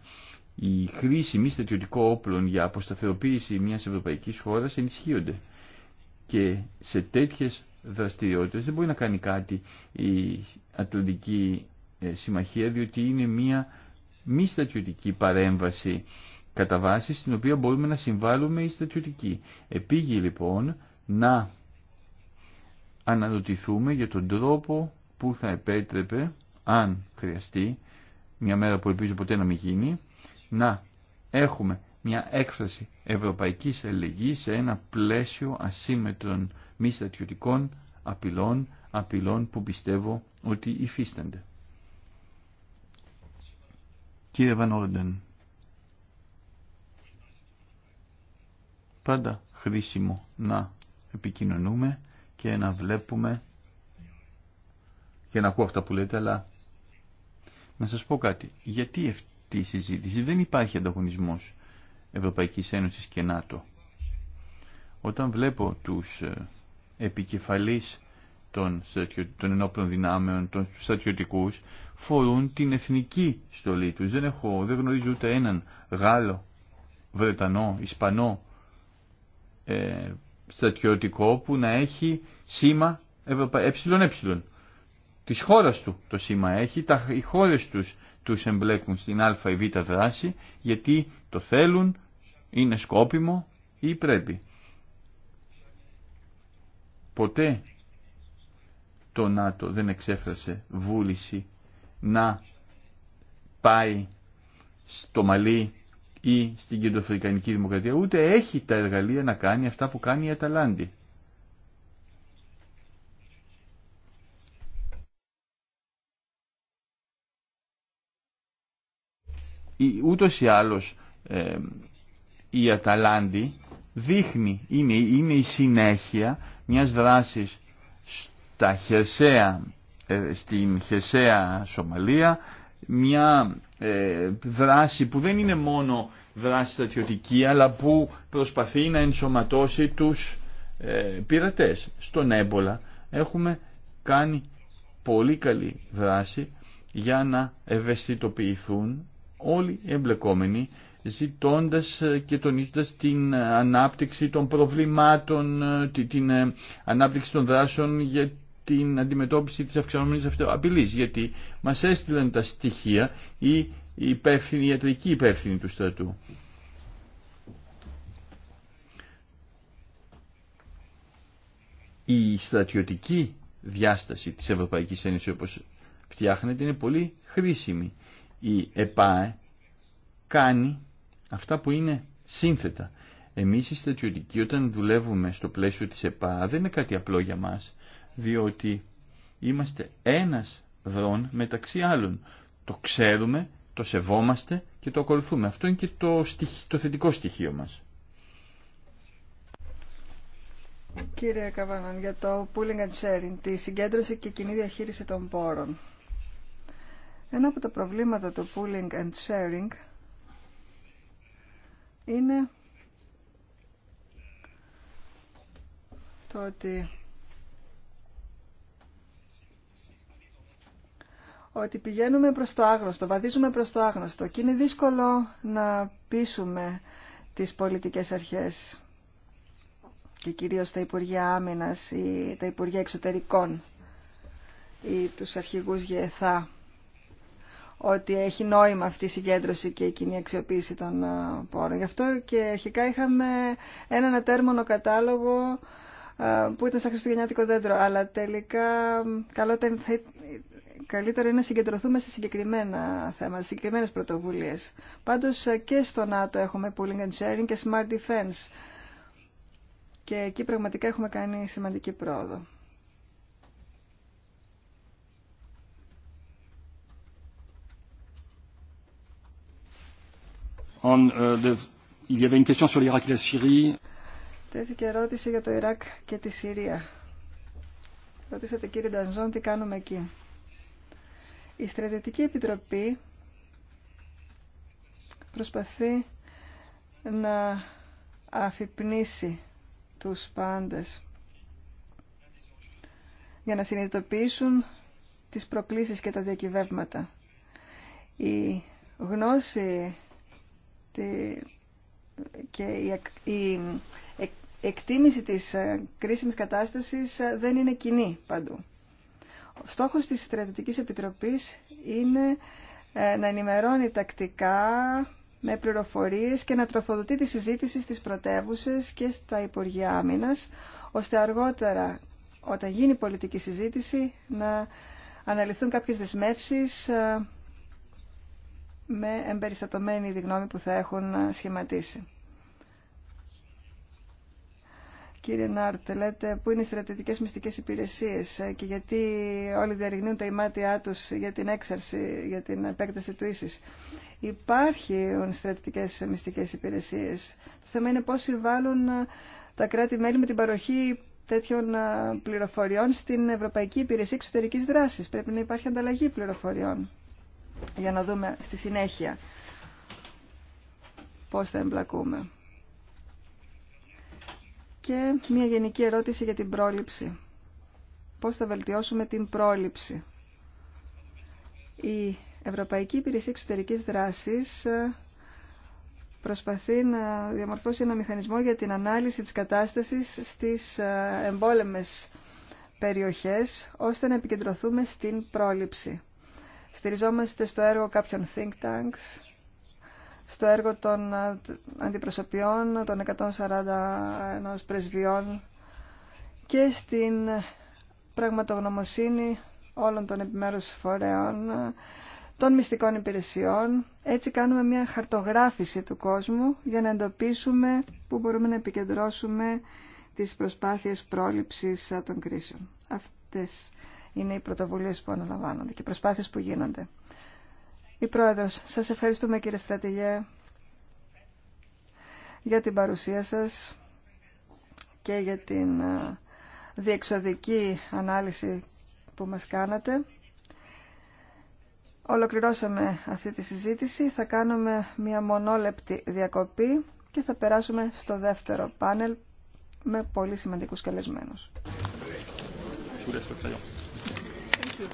B: η χρήση μη στρατιωτικών όπλων για αποσταθεροποίηση μιας ευρωπαϊκής χώρας ενισχύονται. Και σε τέτοιες δραστηριότητες δεν μπορεί να κάνει κάτι η Ατλαντική ε, Συμμαχία διότι είναι μια μη στρατιωτική παρέμβαση κατά βάση στην οποία μπορούμε να συμβάλλουμε οι στρατιωτικοί. Επίγει λοιπόν να αναρωτηθούμε για τον τρόπο που θα επέτρεπε αν χρειαστεί μια μέρα που ελπίζω ποτέ να μην γίνει να έχουμε μια έκφραση ευρωπαϊκής ελεγγύης σε ένα πλαίσιο ασύμετρων μη στρατιωτικών απειλών, απειλών που πιστεύω ότι υφίστανται. Κύριε Βαν πάντα χρήσιμο να επικοινωνούμε και να βλέπουμε και να ακούω αυτά που λέτε, αλλά να σας πω κάτι. Γιατί τη συζήτηση δεν υπάρχει ανταγωνισμός Ευρωπαϊκής Ένωσης και ΝΑΤΟ. Όταν βλέπω τους ε, επικεφαλείς των, των ενόπλων δυνάμεων, των στρατιωτικούς, φορούν την εθνική στολή τους. Δεν, δεν γνωρίζω ούτε έναν Γάλλο, Βρετανό, Ισπανό ε, στρατιωτικό που να έχει σήμα ΕΕ. Της χώρας του το σήμα έχει, τα, οι χώρες τους τους εμπλέκουν στην α ή β δράση γιατί το θέλουν, είναι σκόπιμο ή πρέπει. Ποτέ το ΝΑΤΟ δεν εξέφρασε βούληση να πάει στο Μαλί ή στην Κεντροαφρικανική Δημοκρατία, ούτε έχει τα εργαλεία να κάνει αυτά που κάνει η στην κεντροφρικανικη δημοκρατια ουτε εχει τα εργαλεια να κανει αυτα που κανει η αταλαντη ούτως ή άλλως ε, η Αταλάντη δείχνει, είναι, είναι η συνέχεια μιας δράσης στα ε, στην χερσαία Σομαλία, μια ε, δράση που δεν είναι μόνο δράση στρατιωτική αλλά που προσπαθεί να ενσωματώσει τους ε, πειρατές. Στον έμπολα έχουμε κάνει πολύ καλή δράση για να ευαισθητοποιηθούν όλοι εμπλεκόμενοι ζητώντας ε, και τονίζοντας την ε, ανάπτυξη των προβλημάτων, ε, την ανάπτυξη των δράσεων για την αντιμετώπιση της αυξανόμενης απειλής, γιατί μας έστειλαν τα στοιχεία ή οι υπεύθυνοι, οι ιατρικοί υπεύθυνοι του στρατού. Η οι υπευθυνοι οι ιατρικοι διάσταση της Ευρωπαϊκής Ένωσης όπως φτιάχνεται είναι πολύ χρήσιμη η ΕΠΑΕ κάνει αυτά που είναι σύνθετα. Εμείς οι στρατιωτικοί όταν δουλεύουμε στο πλαίσιο της ΕΠΑ δεν είναι κάτι απλό για μας, διότι είμαστε ένας δρόν μεταξύ άλλων. Το ξέρουμε, το σεβόμαστε και το ακολουθούμε. Αυτό είναι και το, το θετικό στοιχείο μας.
A: Κύριε Καβανάν, για το pooling and sharing, τη συγκέντρωση και κοινή διαχείριση των πόρων. Ένα από τα προβλήματα του pooling and sharing είναι το ότι ότι πηγαίνουμε προς το άγνωστο, βαδίζουμε προς το άγνωστο και είναι δύσκολο να πείσουμε τις πολιτικές αρχές και κυρίως τα Υπουργεία Άμυνας ή τα Υπουργεία Εξωτερικών ή τους αρχηγούς ΓΕΘΑ ότι έχει νόημα αυτή η συγκέντρωση και η κοινή αξιοποίηση των ε, πόρων. Γι' αυτό και αρχικά είχαμε έναν ατέρμονο κατάλογο ε, που ήταν σαν χριστουγεννιάτικο δέντρο, αλλά τελικά καλύτερο είναι να συγκεντρωθούμε σε συγκεκριμένα θέματα, σε συγκεκριμένες πρωτοβουλίες. Πάντως ε, και στο ΝΑΤΟ έχουμε pooling and sharing και smart defense και εκεί πραγματικά έχουμε κάνει σημαντική πρόοδο. on ερώτηση για το Ιράκ και τη Συρία. Ρωτήσατε κύριε Ντανζόν τι κάνουμε εκεί. Η Στρατιωτική Επιτροπή προσπαθεί να αφυπνίσει τους πάντες για να συνειδητοποιήσουν τις προκλήσεις και τα διακυβεύματα. Η γνώση και η εκτίμηση της ε, κρίσιμης κατάστασης ε, δεν είναι κοινή παντού. Ο στόχος της Στρατιωτικής Επιτροπής είναι ε, να ενημερώνει τακτικά με πληροφορίες και να τροφοδοτεί τη συζήτηση στις πρωτεύουσε και στα Υπουργεία Άμυνας, ώστε αργότερα, όταν γίνει πολιτική συζήτηση, να αναλυθούν κάποιες δεσμεύσεις με εμπεριστατωμένη τη γνώμη που θα έχουν σχηματίσει. Κύριε Νάρτ, λέτε πού είναι οι στρατιωτικέ μυστικέ υπηρεσίε ε, και γιατί όλοι διαρριγνύουν τα ημάτια του για την έξαρση, για την επέκταση του ίσης. Υπάρχουν στρατιωτικέ μυστικέ υπηρεσίε. Το θέμα είναι πώ συμβάλλουν ε, τα κράτη-μέλη με την παροχή τέτοιων ε, πληροφοριών στην Ευρωπαϊκή Υπηρεσία Εξωτερική Δράση. Πρέπει να υπάρχει ανταλλαγή πληροφοριών για να δούμε στη συνέχεια πώς θα εμπλακούμε. Και μια γενική ερώτηση για την πρόληψη. Πώς θα βελτιώσουμε την πρόληψη. Η Ευρωπαϊκή Υπηρεσία Εξωτερικής Δράσης ε, προσπαθεί να διαμορφώσει ένα μηχανισμό για την ανάλυση της κατάστασης στις ε, εμπόλεμες περιοχές, ώστε να επικεντρωθούμε στην πρόληψη. Στηριζόμαστε στο έργο κάποιων think tanks, στο έργο των αντιπροσωπιών των 141 πρεσβειών και στην πραγματογνωμοσύνη όλων των επιμέρους φορέων, των μυστικών υπηρεσιών. Έτσι κάνουμε μια χαρτογράφηση του κόσμου για να εντοπίσουμε πού μπορούμε να επικεντρώσουμε τις προσπάθειες πρόληψης των κρίσεων είναι οι πρωτοβουλίε που αναλαμβάνονται και οι προσπάθειε που γίνονται. Η Πρόεδρο, σα ευχαριστούμε κύριε Στρατηγέ για την παρουσία σα και για την ε, διεξοδική ανάλυση που μας κάνατε. Ολοκληρώσαμε αυτή τη συζήτηση, θα κάνουμε μια μονόλεπτη διακοπή και θα περάσουμε στο δεύτερο πάνελ με πολύ σημαντικούς καλεσμένους
B: you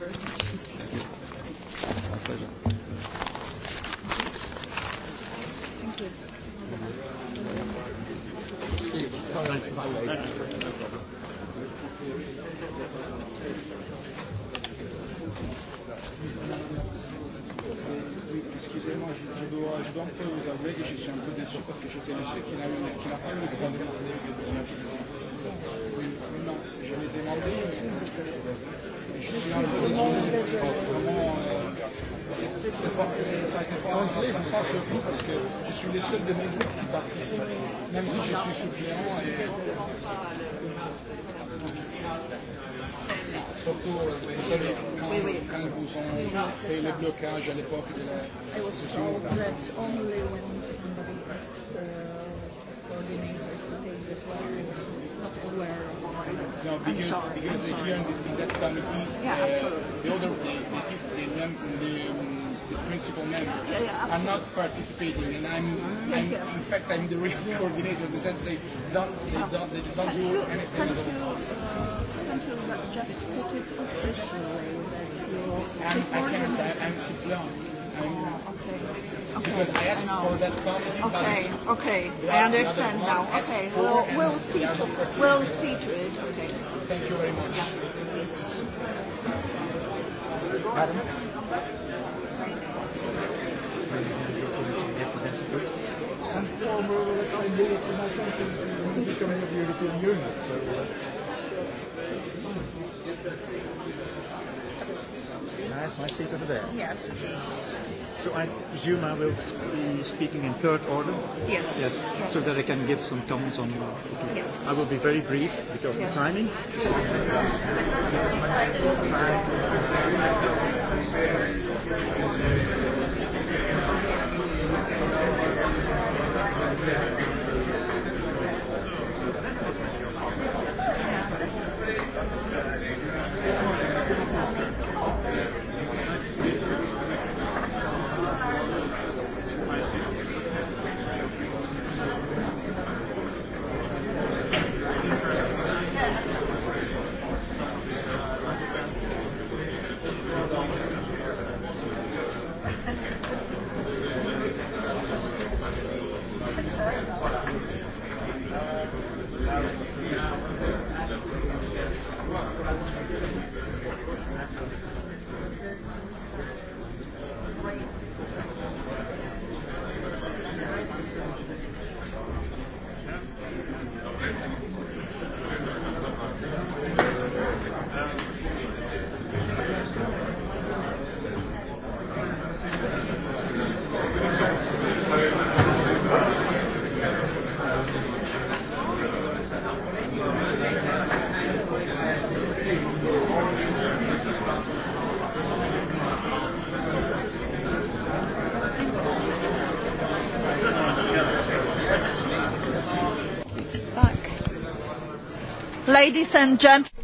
B: Excusez-moi, je, dois, je dois un peu vous avouer que je suis un peu déçu parce que je connaissais qui n'a pas eu le de parler Non, je ça ne pas surtout parce que je suis le seul de mes groupe qui participe, même si je suis suppléant. Et... Surtout, vous savez, quand, quand vous ont fait le blocage à l'époque de la session. Coordinators that they were not aware of
C: No, because, because here
B: in, this, in that committee, yeah, the other the, the, the, the the principal members are not participating, and I'm, I'm in fact I'm the real coordinator in the sense they don't they don't they don't do anything at all.
A: Just put it officially
B: that you're. I'm, I can't. I'm supplant. Okay. Okay.
A: Okay. I understand now. Okay. We'll, we'll see
B: to we'll see to it. Okay. Thank you very much. Yes. I have my seat over there? Yes, So I presume I will be speaking in third order? Yes. Yes, so that I can give some comments on... Yes. I will be very brief because of the timing.
C: Yes.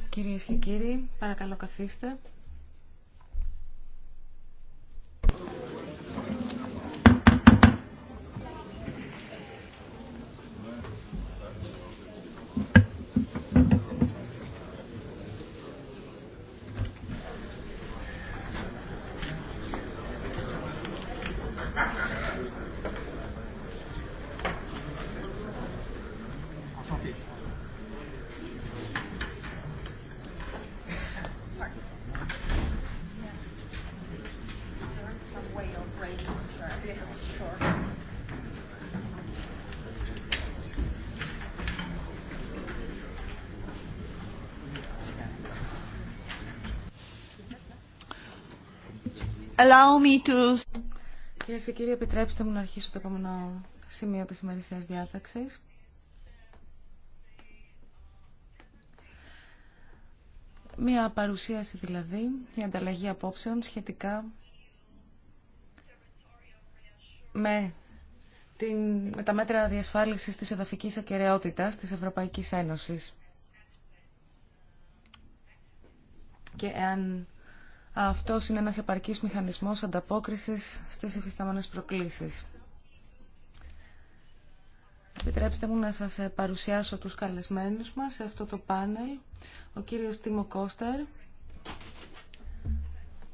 C: Κυρίες και κύριοι, παρακαλώ καθίστε. allow me to... Κυρίε και κύριοι, επιτρέψτε μου να αρχίσω το επόμενο σημείο της ημερησίας διάταξης. Μία παρουσίαση δηλαδή, η ανταλλαγή απόψεων σχετικά με, την, με τα μέτρα διασφάλισης της εδαφικής ακεραιότητας, της Ευρωπαϊκής Ένωσης. Και εάν αυτό είναι ένας επαρκής μηχανισμός ανταπόκρισης στις υφιστάμενες προκλήσεις. Επιτρέψτε μου να σας παρουσιάσω τους καλεσμένους μας σε αυτό το πάνελ. Ο κύριος Τίμο Κώστερ,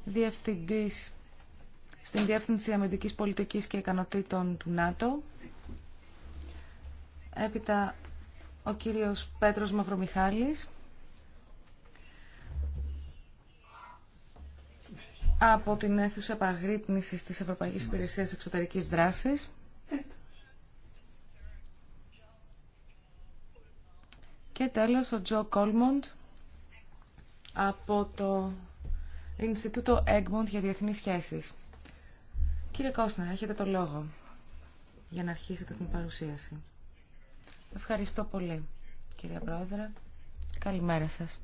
C: διευθυντής στην Διεύθυνση Αμυντικής Πολιτικής και Εκανοτήτων του ΝΑΤΟ. Έπειτα ο κύριος Πέτρος Μαυρομιχάλης, από την αίθουσα επαγρύπνηση τη Ευρωπαϊκή Υπηρεσία Εξωτερική δράση. και τέλος ο Τζο Κόλμοντ από το Ινστιτούτο Egmont για Διεθνείς Σχέσεις. Κύριε Κόσνα, έχετε το λόγο για να αρχίσετε την παρουσίαση. Ευχαριστώ πολύ, κύριε Πρόεδρε. Καλημέρα σας.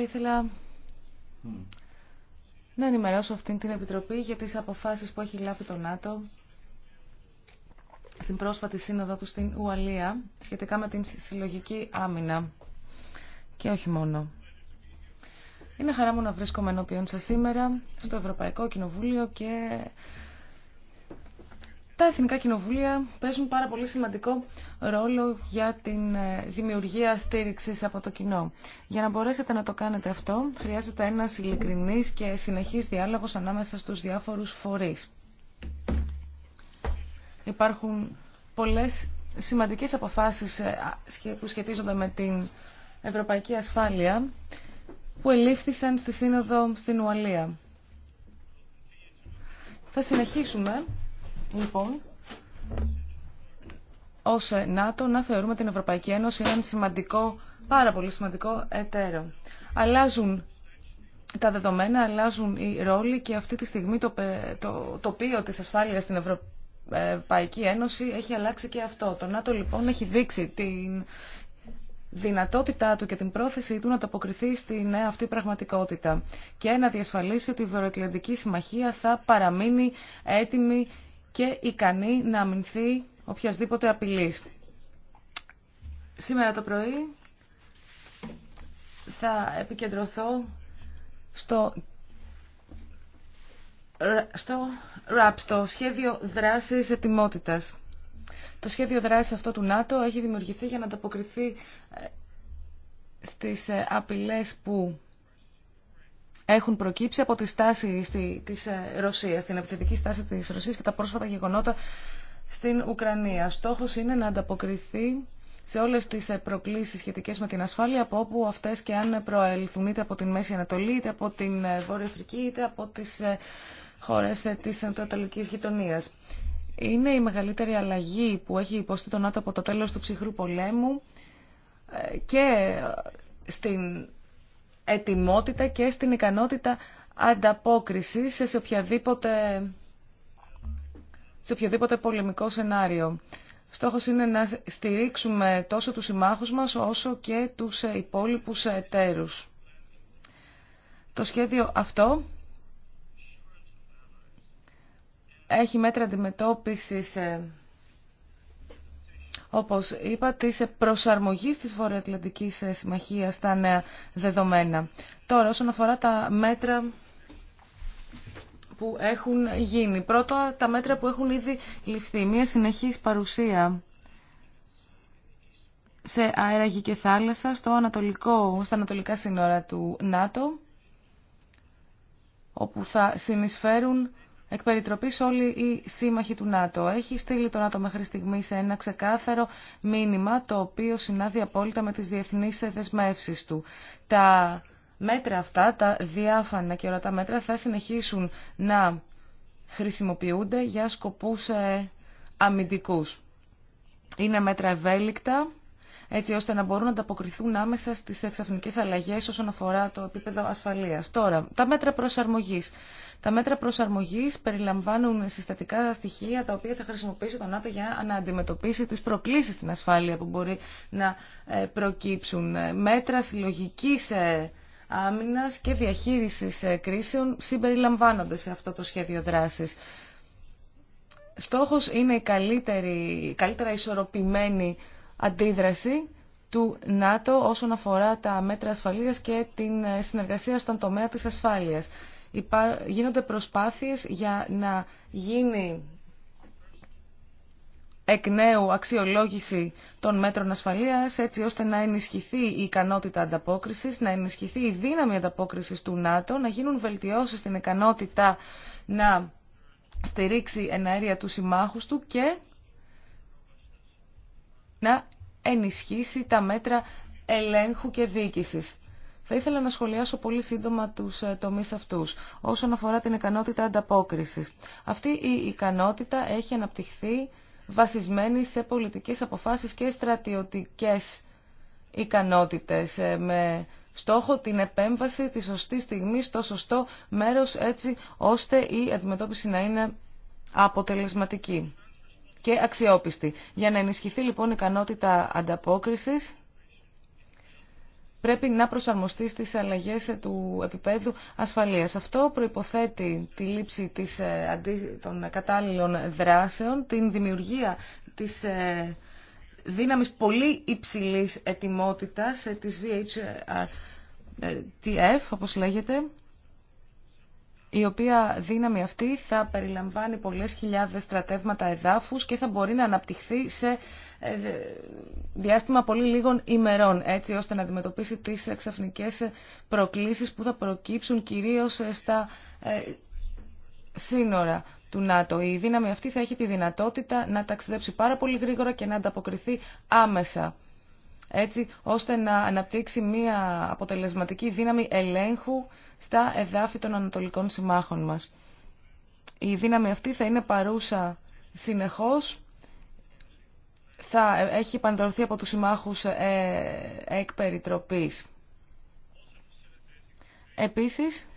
C: Θα ήθελα να ενημερώσω αυτήν την Επιτροπή για τις αποφάσεις που έχει λάβει το ΝΑΤΟ στην πρόσφατη σύνοδο του στην Ουαλία σχετικά με την συλλογική άμυνα και όχι μόνο. Είναι χαρά μου να βρίσκομαι ενώπιον σας σήμερα στο Ευρωπαϊκό Κοινοβούλιο και τα Εθνικά Κοινοβούλια παίζουν πάρα πολύ σημαντικό ρόλο για την ε, δημιουργία στήριξη από το κοινό. Για να μπορέσετε να το κάνετε αυτό, χρειάζεται ένα ειλικρινής και συνεχής διάλογο ανάμεσα στους διάφορους φορείς. Υπάρχουν πολλές σημαντικές αποφάσεις ε, που σχετίζονται με την ευρωπαϊκή ασφάλεια που ελήφθησαν στη Σύνοδο στην Ουαλία. Θα συνεχίσουμε Λοιπόν, ως ΝΑΤΟ να θεωρούμε την Ευρωπαϊκή Ένωση έναν σημαντικό, πάρα πολύ σημαντικό εταίρο. Αλλάζουν τα δεδομένα, αλλάζουν οι ρόλοι και αυτή τη στιγμή το, το τοπίο της ασφάλειας στην Ευρωπαϊκή Ένωση έχει αλλάξει και αυτό. Το ΝΑΤΟ λοιπόν έχει δείξει την δυνατότητά του και την πρόθεσή του να ταποκριθεί στην αυτή πραγματικότητα και να διασφαλίσει ότι η Βεροεκλαντική Συμμαχία θα παραμείνει έτοιμη και ικανή να αμυνθεί οποιασδήποτε απειλή. Σήμερα το πρωί θα επικεντρωθώ στο, στο RAP, στο σχέδιο δράσης ετοιμότητας. Το σχέδιο δράσης αυτό του ΝΑΤΟ έχει δημιουργηθεί για να ανταποκριθεί ε, στις ε, απειλές που έχουν προκύψει από τη στάση της ε, Ρωσίας, την επιθετική στάση της Ρωσίας και τα πρόσφατα γεγονότα στην Ουκρανία. Στόχος είναι να ανταποκριθεί σε όλες τις ε, προκλήσεις σχετικές με την ασφάλεια από όπου αυτές και αν προελθούν είτε από την Μέση Ανατολή, είτε από την ε, Βόρεια Αφρική, είτε από τις χώρες της Ανατολικής Γειτονίας. Είναι η μεγαλύτερη αλλαγή που έχει υποστεί τον ΝΑΤΟ από το τέλος του ψυχρού πολέμου και στην ετοιμότητα και στην ικανότητα ανταπόκρισης σε οποιαδήποτε, σε οποιοδήποτε πολεμικό σενάριο. Στόχος είναι να στηρίξουμε τόσο τους συμμάχους μας όσο και τους υπόλοιπους εταίρους. Το σχέδιο αυτό έχει μέτρα αντιμετώπισης ε, όπως είπα, της προσαρμογής της Βορειοατλαντικής Συμμαχίας στα νέα δεδομένα. Τώρα, όσον αφορά τα μέτρα που έχουν γίνει. Πρώτα, τα μέτρα που έχουν ήδη ληφθεί. Μία συνεχής παρουσία σε γη και θάλασσα στο ανατολικό, στα ανατολικά σύνορα του ΝΑΤΟ, όπου θα συνεισφέρουν εκ περιτροπή όλοι οι σύμμαχοι του ΝΑΤΟ. Έχει στείλει το ΝΑΤΟ μέχρι στιγμή σε ένα ξεκάθαρο μήνυμα το οποίο συνάδει απόλυτα με τις διεθνείς δεσμεύσει του. Τα μέτρα αυτά, τα διάφανα και ορατά μέτρα θα συνεχίσουν να χρησιμοποιούνται για σκοπούς ε, αμυντικούς. Είναι μέτρα ευέλικτα έτσι ώστε να μπορούν να ανταποκριθούν άμεσα στι εξαφνικές αλλαγέ όσον αφορά το επίπεδο ασφαλεία. Τώρα, τα μέτρα προσαρμογή. Τα μέτρα προσαρμογή περιλαμβάνουν συστατικά στοιχεία τα οποία θα χρησιμοποιήσει το ΝΑΤΟ για να αντιμετωπίσει τι προκλήσει στην ασφάλεια που μπορεί να ε, προκύψουν. Ε, μέτρα συλλογική ε, άμυνα και διαχείριση κρίσεων συμπεριλαμβάνονται σε αυτό το σχέδιο δράση. Στόχος είναι η καλύτερη, καλύτερα ισορροπημένη αντίδραση του ΝΑΤΟ όσον αφορά τα μέτρα ασφαλείας και την ε, συνεργασία στον τομέα της ασφάλειας. Γίνονται προσπάθειες για να γίνει εκ νέου αξιολόγηση των μέτρων ασφαλείας έτσι ώστε να ενισχυθεί η ικανότητα ανταπόκρισης, να ενισχυθεί η δύναμη ανταπόκρισης του ΝΑΤΟ, να γίνουν βελτιώσεις στην ικανότητα να στηρίξει αέρια του συμμάχους του και να ενισχύσει τα μέτρα ελέγχου και διοίκησης. Θα ήθελα να σχολιάσω πολύ σύντομα τους ε, τομείς αυτούς, όσον αφορά την ικανότητα ανταπόκρισης. Αυτή η ικανότητα έχει αναπτυχθεί βασισμένη σε πολιτικές αποφάσεις και στρατιωτικές ικανότητες, ε, με στόχο την επέμβαση τη σωστή στιγμή στο σωστό μέρος, έτσι ώστε η αντιμετώπιση να είναι αποτελεσματική και αξιόπιστη. Για να ενισχυθεί λοιπόν η ικανότητα ανταπόκρισης, πρέπει να προσαρμοστεί στις αλλαγές του επίπεδου ασφαλείας. Αυτό προϋποθέτει τη λήψη της, ε, των κατάλληλων δράσεων, την δημιουργία της ε, δύναμης πολύ υψηλής ετοιμότητας ε, της TF, όπως λέγεται, η οποία δύναμη αυτή θα περιλαμβάνει πολλές χιλιάδες στρατεύματα εδάφους και θα μπορεί να αναπτυχθεί σε ε, διάστημα πολύ λίγων ημερών, έτσι ώστε να αντιμετωπίσει τις εξαφνικές προκλήσεις που θα προκύψουν κυρίως στα ε, σύνορα του ΝΑΤΟ. Η δύναμη αυτή θα έχει τη δυνατότητα να ταξιδέψει πάρα πολύ γρήγορα και να ανταποκριθεί άμεσα έτσι ώστε να αναπτύξει μία αποτελεσματική δύναμη ελέγχου στα εδάφη των ανατολικών συμμάχων μας. Η δύναμη αυτή θα είναι παρούσα συνεχώς, θα έχει επανδρωθεί από τους συμμάχους ε, εκ περιτροπής. Επίσης,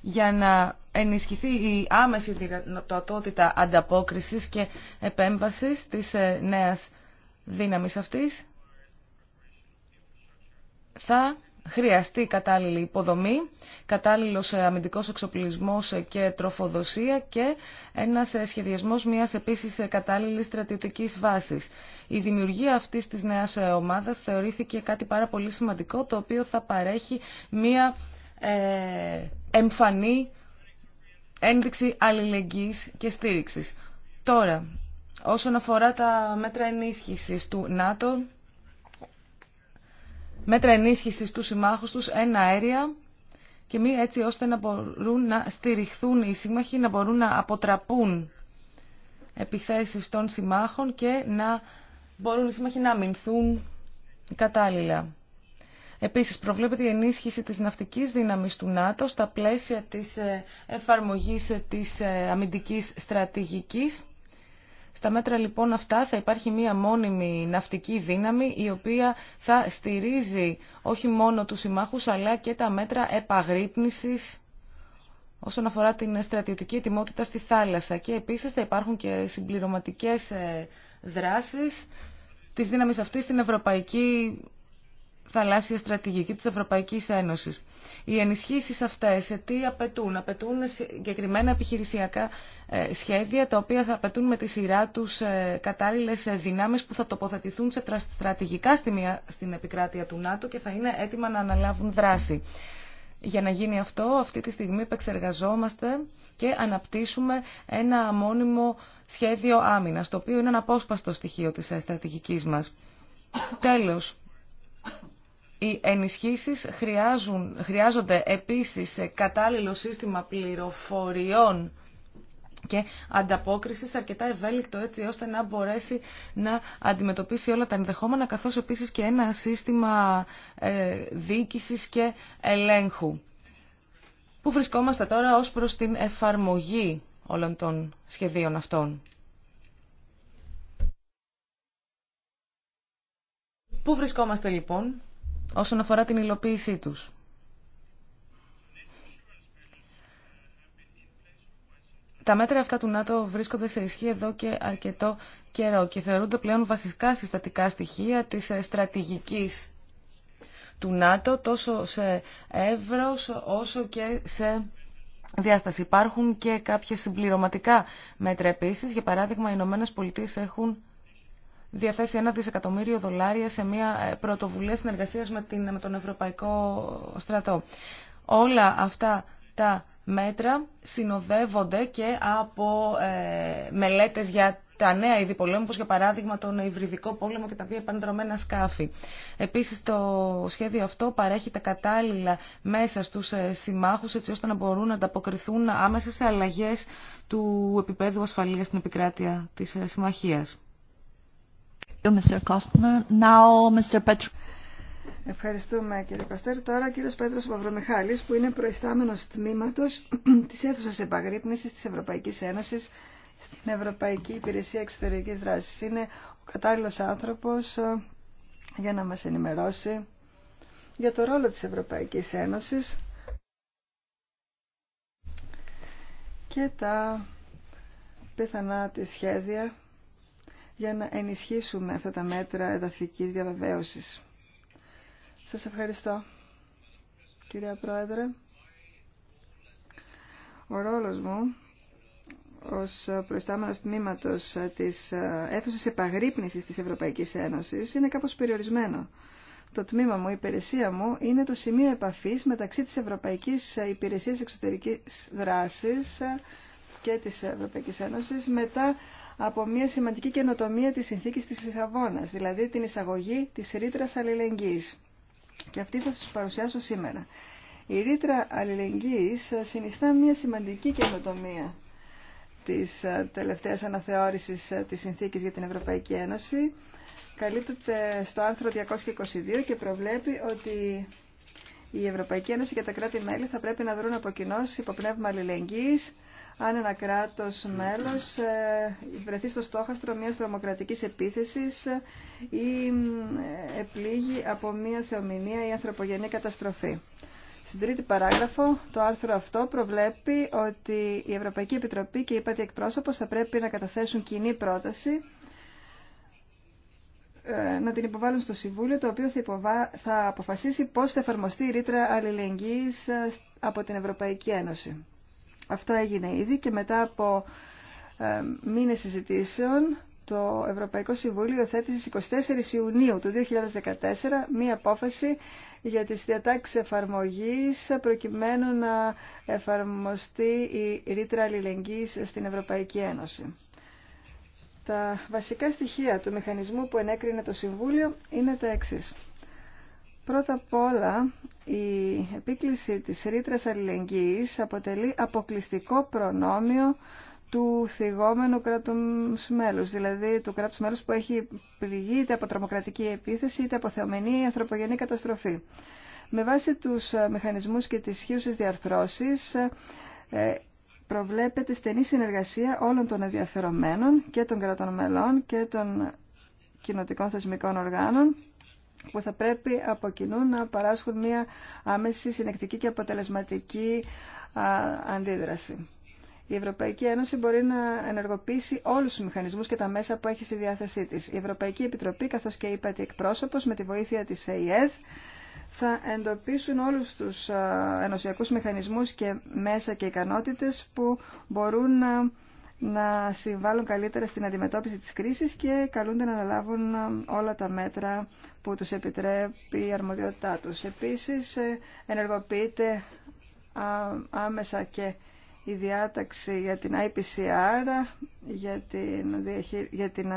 C: για να ενισχυθεί η άμεση δυνατότητα ανταπόκρισης και επέμβασης της ε, νέας δύναμης αυτής, θα χρειαστεί κατάλληλη υποδομή, κατάλληλος ε, αμυντικός εξοπλισμός ε, και τροφοδοσία και ένας σχεδιασμός μιας επίσης κατάλληλης στρατιωτικής βάσης. Η δημιουργία αυτής της νέας ομάδας θεωρήθηκε κάτι πάρα πολύ σημαντικό, το οποίο θα παρέχει μια εμφανή ένδειξη αλληλεγγύης και στήριξης. Τώρα, όσον αφορά τα μέτρα ενίσχυσης του ΝΑΤΟ, μέτρα ενίσχυσης του συμμάχους τους, ένα αέρια και μη έτσι ώστε να μπορούν να στηριχθούν οι σύμμαχοι, να μπορούν να αποτραπούν επιθέσεις των συμμάχων και να μπορούν οι σύμμαχοι να αμυνθούν κατάλληλα. Επίσης, προβλέπεται η ενίσχυση της ναυτικής δύναμης του ΝΑΤΟ στα πλαίσια της ε, εφαρμογή ε, της ε, αμυντικής στρατηγικής. Στα μέτρα λοιπόν αυτά θα υπάρχει μία μόνιμη ναυτική δύναμη η οποία θα στηρίζει όχι μόνο τους συμμάχους αλλά και τα μέτρα επαγρύπνησης όσον αφορά την στρατιωτική ετοιμότητα στη θάλασσα και επίσης θα υπάρχουν και συμπληρωματικές δράσεις της δύναμης αυτής στην Ευρωπαϊκή θαλάσσια στρατηγική της Ευρωπαϊκής Ένωσης. Οι ενισχύσεις αυτές ε, τι απαιτούν. Απαιτούν συγκεκριμένα επιχειρησιακά ε, σχέδια τα οποία θα απαιτούν με τη σειρά τους ε, κατάλληλες δυνάμεις που θα τοποθετηθούν σε στρατηγικά στιγμή στην επικράτεια του ΝΑΤΟ και θα είναι έτοιμα να αναλάβουν δράση. Για να γίνει αυτό, αυτή τη στιγμή επεξεργαζόμαστε και αναπτύσσουμε ένα μόνιμο σχέδιο άμυνας, το οποίο είναι ένα απόσπαστο στοιχείο της στρατηγικής μας. Τέλος, οι ενισχύσεις χρειάζουν, χρειάζονται επίσης κατάλληλο σύστημα πληροφοριών και ανταπόκρισης αρκετά ευέλικτο έτσι ώστε να μπορέσει να αντιμετωπίσει όλα τα ενδεχόμενα καθώς επίσης και ένα σύστημα ε, και ελέγχου. Πού βρισκόμαστε τώρα ως προς την εφαρμογή όλων των σχεδίων αυτών. Πού βρισκόμαστε λοιπόν όσον αφορά την υλοποίησή τους. Τα μέτρα αυτά του ΝΑΤΟ βρίσκονται σε ισχύ εδώ και αρκετό καιρό και θεωρούνται πλέον βασικά συστατικά στοιχεία της στρατηγικής του ΝΑΤΟ τόσο σε εύρος όσο και σε διάσταση. Υπάρχουν και κάποια συμπληρωματικά μέτρα επίσης. Για παράδειγμα, οι Ηνωμένε Πολιτείες έχουν διαθέσει ένα δισεκατομμύριο δολάρια σε μια ε, πρωτοβουλία συνεργασία με, τον Ευρωπαϊκό Στρατό. Όλα αυτά τα μέτρα συνοδεύονται και από ε, μελέτες για τα νέα είδη πολέμου, όπως για παράδειγμα τον υβριδικό πόλεμο και τα πιο επανδρομένα σκάφη. Επίσης το σχέδιο αυτό παρέχει τα κατάλληλα μέσα στους ε, συμμάχους έτσι ώστε να μπορούν να ανταποκριθούν άμεσα σε αλλαγές του επίπεδου ασφαλείας στην επικράτεια της ε, συμμαχία.
A: Ευχαριστούμε κύριε Κωστέρ. Τώρα ο κύριος Πέτρος Παυρομιχάλης που είναι προϊστάμενος τμήματος [CLEARS THROAT] της αίθουσας επαγρύπνησης της Ευρωπαϊκής Ένωσης στην Ευρωπαϊκή Υπηρεσία Εξωτερικής Δράσης. Είναι ο κατάλληλος άνθρωπος ε, για να μας ενημερώσει για το ρόλο της Ευρωπαϊκής Ένωσης και τα πιθανά τη σχέδια για να ενισχύσουμε αυτά τα μέτρα εδαφικής διαβεβαίωσης. Σας ευχαριστώ, κυρία Πρόεδρε. Ο ρόλος μου ως προϊστάμενος τμήματος της αίθουσας επαγρύπνησης της Ευρωπαϊκής Ένωσης είναι κάπως περιορισμένο. Το τμήμα μου, η υπηρεσία μου, είναι το σημείο επαφής μεταξύ της Ευρωπαϊκής Υπηρεσίας Εξωτερικής Δράσης και της Ευρωπαϊκής Ένωσης μετά από μια σημαντική καινοτομία της συνθήκης της Λισαβόνας, δηλαδή την εισαγωγή της ρήτρα αλληλεγγύης. Και αυτή θα σας παρουσιάσω σήμερα. Η ρήτρα αλληλεγγύης συνιστά μια σημαντική καινοτομία της ε, τελευταίας αναθεώρησης ε, της συνθήκης για την Ευρωπαϊκή Ένωση. Καλύπτεται στο άρθρο 222 και προβλέπει ότι η Ευρωπαϊκή Ένωση και τα κράτη-μέλη θα πρέπει να δρουν από κοινό υποπνεύμα αλληλεγγύης αν ένα κράτος μέλος ε, βρεθεί στο στόχαστρο μιας τρομοκρατική επίθεση ή ε, επλήγει από μια θεομηνία ή ανθρωπογενή καταστροφή. Στην τρίτη παράγραφο, το άρθρο αυτό προβλέπει ότι η Ευρωπαϊκή Επιτροπή και η ΥΠΑΤΗ εκπρόσωπος θα πρέπει να καταθέσουν κοινή πρόταση ε, να την υποβάλουν στο Συμβούλιο, το οποίο θα, θα αποφασίσει πώς θα εφαρμοστεί η ρήτρα αλληλεγγύης από την Ευρωπαϊκή Ένωση. Αυτό έγινε ήδη και μετά από ε, μήνες συζητήσεων το Ευρωπαϊκό Συμβούλιο θέτει στις 24 Ιουνίου του 2014 μία απόφαση για τις διατάξεις εφαρμογής προκειμένου να εφαρμοστεί η ρήτρα αλληλεγγύης στην Ευρωπαϊκή Ένωση. Τα βασικά στοιχεία του μηχανισμού που ενέκρινε το Συμβούλιο είναι τα εξής. Πρώτα απ' όλα, η επίκληση της ρήτρας αλληλεγγύης αποτελεί αποκλειστικό προνόμιο του θυγόμενου κράτου μέλους, δηλαδή του κράτους μέλους που έχει πληγεί είτε από τρομοκρατική επίθεση είτε από θεομενή ανθρωπογενή καταστροφή. Με βάση τους μηχανισμούς και τις χείουσε διαρθρώσεις ε, προβλέπεται στενή συνεργασία όλων των ενδιαφερομένων και των κρατών μελών και των κοινοτικών θεσμικών οργάνων που θα πρέπει από κοινού να παράσχουν μια άμεση, συνεκτική και αποτελεσματική αντίδραση. Η Ευρωπαϊκή Ένωση μπορεί να ενεργοποιήσει όλους τους μηχανισμούς και τα μέσα που έχει στη διάθεσή της. Η Ευρωπαϊκή Επιτροπή, καθώς και η ΠΑΤΗ εκπρόσωπος, με τη βοήθεια της ΑΕΔ θα εντοπίσουν όλους τους ενωσιακούς μηχανισμούς και μέσα και ικανότητες που μπορούν να να συμβάλλουν καλύτερα στην αντιμετώπιση της κρίσης και καλούνται να αναλάβουν όλα τα μέτρα που τους επιτρέπει η αρμοδιότητά τους. Επίσης, ε, ενεργοποιείται άμεσα και η διάταξη για την IPCR, για την, για την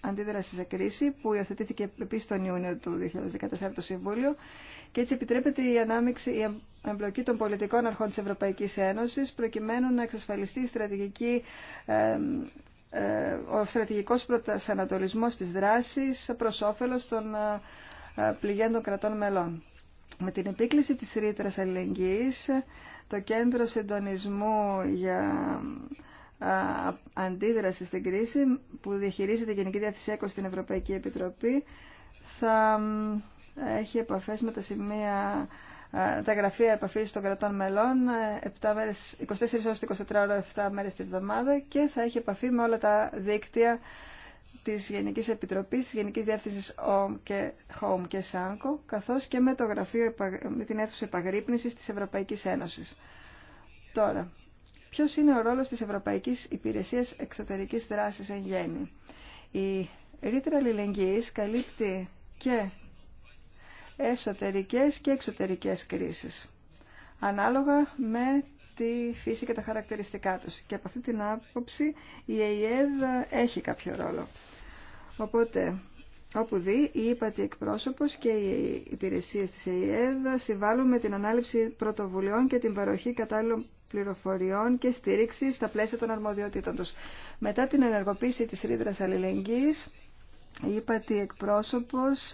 A: αντίδραση σε κρίση, που υιοθετήθηκε επίσης τον Ιούνιο του 2014 το Συμβούλιο και έτσι επιτρέπεται η ανάμειξη, η εμπλοκή των πολιτικών αρχών της Ευρωπαϊκής Ένωσης προκειμένου να εξασφαλιστεί η στρατηγική, ε, ο στρατηγικός προσανατολισμός της δράσης προς όφελος των ε, ε, πληγέντων κρατών μελών. Με την επίκληση της Ρήτρας αλληλεγγύης, το Κέντρο Συντονισμού για Αντίδραση στην Κρίση, που διαχειρίζεται η Γενική Διάθεση στην Ευρωπαϊκή Επιτροπή, θα έχει επαφές με τα σημεία τα γραφεία επαφή των κρατών μελών 7 ε, μέρες, 24 ώρες 24 ώρα 7 μέρες τη εβδομάδα και θα έχει επαφή με όλα τα δίκτυα της Γενικής Επιτροπής, της Γενικής Διεύθυνσης Home και, Home και σάνκο καθώς και με, το γραφείο, με την αίθουσα επαγρύπνησης της Ευρωπαϊκής Ένωσης. Τώρα, ποιος είναι ο ρόλος της Ευρωπαϊκής Υπηρεσίας Εξωτερικής Δράσης εν γέννη. Η ρήτρα αλληλεγγύης καλύπτει και εσωτερικές και εξωτερικές κρίσεις, ανάλογα με τη φύση και τα χαρακτηριστικά τους. Και από αυτή την άποψη η ΕΙΕΔ έχει κάποιο ρόλο. Οπότε, όπου δει, η ύπατη εκπρόσωπος και οι υπηρεσίες της ΕΙΕΔ συμβάλλουν με την ανάληψη πρωτοβουλειών και την παροχή κατάλληλων πληροφοριών και στήριξη στα πλαίσια των αρμοδιοτήτων τους. Μετά την ενεργοποίηση της ρήτρας αλληλεγγύης, η ύπατη εκπρόσωπος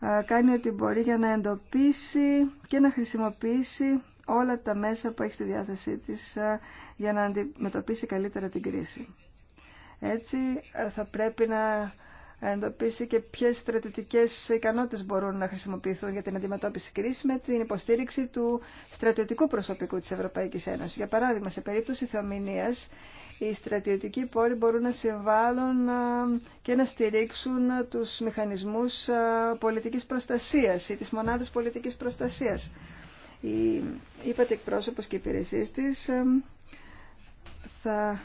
A: ε, κάνει ό,τι μπορεί για να εντοπίσει και να χρησιμοποιήσει όλα τα μέσα που έχει στη διάθεσή της ε, για να αντιμετωπίσει καλύτερα την κρίση. Έτσι ε, θα πρέπει να εντοπίσει και ποιες στρατιωτικές ικανότητες μπορούν να χρησιμοποιηθούν για την αντιμετώπιση κρίση με την υποστήριξη του στρατιωτικού προσωπικού της Ευρωπαϊκής Ένωσης. Για παράδειγμα, σε περίπτωση θεομηνίας οι στρατιωτικοί πόροι μπορούν να συμβάλλουν και να στηρίξουν τους μηχανισμούς πολιτικής προστασίας ή τις μονάδες πολιτικής προστασίας. Η, είπατε εκπρόσωπος και υπηρεσίες της θα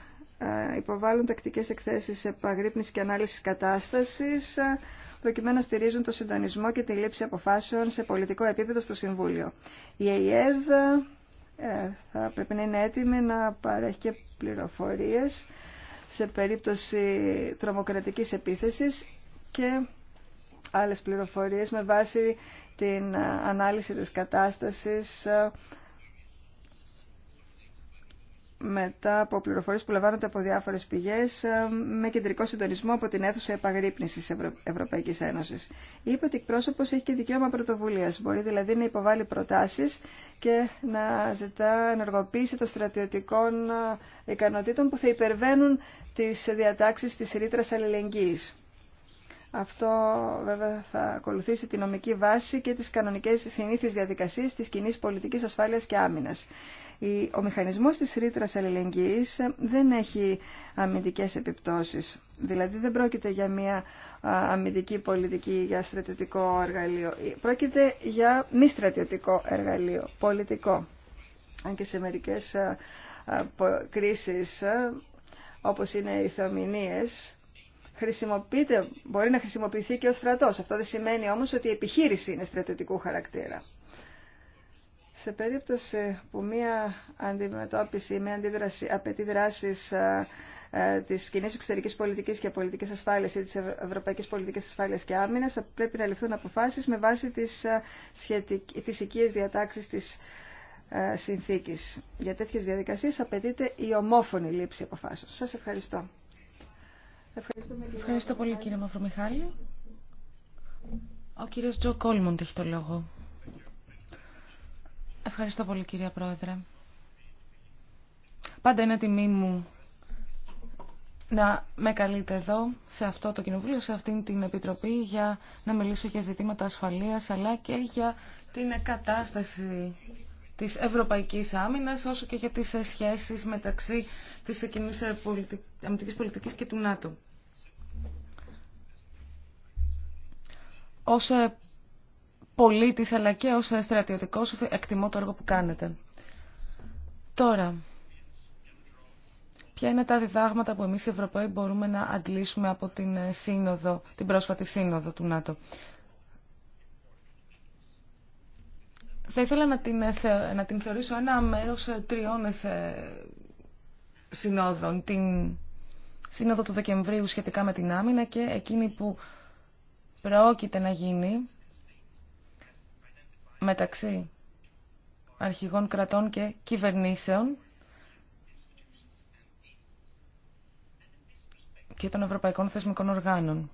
A: υποβάλλουν τακτικές εκθέσεις επαγρύπνης και ανάλυσης κατάστασης προκειμένου να στηρίζουν το συντονισμό και τη λήψη αποφάσεων σε πολιτικό επίπεδο στο Συμβούλιο. Η ε, θα πρέπει να είναι έτοιμη να παρέχει και πληροφορίες σε περίπτωση τρομοκρατικής επίθεσης και άλλες πληροφορίες με βάση την ανάλυση της κατάστασης μετά από πληροφορίες που λαμβάνονται από διάφορες πηγές ε, με κεντρικό συντονισμό από την αίθουσα επαγρύπνησης Ευρω... Ευρωπαϊκής Ένωσης. Είπε ότι εκπρόσωπος έχει και δικαίωμα πρωτοβουλίας. Μπορεί δηλαδή να υποβάλει προτάσεις και να ζητά ενεργοποίηση των στρατιωτικών ε, ικανοτήτων που θα υπερβαίνουν τις διατάξεις της ρήτρας αλληλεγγύης. Αυτό βέβαια θα ακολουθήσει τη νομική βάση και τις κανονικές συνήθειες διαδικασίες της κοινή πολιτικής ασφάλειας και άμυνας. Ο μηχανισμός της ρήτρας αλληλεγγύης δεν έχει αμυντικές επιπτώσεις. Δηλαδή δεν πρόκειται για μια αμυντική πολιτική για στρατιωτικό εργαλείο. Πρόκειται για μη στρατιωτικό εργαλείο, πολιτικό. Αν και σε μερικές κρίσεις όπως είναι οι θεομηνίες, χρησιμοποιείται, μπορεί να χρησιμοποιηθεί και ο στρατός. Αυτό δεν σημαίνει όμως ότι η επιχείρηση είναι στρατιωτικού χαρακτήρα. Σε περίπτωση που μία αντιμετώπιση, η μία αντίδραση απαιτεί δράσει τη κοινή εξωτερική πολιτική και πολιτικης ασφαλειας η της ευρωπαικης πολιτικης ασφαλειας και αμυνας θα πρεπει να ληφθουν αποφασεις με βαση τι οικιε διαταξει τη συνθηκη για τετοιες διαδικασιες απαιτειται η ομοφωνη ληψη
C: αποφασεων Σα ευχαριστώ. Ευχαριστώ πολύ κύριε Μαυρομιχάλη. Ο κύριος Τζο Κόλμοντ έχει το λόγο. Ευχαριστώ πολύ κυρία Πρόεδρε. Πάντα είναι τιμή μου να με καλείτε εδώ, σε αυτό το κοινοβούλιο, σε αυτήν την επιτροπή, για να μιλήσω για ζητήματα ασφαλείας, αλλά και για την κατάσταση της Ευρωπαϊκής Άμυνας όσο και για τις σχέσεις μεταξύ της κοινή ε, αμυντικής πολιτικής και του ΝΑΤΟ. Ως ε, πολίτης αλλά και ως ε, στρατιωτικός εκτιμώ το έργο που κάνετε. Τώρα, ποια είναι τα διδάγματα που εμείς οι Ευρωπαίοι μπορούμε να αντλήσουμε από την, σύνοδο, την πρόσφατη σύνοδο του ΝΑΤΟ. Θα ήθελα να την, ε, να την θεωρήσω ένα μέρος ε, τριών ε, συνόδων. Την σύνοδο του Δεκεμβρίου σχετικά με την άμυνα και εκείνη που πρόκειται να γίνει μεταξύ αρχηγών κρατών και κυβερνήσεων και των ευρωπαϊκών θεσμικών οργάνων.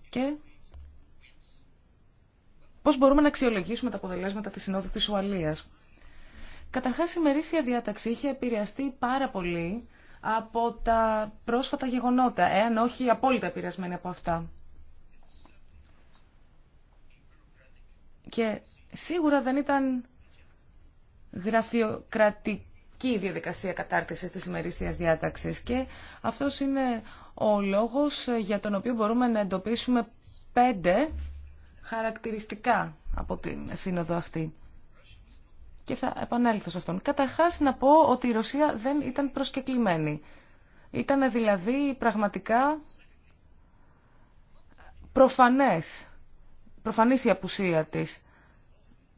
C: Πώς μπορούμε να αξιολογήσουμε τα αποτελέσματα της Συνόδου τη Ουαλία. Καταρχά η μερίσια διάταξη είχε επηρεαστεί πάρα πολύ από τα πρόσφατα γεγονότα, εάν όχι απόλυτα επηρεασμένη από αυτά. Και σίγουρα δεν ήταν γραφειοκρατική η διαδικασία κατάρτισης της ημερήσιας διάταξης και αυτός είναι ο λόγος για τον οποίο μπορούμε να εντοπίσουμε πέντε χαρακτηριστικά από την σύνοδο αυτή. Και θα επανέλθω σε αυτόν. Καταρχάς να πω ότι η Ρωσία δεν ήταν προσκεκλημένη. Ήταν δηλαδή πραγματικά προφανές, προφανής η απουσία της.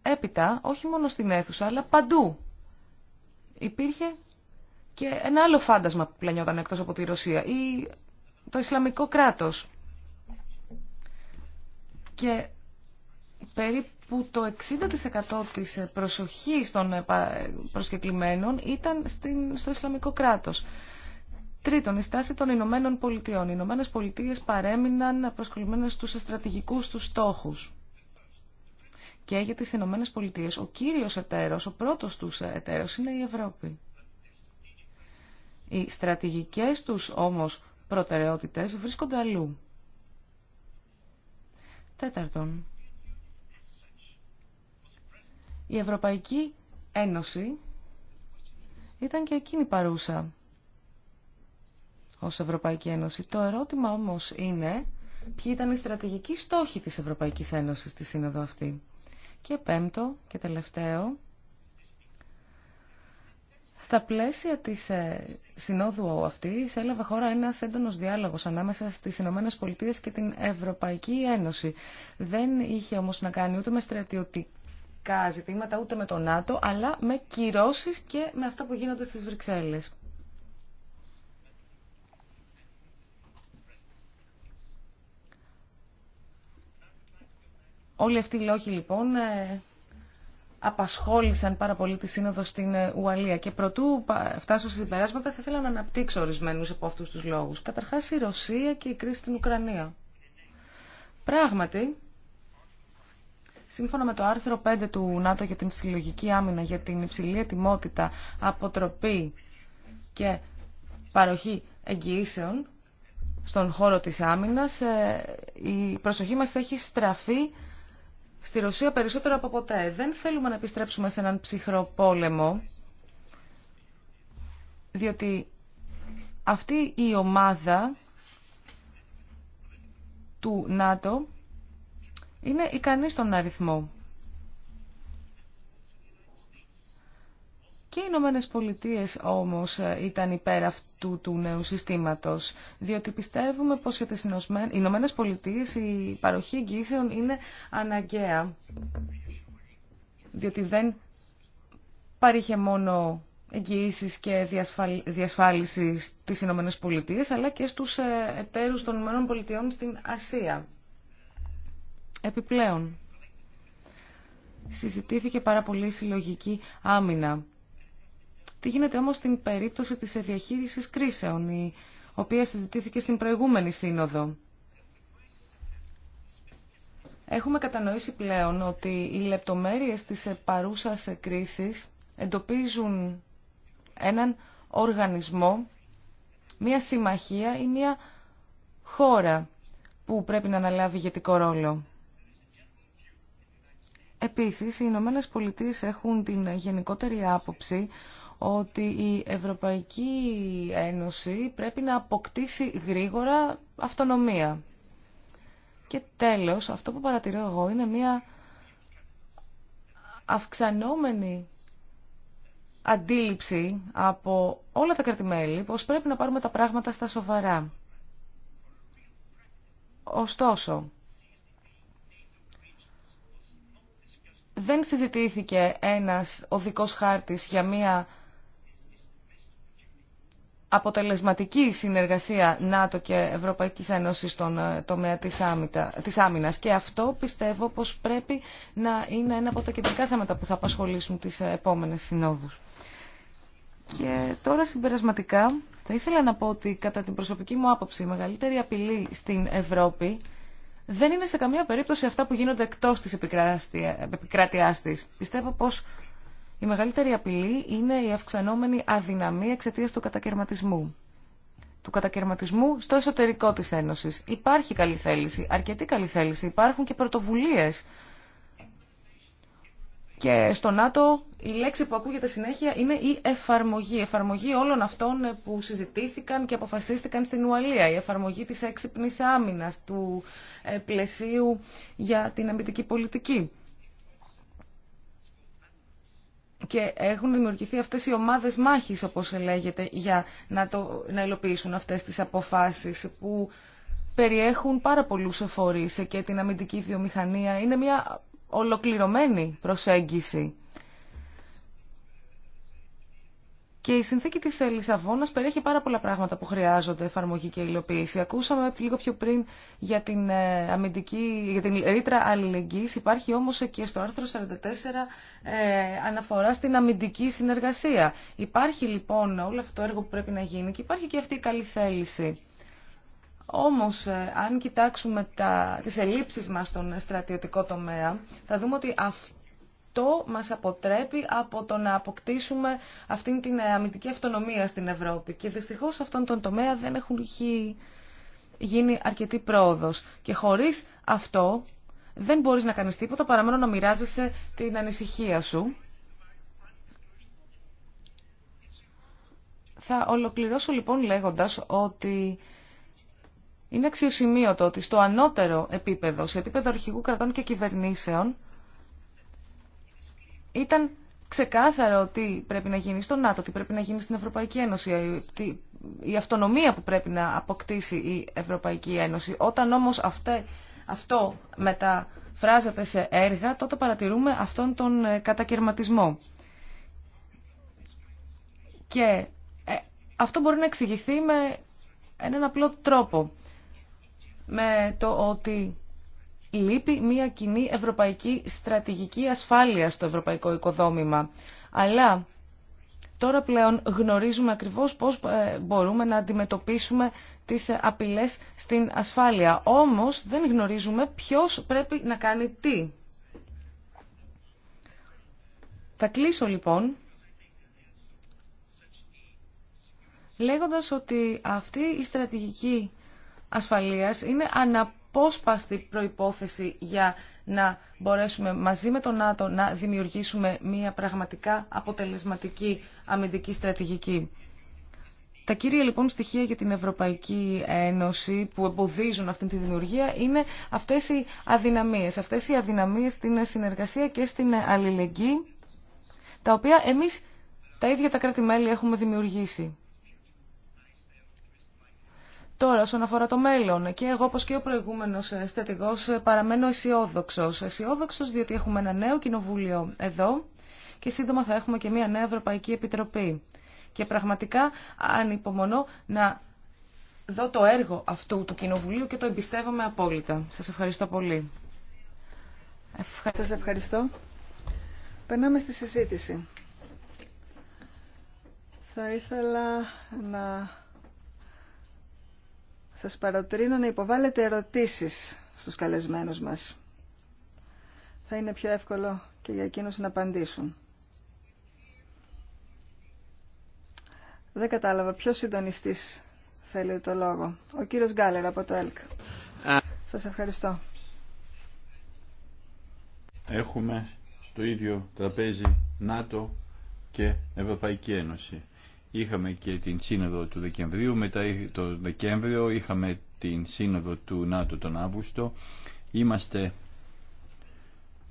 C: Έπειτα, όχι μόνο στην αίθουσα, αλλά παντού υπήρχε και ένα άλλο φάντασμα που πλανιόταν εκτός από τη Ρωσία, ή το Ισλαμικό κράτος. Και περίπου το 60% της προσοχής των ε, προσκεκλημένων ήταν στην, στο Ισλαμικό κράτος. Τρίτον, η στάση των Ηνωμένων Πολιτειών. Οι Ηνωμένε Πολιτείε παρέμειναν προσκολλημένες στους στρατηγικούς τους στόχους. Και για τις Ηνωμένε Πολιτείε ο κύριος εταίρος, ο πρώτος τους εταίρος είναι η Ευρώπη. Οι στρατηγικές τους όμως προτεραιότητες βρίσκονται αλλού. Τέταρτον, η Ευρωπαϊκή Ένωση ήταν και εκείνη παρούσα ως Ευρωπαϊκή Ένωση. Το ερώτημα όμως είναι ποιοι ήταν οι στρατηγικοί στόχοι της Ευρωπαϊκής Ένωσης στη σύνοδο αυτή. Και πέμπτο και τελευταίο, στα πλαίσια της ε, συνόδου αυτής έλαβε χώρα ένας έντονος διάλογος ανάμεσα στις Ηνωμένες Πολιτείες και την Ευρωπαϊκή Ένωση. Δεν είχε όμως να κάνει ούτε με στρατιωτική ζητήματα ούτε με το ΝΑΤΟ, αλλά με κυρώσεις και με αυτά που γίνονται στις Βρυξέλλες. Όλοι αυτοί οι λόγοι λοιπόν ε, απασχόλησαν πάρα πολύ τη σύνοδο στην ε, Ουαλία και προτού φτάσω στις συμπεράσματα θα ήθελα να αναπτύξω ορισμένους από αυτούς τους λόγους. Καταρχάς η Ρωσία και η κρίση στην Ουκρανία. Πράγματι, Σύμφωνα με το άρθρο 5 του ΝΑΤΟ για την συλλογική άμυνα, για την υψηλή ετοιμότητα, αποτροπή και παροχή εγγυήσεων στον χώρο της άμυνας, ε, η προσοχή μας έχει στραφεί στη Ρωσία περισσότερο από ποτέ. Δεν θέλουμε να επιστρέψουμε σε έναν ψυχρό πόλεμο, διότι αυτή η ομάδα του ΝΑΤΟ είναι ικανή στον αριθμό. Και οι Ηνωμένε Πολιτείε όμως ε, ήταν υπέρ αυτού του νέου συστήματος, διότι πιστεύουμε πως για τις Ηνωμένε Πολιτείε η παροχή εγγύσεων είναι αναγκαία, διότι δεν παρήχε μόνο εγγυήσεις και διασφάλιση στις Ηνωμένε Πολιτείε, αλλά και στους ε, εταίρους των Ηνωμένων Πολιτείων στην Ασία. Επιπλέον, συζητήθηκε πάρα πολύ συλλογική άμυνα. Τι γίνεται όμως στην περίπτωση της διαχείρισης κρίσεων, η οποία συζητήθηκε στην προηγούμενη σύνοδο. Έχουμε κατανοήσει πλέον ότι οι λεπτομέρειες της παρούσας κρίσης εντοπίζουν έναν οργανισμό, μία συμμαχία ή μία χώρα που πρέπει να αναλάβει ηγετικό ρόλο. Επίσης, οι Ηνωμένε Πολιτείε έχουν την γενικότερη άποψη ότι η Ευρωπαϊκή Ένωση πρέπει να αποκτήσει γρήγορα αυτονομία. Και τέλος, αυτό που παρατηρώ εγώ είναι μια αυξανόμενη αντίληψη από όλα τα κρατημέλη πως πρέπει να πάρουμε τα πράγματα στα σοβαρά. Ωστόσο, δεν συζητήθηκε ένας οδικός χάρτης για μία αποτελεσματική συνεργασία ΝΑΤΟ και Ευρωπαϊκής Ένωσης στον ε, τομέα της, άμυτα, της άμυνας. Και αυτό πιστεύω πως πρέπει να είναι ένα από τα κεντρικά θέματα που θα απασχολήσουν τις ε, επόμενες συνόδους. Και τώρα συμπερασματικά θα ήθελα να πω ότι κατά την προσωπική μου άποψη η μεγαλύτερη απειλή στην Ευρώπη δεν είναι σε καμία περίπτωση αυτά που γίνονται εκτός της επικράτειάς τη. Πιστεύω πως η μεγαλύτερη απειλή είναι η αυξανόμενη αδυναμία εξαιτία του κατακαιρματισμού. Του κατακαιρματισμού στο εσωτερικό της Ένωσης. Υπάρχει καλή θέληση, αρκετή καλή θέληση. Υπάρχουν και πρωτοβουλίε. Και στο ΝΑΤΟ η λέξη που ακούγεται συνέχεια είναι η εφαρμογή. Εφαρμογή όλων αυτών ε, που συζητήθηκαν και αποφασίστηκαν στην Ουαλία. Η εφαρμογή της έξυπνης άμυνας, του ε, πλαισίου για την αμυντική πολιτική. Και έχουν δημιουργηθεί αυτές οι ομάδες μάχης, όπως λέγεται, για να, το, να υλοποιήσουν αυτές τις αποφάσεις που περιέχουν πάρα πολλούς φορείς ε, και την αμυντική βιομηχανία. Είναι μια ολοκληρωμένη προσέγγιση. Και η συνθήκη της Λισαβόνας περιέχει πάρα πολλά πράγματα που χρειάζονται εφαρμογή και υλοποίηση. Ακούσαμε λίγο πιο πριν για την, ε, αμυντική, για την ρήτρα αλληλεγγύης. Υπάρχει όμως και στο άρθρο 44 ε, αναφορά στην αμυντική συνεργασία. Υπάρχει λοιπόν όλο αυτό το έργο που πρέπει να γίνει και υπάρχει και αυτή η καλή θέληση. Όμως, ε, αν κοιτάξουμε τα, τις ελλείψεις μας στον στρατιωτικό τομέα, θα δούμε ότι αυτό μας αποτρέπει από το να αποκτήσουμε αυτήν την ε, αμυντική αυτονομία στην Ευρώπη. Και δυστυχώς σε αυτόν τον τομέα δεν έχουν γίνει αρκετή πρόοδος. Και χωρίς αυτό δεν μπορείς να κάνεις τίποτα παρά να μοιράζεσαι την ανησυχία σου. Θα ολοκληρώσω λοιπόν λέγοντας ότι είναι αξιοσημείωτο ότι στο ανώτερο επίπεδο, σε επίπεδο αρχηγού κρατών και κυβερνήσεων, ήταν ξεκάθαρο ότι πρέπει να γίνει στο ΝΑΤΟ, ότι πρέπει να γίνει στην Ευρωπαϊκή Ένωση, η αυτονομία που πρέπει να αποκτήσει η Ευρωπαϊκή Ένωση. Όταν όμως αυτό μεταφράζεται σε έργα, τότε παρατηρούμε αυτόν τον ε, κατακαιρματισμό. Και ε, αυτό μπορεί να εξηγηθεί με έναν απλό τρόπο με το ότι λείπει μια κοινή ευρωπαϊκή στρατηγική ασφάλεια στο ευρωπαϊκό οικοδόμημα. Αλλά τώρα πλέον γνωρίζουμε ακριβώς πώς ε, μπορούμε να αντιμετωπίσουμε τις απειλές στην ασφάλεια. Όμως δεν γνωρίζουμε ποιος πρέπει να κάνει τι. Θα κλείσω λοιπόν λέγοντας ότι αυτή η στρατηγική ασφαλείας είναι αναπόσπαστη προϋπόθεση για να μπορέσουμε μαζί με τον ΝΑΤΟ να δημιουργήσουμε μια πραγματικά αποτελεσματική αμυντική στρατηγική. Τα κύρια λοιπόν στοιχεία για την Ευρωπαϊκή Ένωση που εμποδίζουν αυτή τη δημιουργία είναι αυτές οι αδυναμίες. Αυτές οι αδυναμίες στην συνεργασία και στην αλληλεγγύη, τα οποία εμείς τα ίδια τα κράτη-μέλη έχουμε δημιουργήσει. Τώρα, όσον αφορά το μέλλον, και εγώ, όπως και ο προηγούμενος στρατηγό, παραμένω αισιόδοξο. Αισιόδοξο διότι έχουμε ένα νέο κοινοβούλιο εδώ και σύντομα θα έχουμε και μια νέα Ευρωπαϊκή Επιτροπή. Και πραγματικά ανυπομονώ να δω το έργο αυτού του κοινοβουλίου και το εμπιστεύομαι απόλυτα. Σας ευχαριστώ πολύ. ευχαριστώ.
A: Περνάμε στη συζήτηση. Θα ήθελα να σας παροτρύνω να υποβάλλετε ερωτήσεις στους καλεσμένους μας. Θα είναι πιο εύκολο και για εκείνους να απαντήσουν. Δεν κατάλαβα ποιος συντονιστής θέλει το λόγο. Ο κύριος Γκάλερ από το ΕΛΚ. Σας ευχαριστώ.
B: Έχουμε στο ίδιο τραπέζι ΝΑΤΟ και Ευρωπαϊκή Ένωση. Είχαμε και την σύνοδο του Δεκεμβρίου, μετά το Δεκέμβριο είχαμε την σύνοδο του ΝΑΤΟ τον Αύγουστο. Είμαστε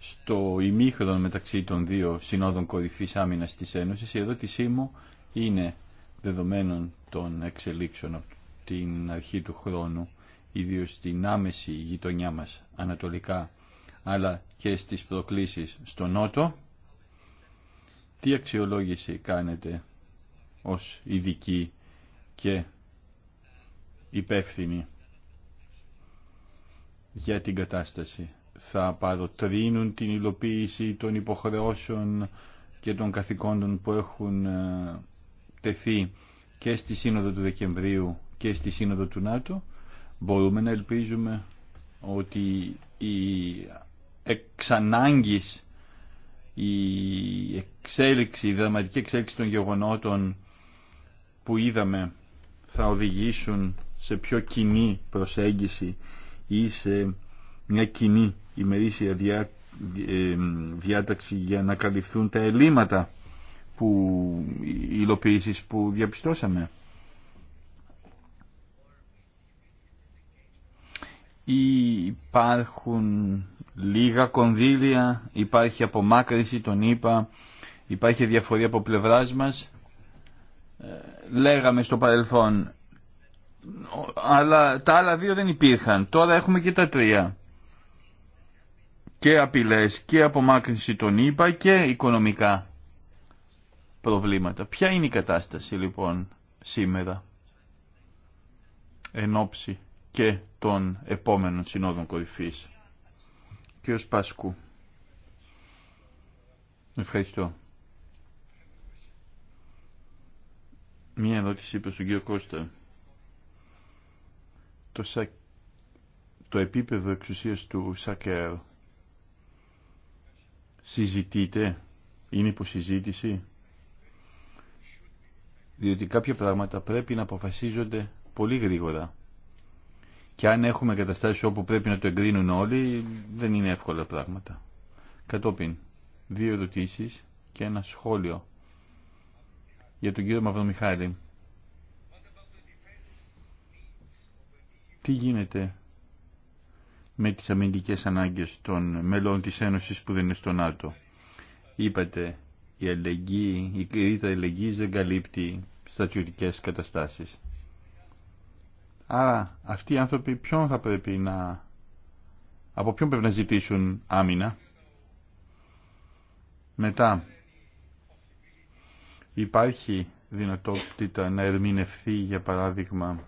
B: στο ημίχρον μεταξύ των δύο συνόδων κορυφής άμυνας της Ένωσης. Η ερώτησή μου είναι δεδομένων των εξελίξεων από την αρχή του χρόνου, ιδίω στην άμεση γειτονιά μας ανατολικά, αλλά και στις προκλήσεις στο Νότο, τι αξιολόγηση κάνετε ως ειδικοί και υπεύθυνοι για την κατάσταση. Θα παροτρύνουν την υλοποίηση των υποχρεώσεων και των καθηκόντων που έχουν ε, τεθεί και στη Σύνοδο του Δεκεμβρίου και στη Σύνοδο του ΝΑΤΟ. Μπορούμε να ελπίζουμε ότι η εξανάγκης, η εξέλιξη, η δραματική εξέλιξη των γεγονότων που είδαμε θα οδηγήσουν σε πιο κοινή προσέγγιση ή σε μια κοινή ημερήσια διά, ε, διάταξη για να καλυφθούν τα ελλείμματα που υλοποιήσεις που διαπιστώσαμε. Ή υπάρχουν λίγα κονδύλια, υπάρχει απομάκρυση, τον είπα, υπάρχει διαφορία από πλευράς μας ε, λέγαμε στο παρελθόν. Αλλά τα άλλα δύο δεν υπήρχαν. Τώρα έχουμε και τα τρία. Και απειλές και απομάκρυνση των ΙΠΑ και οικονομικά προβλήματα. Ποια είναι η κατάσταση λοιπόν σήμερα εν ώψη και των επόμενων συνόδων κορυφής. Κύριος Πάσκου. Ευχαριστώ. Μία ερώτηση προς τον κύριο Κώστα. Το, σα... το επίπεδο εξουσίας του ΣΑΚΕΡ συζητείται, είναι υποσυζήτηση, διότι κάποια πράγματα πρέπει να αποφασίζονται πολύ γρήγορα. Και αν έχουμε καταστάσεις όπου πρέπει να το εγκρίνουν όλοι, δεν είναι εύκολα πράγματα. Κατόπιν, δύο ερωτήσεις και ένα σχόλιο για τον κύριο Μαυρομιχάλη. Τι γίνεται με τις αμυντικές ανάγκες των μελών της Ένωσης που δεν είναι στο ΝΑΤΟ. Είπατε, η αλληλεγγύη, η κρίτα αλληλεγγύης δεν καλύπτει στρατιωτικές καταστάσεις. Άρα αυτοί οι άνθρωποι ποιον θα πρέπει να... από ποιον πρέπει να ζητήσουν άμυνα. Μετά, Υπάρχει δυνατότητα να ερμηνευθεί, για παράδειγμα,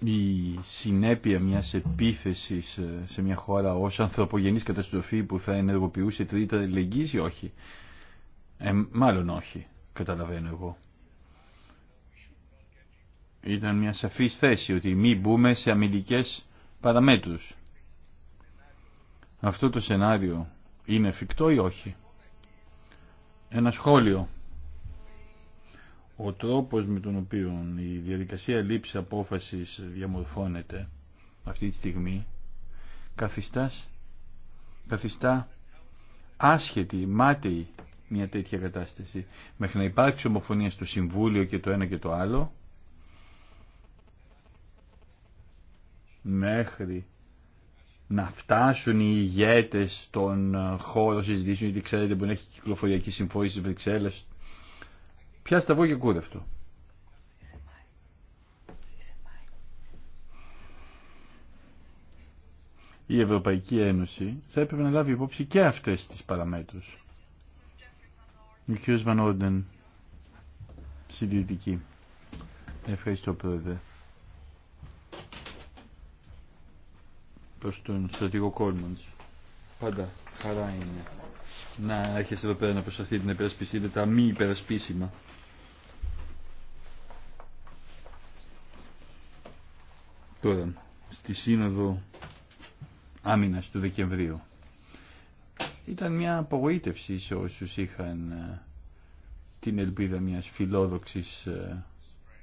B: η συνέπεια μιας επίθεσης σε μια χώρα ως ανθρωπογενής καταστροφή που θα ενεργοποιούσε τρίτα λεγγύς ή όχι. Ε, μάλλον όχι, καταλαβαίνω εγώ. Ήταν μια σαφής θέση ότι μη μπούμε σε αμυντικές παραμέτρους. Αυτό το σενάριο είναι εφικτό ή όχι. Ένα σχόλιο. Ο τρόπος με τον οποίο η διαδικασία λήψης απόφασης διαμορφώνεται αυτή τη στιγμή καθιστάς, καθιστά άσχετη, μάταιη μια τέτοια κατάσταση. Μέχρι να υπάρξει ομοφωνία στο Συμβούλιο και το ένα και το άλλο μέχρι να φτάσουν οι ηγέτες στον ε, χώρο συζητήσεων, γιατί ξέρετε μπορεί έχει κυκλοφοριακή συμφόρηση στις Βρυξέλλες. Πια σταυρό και αυτό Η Ευρωπαϊκή Ένωση θα έπρεπε να λάβει υπόψη και αυτές τις παραμέτρους. Ο κ. Βανόντεν, συντηρητική. Ευχαριστώ, Πρόεδρε. προς τον στρατηγό Κόλμαντς. Πάντα χαρά είναι να έρχεσαι εδώ πέρα να προσταθεί την είναι τα μη υπερασπίσιμα. Τώρα, στη Σύνοδο Άμυνας του Δεκεμβρίου. Ήταν μια απογοήτευση σε όσους είχαν ε, την ελπίδα μιας φιλόδοξης ε,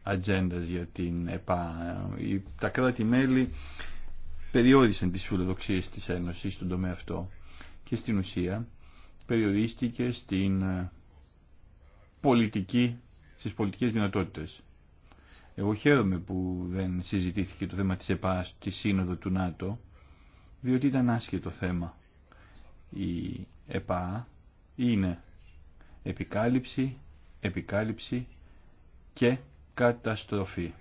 B: ατζέντα για την ΕΠΑ. Ε, τα κράτη-μέλη περιόρισαν τις φιλοδοξίες της Ένωσης στον τομέα αυτό και στην ουσία περιορίστηκε στην ε, πολιτική, στις πολιτικές δυνατότητες. Εγώ χαίρομαι που δεν συζητήθηκε το θέμα της ΕΠΑ στη σύνοδο του ΝΑΤΟ, διότι ήταν άσχετο θέμα. Η ΕΠΑ είναι επικάλυψη, επικάλυψη και καταστροφή.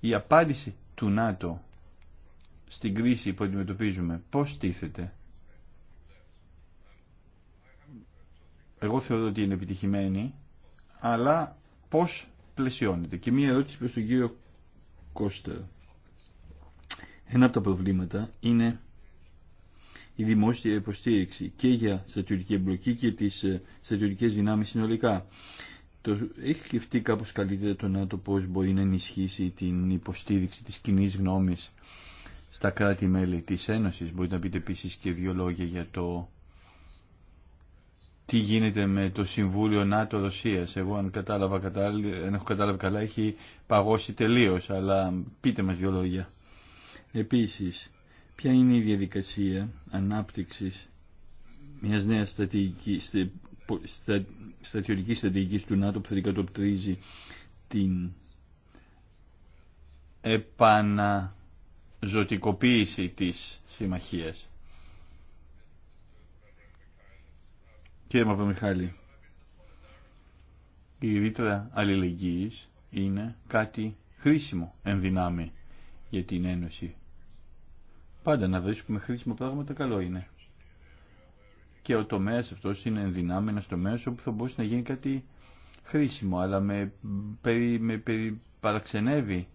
B: η απάντηση του ΝΑΤΟ στην κρίση που αντιμετωπίζουμε πώς στήθεται, Εγώ θεωρώ ότι είναι επιτυχημένη, αλλά πώς πλαισιώνεται. Και μία ερώτηση προς τον κύριο Κώστερ. Ένα από τα προβλήματα είναι η δημόσια υποστήριξη και για στρατιωτική εμπλοκή και τις ε, στρατιωτικές δυνάμεις συνολικά το, έχει σκεφτεί κάπω καλύτερα το ΝΑΤΟ πώς μπορεί να ενισχύσει την υποστήριξη της κοινή γνώμης στα κράτη-μέλη της Ένωσης. Μπορείτε να πείτε επίση και δύο λόγια για το τι γίνεται με το Συμβούλιο ΝΑΤΟ Ρωσία. Εγώ αν, κατάλαβα, κατάλαβα, έχω κατάλαβα καλά έχει παγώσει τελείω, αλλά πείτε μας δύο λόγια. Επίσης, ποια είναι η διαδικασία ανάπτυξη μια νέα στρατηγική στρατιωτική στρατηγική στρατηγικής του ΝΑΤΟ που θα αντικατοπτρίζει την επαναζωτικοποίηση της συμμαχίας. Κύριε Μαυρομιχάλη, η ρήτρα αλληλεγγύης είναι κάτι χρήσιμο εν δυνάμει για την Ένωση. Πάντα να βρίσκουμε χρήσιμο πράγματα καλό είναι και ο τομέας αυτός είναι ενδυνάμει ένα τομέας όπου θα μπορούσε να γίνει κάτι χρήσιμο, αλλά με, περι, με παραξενεύει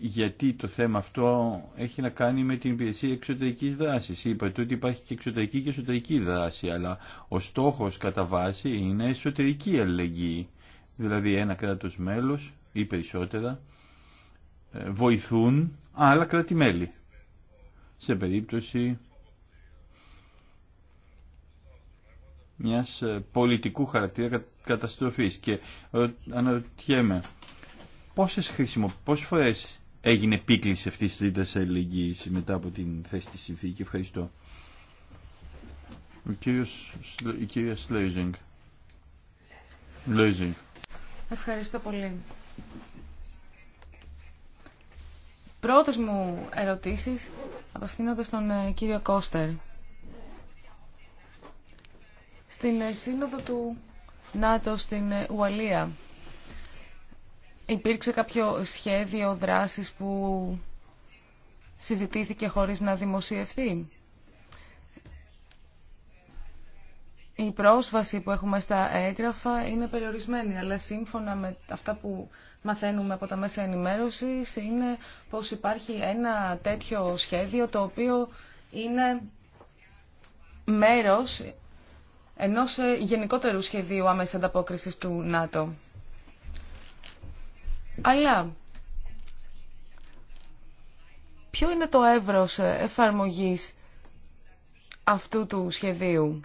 B: γιατί το θέμα αυτό έχει να κάνει με την υπηρεσία εξωτερικής δράσης. Είπατε ότι υπάρχει και εξωτερική και εσωτερική δράση, αλλά ο στόχος κατά βάση είναι εσωτερική αλληλεγγύη. Δηλαδή ένα κράτος μέλος ή περισσότερα ε, βοηθούν άλλα κράτη-μέλη. Σε περίπτωση μιας ε, πολιτικού χαρακτήρα καταστροφής. Και αναρωτιέμαι, πόσες, χρησιμο, πόσες φορές έγινε επίκληση αυτή τη ρήτας αλληλεγγύης μετά από την θέση της συνθήκη. Ευχαριστώ. Ο κύριος, η κυρία
C: Ευχαριστώ πολύ. Πρώτες μου ερωτήσεις απευθύνονται στον ε, κύριο Κώστερ στην ε, σύνοδο του ΝΑΤΟ στην ε, Ουαλία. Υπήρξε κάποιο σχέδιο δράσης που συζητήθηκε χωρίς να δημοσιευθεί. Η πρόσβαση που έχουμε στα έγγραφα είναι περιορισμένη, αλλά σύμφωνα με αυτά που μαθαίνουμε από τα μέσα ενημέρωσης είναι πως υπάρχει ένα τέτοιο σχέδιο το οποίο είναι μέρος ενός ε, γενικότερου σχεδίου άμεσης ανταπόκρισης του ΝΑΤΟ. Αλλά ποιο είναι το εύρος ε, εφαρμογής αυτού του σχεδίου.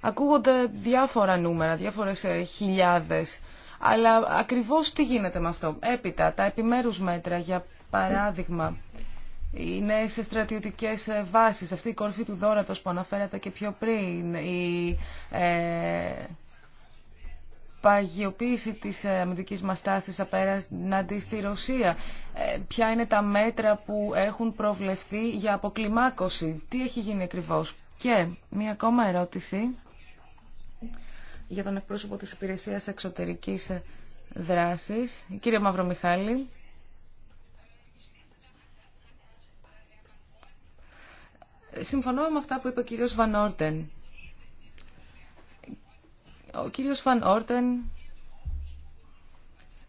C: Ακούγονται διάφορα νούμερα, διάφορες ε, χιλιάδες, αλλά ακριβώς τι γίνεται με αυτό. Έπειτα, τα επιμέρους μέτρα, για παράδειγμα, είναι σε στρατιωτικές ε, βάσεις. Αυτή η κορφή του δόρατος που αναφέρατε και πιο πριν, η ε, παγιοποίηση της ε, αμυντικής μας τάσης απέναντι στη Ρωσία. ποια είναι τα μέτρα που έχουν προβλεφθεί για αποκλιμάκωση. Τι έχει γίνει ακριβώς. Και μία ακόμα ερώτηση για τον εκπρόσωπο της Υπηρεσίας Εξωτερικής Δράσης, κύριε Μαυρομιχάλη. Συμφωνώ με αυτά που είπε ο κύριος Βαν Όρτεν. Ο κύριος Βαν Όρτεν,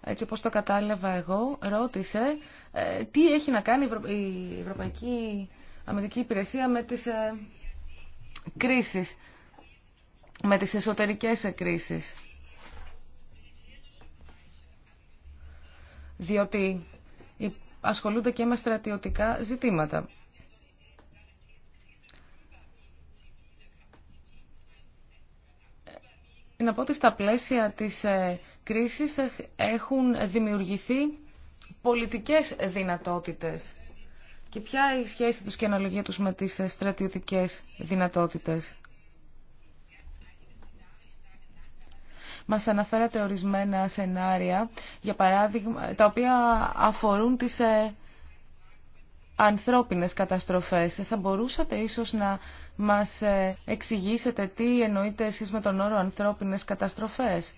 C: έτσι όπως το κατάλαβα εγώ, ρώτησε ε, τι έχει να κάνει η, Ευρωπαϊκή Αμερική Υπηρεσία με τις ε, κρίσεις, με τις εσωτερικές ε, κρίσεις. Διότι ασχολούνται και με στρατιωτικά ζητήματα. να πω ότι στα πλαίσια της ε, κρίσης έχουν δημιουργηθεί πολιτικές δυνατότητες. Και ποια η σχέση τους και η αναλογία τους με τις ε, στρατιωτικές δυνατότητες. Μας αναφέρατε ορισμένα σενάρια, για παράδειγμα, τα οποία αφορούν τις ε, ανθρώπινες καταστροφές. Θα μπορούσατε ίσως να μας ε, εξηγήσετε τι εννοείτε εσείς με τον όρο ανθρώπινες καταστροφές.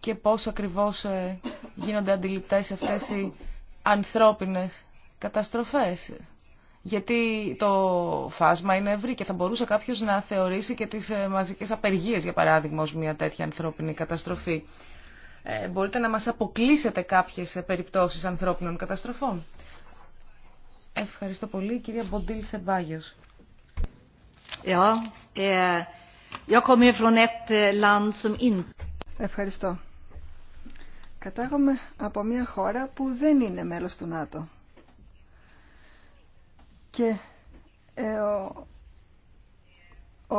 C: Και πώς ακριβώς ε, γίνονται αντιληπτές αυτές οι ανθρώπινες καταστροφές. Γιατί το φάσμα είναι ευρύ και θα μπορούσε κάποιος να θεωρήσει και τις ε, μαζικές απεργίες, για παράδειγμα, ως μια τέτοια ανθρώπινη καταστροφή. Ε, μπορείτε να μας αποκλείσετε κάποιες περιπτώσεις ανθρώπινων καταστροφών. Ευχαριστώ πολύ, κυρία Μποντήλ Σεμπάγιος. Eh, eh, Ευχαριστώ.
A: Κατάγομαι από μια χώρα που δεν είναι μέλος του ΝΑΤΟ. Και ε, ο, ο,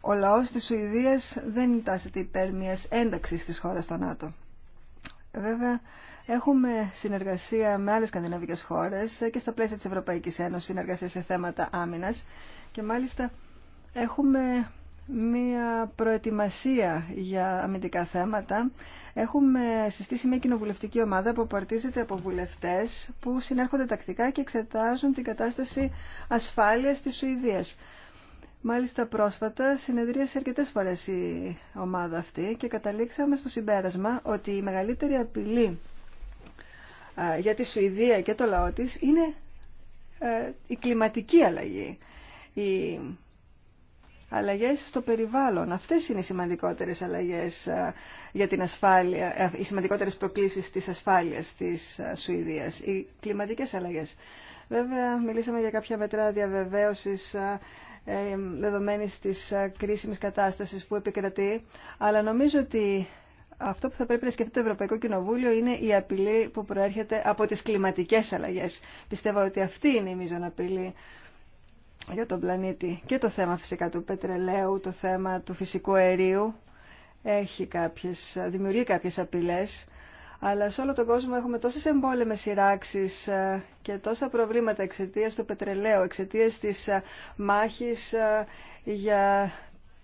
A: ο λαός της Σουηδίας δεν τάσεται υπέρ μιας ένταξης της χώρα στο ΝΑΤΟ. Βέβαια, Έχουμε συνεργασία με άλλες σκανδιναβικές χώρες και στα πλαίσια της Ευρωπαϊκής Ένωσης συνεργασία σε θέματα άμυνας και μάλιστα έχουμε μία προετοιμασία για αμυντικά θέματα. Έχουμε συστήσει μία κοινοβουλευτική ομάδα που απαρτίζεται από βουλευτές που συνέρχονται τακτικά και εξετάζουν την κατάσταση ασφάλειας της Σουηδίας. Μάλιστα πρόσφατα συνεδρίασε αρκετές φορές η ομάδα αυτή και καταλήξαμε στο συμπέρασμα ότι η μεγαλύτερη απειλή για τη Σουηδία και το λαό της είναι ε, η κλιματική αλλαγή. Οι αλλαγές στο περιβάλλον. Αυτές είναι οι σημαντικότερες αλλαγές ε, για την ασφάλεια, ε, οι σημαντικότερες προκλήσεις της ασφάλειας της Σουηδίας, οι κλιματικές αλλαγές. Βέβαια, μιλήσαμε για κάποια μετρά διαβεβαίωσης δεδομένης της κρίσιμης κατάστασης που επικρατεί, αλλά νομίζω ότι αυτό που θα πρέπει να σκεφτεί το Ευρωπαϊκό Κοινοβούλιο είναι η απειλή που προέρχεται από τις κλιματικές αλλαγές. Πιστεύω ότι αυτή είναι η μείζον απειλή για τον πλανήτη. Και το θέμα φυσικά του πετρελαίου, το θέμα του φυσικού αερίου έχει κάποιες, δημιουργεί κάποιες απειλές. Αλλά σε όλο τον κόσμο έχουμε τόσες εμπόλεμες σειράξεις ε, και τόσα προβλήματα εξαιτία του πετρελαίου, εξαιτία της ε, μάχης ε, για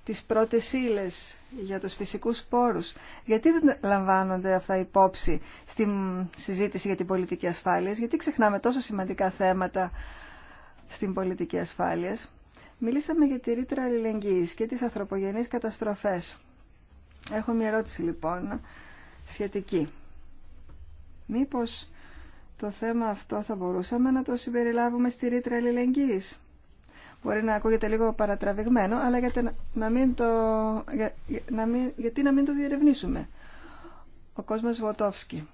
A: τις πρώτες ύλε για τους φυσικούς πόρους. Γιατί δεν λαμβάνονται αυτά υπόψη στη συζήτηση για την πολιτική ασφάλεια, γιατί ξεχνάμε τόσο σημαντικά θέματα στην πολιτική ασφάλεια. Μιλήσαμε για τη ρήτρα αλληλεγγύης και τις ανθρωπογενείς καταστροφές. Έχω μια ερώτηση λοιπόν σχετική. Μήπως το θέμα αυτό θα μπορούσαμε να το συμπεριλάβουμε στη ρήτρα αλληλεγγύης. Μπορεί να ακούγεται λίγο παρατραβηγμένο, αλλά γιατί να μην το, γιατί να μην το διερευνήσουμε. Ο κόσμος Βοτόφσκι.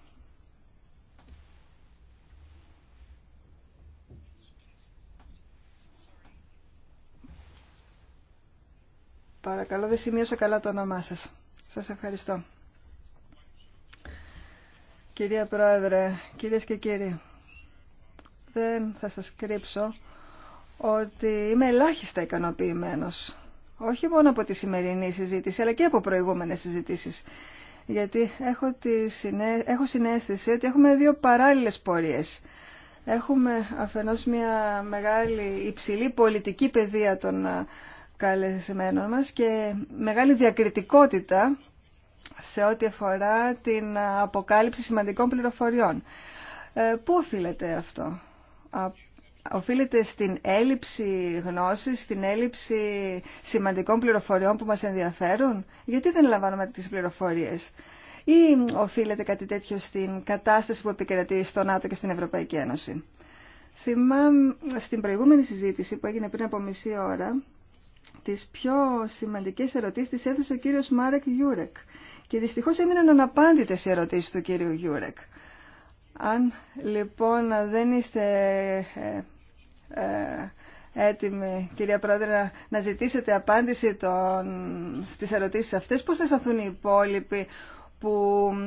A: Παρακαλώ, δεν σημείωσα καλά το όνομά σας. Σας ευχαριστώ. Κυρία Πρόεδρε, κυρίες και κύριοι, δεν θα σας κρύψω ότι είμαι ελάχιστα ικανοποιημένος. Όχι μόνο από τη σημερινή συζήτηση, αλλά και από προηγούμενες συζητήσεις. Γιατί έχω, τη έχω συνέστηση ότι έχουμε δύο παράλληλες πορείες. Έχουμε αφενός μια μεγάλη υψηλή πολιτική παιδεία των ε, καλεσμένων μας και μεγάλη διακριτικότητα σε ό,τι αφορά την ε, αποκάλυψη σημαντικών πληροφοριών. Ε, πού οφείλεται αυτό. Από οφείλεται στην έλλειψη γνώσης, στην έλλειψη σημαντικών πληροφοριών που μας ενδιαφέρουν. Γιατί δεν λαμβάνουμε τις πληροφορίες. Ή οφείλεται κάτι τέτοιο στην κατάσταση που επικρατεί στο ΝΑΤΟ και στην Ευρωπαϊκή Ένωση. Θυμάμαι στην προηγούμενη συζήτηση που έγινε πριν από μισή ώρα, τις πιο σημαντικές ερωτήσεις τις έθεσε ο κύριος Μάρεκ Γιούρεκ. Και δυστυχώς έμειναν αναπάντητες οι ερωτήσεις του κύριου Γιούρεκ. Αν λοιπόν δεν είστε ε, ε, έτοιμη, κυρία Πρόεδρε, να ζητήσετε απάντηση των, στις ερωτήσεις αυτές. Πώς θα σταθούν οι υπόλοιποι που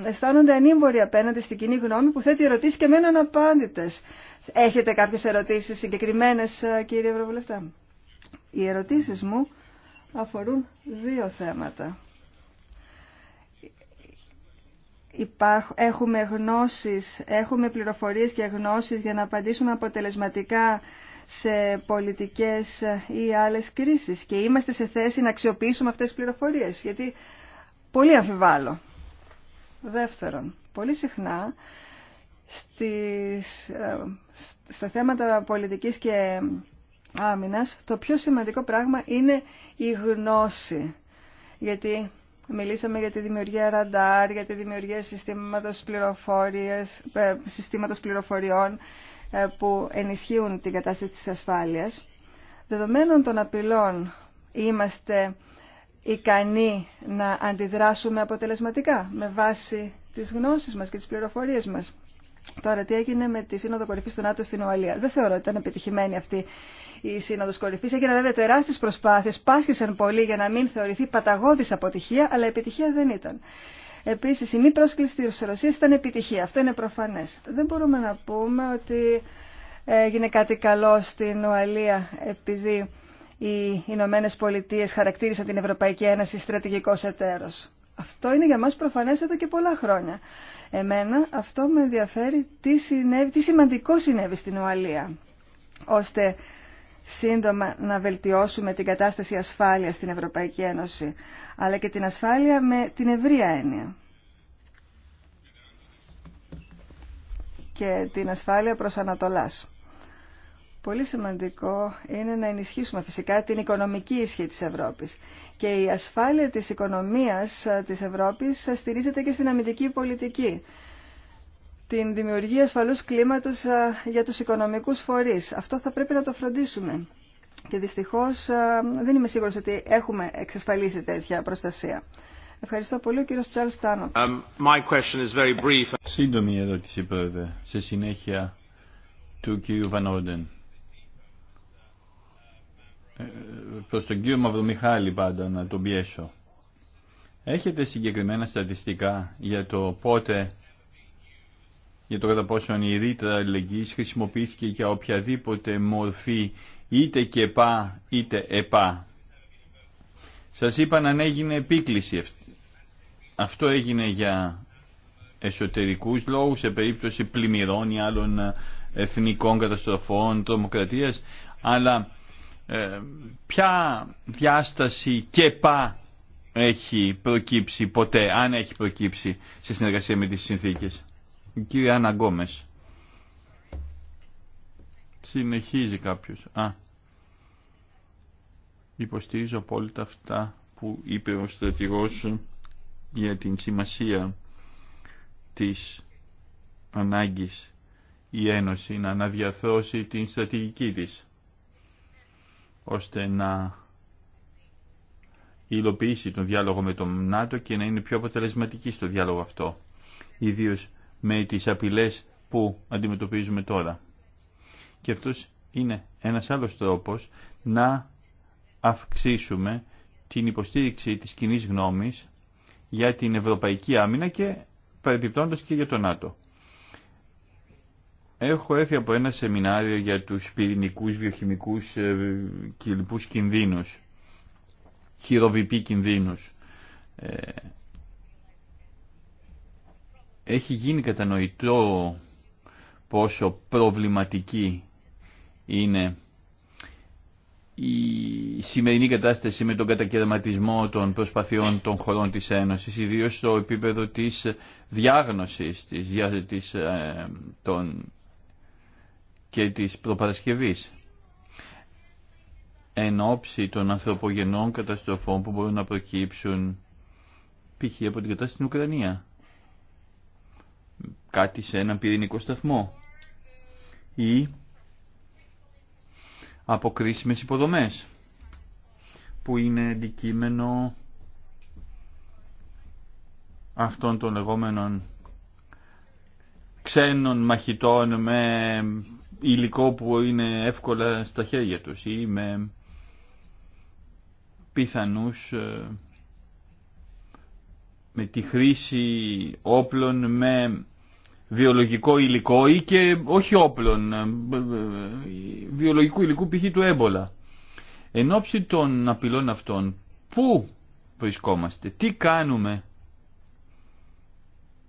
A: αισθάνονται ανήμποροι απέναντι στην κοινή γνώμη που θέτει ερωτήσεις και μένουν απάντητες. Έχετε κάποιες ερωτήσεις συγκεκριμένες, ε, κύριε Ευρωβουλευτά. Οι ερωτήσεις μου αφορούν δύο θέματα. Υπάρχ, έχουμε γνώσεις, έχουμε πληροφορίες και γνώσεις για να απαντήσουμε αποτελεσματικά σε πολιτικές ή άλλες κρίσεις και είμαστε σε θέση να αξιοποιήσουμε αυτές τις πληροφορίες γιατί πολύ αμφιβάλλω. Δεύτερον, πολύ συχνά στις, ε, στα θέματα πολιτικής και άμυνας το πιο σημαντικό πράγμα είναι η γνώση γιατί Μιλήσαμε για τη δημιουργία ραντάρ, για τη δημιουργία συστήματος, πληροφορίες, ε, συστήματος πληροφοριών, ε, που ενισχύουν την κατάσταση της ασφάλειας. Δεδομένων των απειλών είμαστε ικανοί να αντιδράσουμε αποτελεσματικά με βάση τις γνώσεις μας και τις πληροφορίες μας. Τώρα, τι έγινε με τη Σύνοδο Κορυφής του ΝΑΤΟ στην Ουαλία. Δεν θεωρώ ότι ήταν επιτυχημένη αυτή η Σύνοδο Κορυφή. Έγιναν βέβαια τεράστιε προσπάθειε, πάσχησαν πολύ για να μην θεωρηθεί παταγώδη αποτυχία, αλλά επιτυχία δεν ήταν. Επίσης, η μη πρόσκληση της Ρωσίας ήταν επιτυχία. Αυτό είναι προφανές. Δεν μπορούμε να πούμε ότι έγινε κάτι καλό στην Ουαλία επειδή οι Ηνωμένε Πολιτείε χαρακτήρισαν την Ευρωπαϊκή Ένωση στρατηγικός εταίρος. Αυτό είναι για μας προφανές εδώ και πολλά χρόνια. Εμένα αυτό με ενδιαφέρει τι, συνέβη, τι σημαντικό συνέβη στην Ουαλία, ώστε σύντομα να βελτιώσουμε την κατάσταση ασφάλειας στην Ευρωπαϊκή Ένωση, αλλά και την ασφάλεια με την ευρία έννοια. και την ασφάλεια προς Ανατολάς. Πολύ σημαντικό είναι να ενισχύσουμε φυσικά την οικονομική ισχύ της Ευρώπης. Και η ασφάλεια της οικονομίας ε, της Ευρώπης ε, στηρίζεται και στην αμυντική πολιτική την δημιουργία ασφαλούς κλίματος για τους οικονομικούς φορείς. Αυτό θα πρέπει να το φροντίσουμε. Και δυστυχώς δεν είμαι σίγουρος ότι έχουμε εξασφαλίσει τέτοια προστασία. Ευχαριστώ πολύ, κύριο κύριος Τσάρλ Στάνο.
B: Um, Σύντομη ερώτηση, πρόεδρε, σε συνέχεια του κύριου Βανόντεν. Προ ε, προς τον κύριο Μαυρομιχάλη πάντα να τον πιέσω. Έχετε συγκεκριμένα στατιστικά για το πότε για το κατά πόσον η ρήτρα αλληλεγγύης χρησιμοποιήθηκε για οποιαδήποτε μορφή είτε και πά είτε επά. Σας είπαν αν έγινε επίκληση. Αυτό έγινε για εσωτερικούς λόγους σε περίπτωση πλημμυρών ή άλλων ε, εθνικών καταστροφών, τρομοκρατίας, αλλά ε, ποια διάσταση και πά έχει προκύψει ποτέ, αν έχει προκύψει σε συνεργασία με τις συνθήκες. Η κύριε Άννα Γκόμες. Συνεχίζει κάποιος. Α. Υποστηρίζω απόλυτα αυτά που είπε ο στρατηγός για την σημασία της ανάγκης η Ένωση να αναδιαθρώσει την στρατηγική της ώστε να υλοποιήσει τον διάλογο με τον ΝΑΤΟ και να είναι πιο αποτελεσματική στο διάλογο αυτό. Ιδίως με τις απειλές που αντιμετωπίζουμε τώρα. Και αυτός είναι ένας άλλος τρόπος να αυξήσουμε την υποστήριξη της κοινή γνώμης για την ευρωπαϊκή άμυνα και παρεμπιπτόντως και για το ΝΑΤΟ. Έχω έρθει από ένα σεμινάριο για τους πυρηνικούς, βιοχημικούς ε, και λοιπούς κινδύνους, χειροβιπή κινδύνους. Ε, έχει γίνει κατανοητό πόσο προβληματική είναι η σημερινή κατάσταση με τον κατακαιρματισμό των προσπαθειών των χωρών της Ένωσης, ιδίως στο επίπεδο της διάγνωσης της, της, ε, και της προπαρασκευής. Εν ώψη των ανθρωπογενών καταστροφών που μπορούν να προκύψουν π.χ. από την κατάσταση στην Ουκρανία κάτι σε έναν πυρηνικό σταθμό ή από κρίσιμες υποδομές που είναι αντικείμενο αυτών των λεγόμενων ξένων μαχητών με υλικό που είναι εύκολα στα χέρια τους ή με πιθανούς ε, με τη χρήση όπλων με βιολογικό υλικό ή και όχι όπλων, ε, ε, ε, βιολογικού υλικού π.χ. του έμπολα. Εν ώψη των απειλών αυτών, πού βρισκόμαστε, τι κάνουμε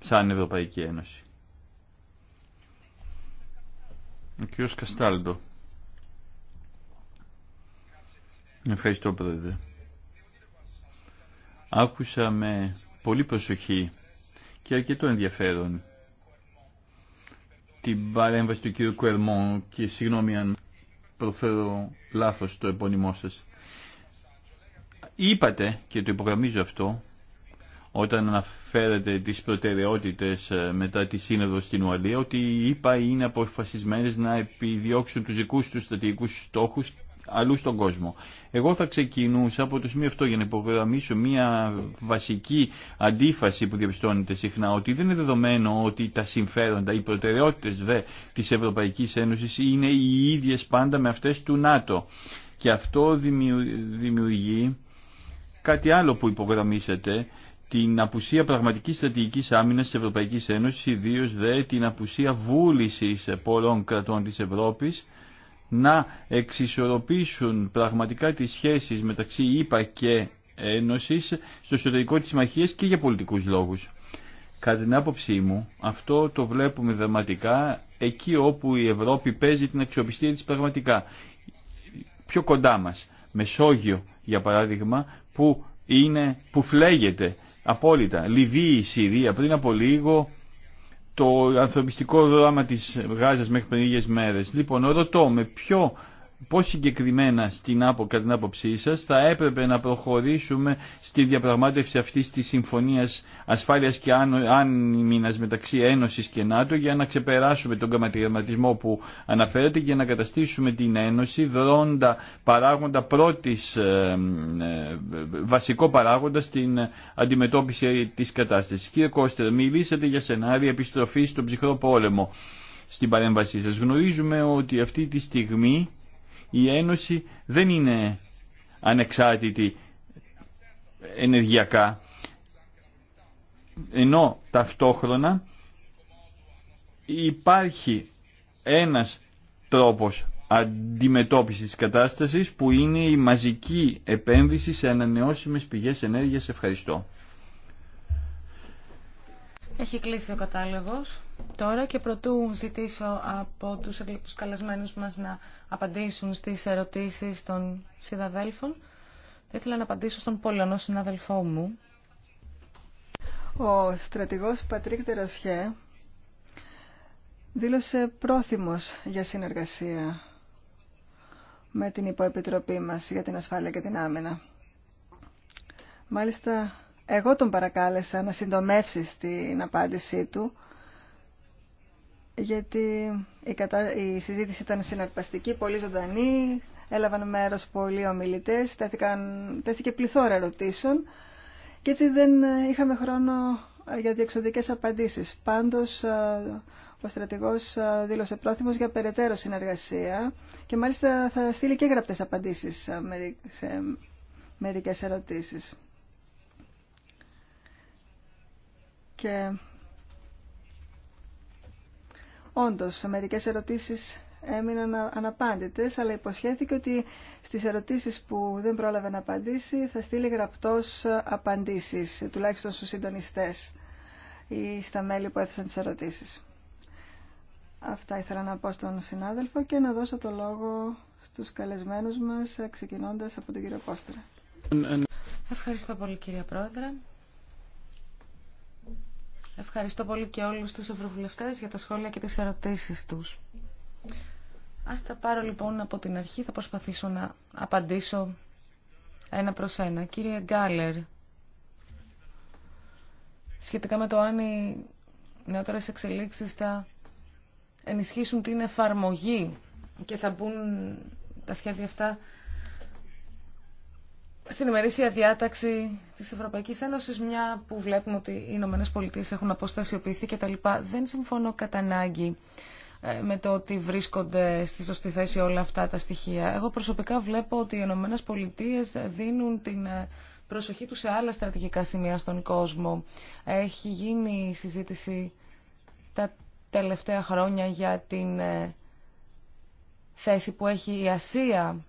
B: σαν Ευρωπαϊκή Ένωση. Ο κ. Καστάλντο. Ευχαριστώ πρόεδρε. Άκουσα με πολύ προσοχή και αρκετό ενδιαφέρον την παρέμβαση του κύριου Κουερμό και συγγνώμη αν προφέρω λάθος το επώνυμό σας. Είπατε, και το υπογραμμίζω αυτό, όταν αναφέρετε τις προτεραιότητες ε, μετά τη σύνοδο στην Ουαλία, ότι οι ΙΠΑ είναι αποφασισμένες να επιδιώξουν τους δικούς τους στρατηγικούς στόχους αλλού στον κόσμο. Εγώ θα ξεκινούσα από το σημείο αυτό για να υπογραμμίσω μια βασική αντίφαση που διαπιστώνεται συχνά ότι δεν είναι δεδομένο ότι τα συμφέροντα, οι προτεραιότητε δε της Ευρωπαϊκής είναι οι ίδιε πάντα με αυτές του ΝΑΤΟ. Και αυτό δημιουργεί κάτι άλλο που υπογραμμίσατε, την απουσία πραγματικής στρατηγικής άμυνας της Ευρωπαϊκής Ένωσης, ιδίω δε την απουσία βούλησης πολλών κρατών της Ευρώπης να εξισορροπήσουν πραγματικά τις σχέσεις μεταξύ ΙΠΑ και Ένωσης στο εσωτερικό της συμμαχίας και για πολιτικούς λόγους. Κατά την άποψή μου, αυτό το βλέπουμε δραματικά εκεί όπου η Ευρώπη παίζει την αξιοπιστία της πραγματικά. Πιο κοντά μας. Μεσόγειο, για παράδειγμα, που, είναι, που φλέγεται απόλυτα. Λιβύη, Συρία, πριν από λίγο το ανθρωπιστικό δράμα της Γάζας μέχρι πριν λίγες μέρες. Λοιπόν, ρωτώ με ποιο πώς συγκεκριμένα στην άπο, κατά την άποψή σας θα έπρεπε να προχωρήσουμε στη διαπραγμάτευση αυτής της συμφωνίας ασφάλειας και άνημινας μεταξύ Ένωσης και ΝΑΤΟ για να ξεπεράσουμε τον καματιγραμματισμό που αναφέρεται και να καταστήσουμε την Ένωση δρόντα παράγοντα πρώτης, ε, ε, βασικό παράγοντα στην αντιμετώπιση της κατάστασης. Κύριε Κώστερ, μιλήσατε για σενάρια επιστροφής στον ψυχρό πόλεμο στην παρέμβασή σας. Γνωρίζουμε ότι αυτή τη στιγμή η Ένωση δεν είναι ανεξάρτητη ενεργειακά, ενώ ταυτόχρονα υπάρχει ένας τρόπος αντιμετώπισης της κατάστασης που είναι η μαζική επένδυση σε ανανεώσιμες πηγές ενέργειας. Ευχαριστώ.
C: Έχει κλείσει ο κατάλογος τώρα και προτού ζητήσω από τους εκλεκτούς καλεσμένους μας να απαντήσουν στις ερωτήσεις των συναδέλφων. Θα ήθελα να απαντήσω στον Πολωνό συναδελφό μου.
A: Ο στρατηγός Πατρίκ Τεροσχέ δήλωσε πρόθυμος για συνεργασία με την υποεπιτροπή μας για την ασφάλεια και την άμυνα. Μάλιστα, εγώ τον παρακάλεσα να συντομεύσει στην απάντησή του, γιατί η, η συζήτηση ήταν συναρπαστική, πολύ ζωντανή, έλαβαν μέρος πολλοί ομιλητές, τέθηκαν... τέθηκε πληθώρα ερωτήσεων και έτσι δεν ε, είχαμε χρόνο ε, για διεξοδικές απαντήσεις. Πάντως, ε, ο στρατηγός δήλωσε πρόθυμος για περαιτέρω συνεργασία και μάλιστα θα στείλει και γραπτές απαντήσεις σε μερικές ερωτήσεις. Και Όντως, μερικές ερωτήσεις έμειναν αναπάντητες, αλλά υποσχέθηκε ότι στις ερωτήσεις που δεν πρόλαβε να απαντήσει θα στείλει γραπτός απαντήσεις, τουλάχιστον στους συντονιστές ή στα μέλη που έθεσαν τις ερωτήσεις. Αυτά ήθελα να πω στον συνάδελφο και να δώσω το λόγο στους καλεσμένους μας, ξεκινώντας από τον κύριο Πόστρα.
C: Ευχαριστώ πολύ κύριε Πρόεδρε. Ευχαριστώ πολύ και όλους τους ευρωβουλευτές για τα σχόλια και τις ερωτήσεις τους. Ας τα πάρω λοιπόν από την αρχή, θα προσπαθήσω να απαντήσω ένα προς ένα. Κύριε Γκάλερ, σχετικά με το αν οι νεότερες εξελίξεις θα ενισχύσουν την εφαρμογή και θα μπουν τα σχέδια αυτά στην ημερήσια διάταξη της Ευρωπαϊκής Ένωσης, μια που βλέπουμε ότι οι Ηνωμένε Πολιτείε έχουν αποστασιοποιηθεί κτλ. Δεν συμφωνώ κατά ανάγκη ε, με το ότι βρίσκονται στη σωστή θέση όλα αυτά τα στοιχεία. Εγώ προσωπικά βλέπω ότι οι Ηνωμένε Πολιτείε δίνουν την ε, προσοχή του σε άλλα στρατηγικά σημεία στον κόσμο. Έχει γίνει συζήτηση τα τελευταία χρόνια για την ε, θέση που έχει η Ασία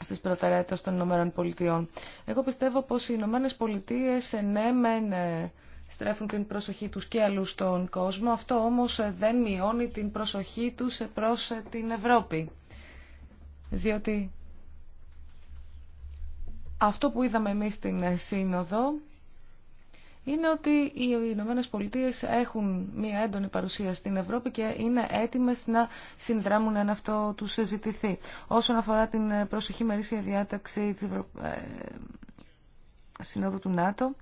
C: στις προτεραιότητες των Ηνωμένων Πολιτειών. Εγώ πιστεύω πως οι Ηνωμένε Πολιτείε ε, ναι ε, στρέφουν την προσοχή τους και αλλού στον κόσμο, αυτό όμως ε, δεν μειώνει την προσοχή τους προς την Ευρώπη. Διότι αυτό που είδαμε εμείς στην Σύνοδο είναι ότι οι Ηνωμένε Πολιτείε έχουν μια έντονη παρουσία στην Ευρώπη και είναι έτοιμε να συνδράμουν αν αυτό του ζητηθεί. Όσον αφορά την προσεχή μερίσια διάταξη τη ε, Συνόδου του ΝΑΤΟ,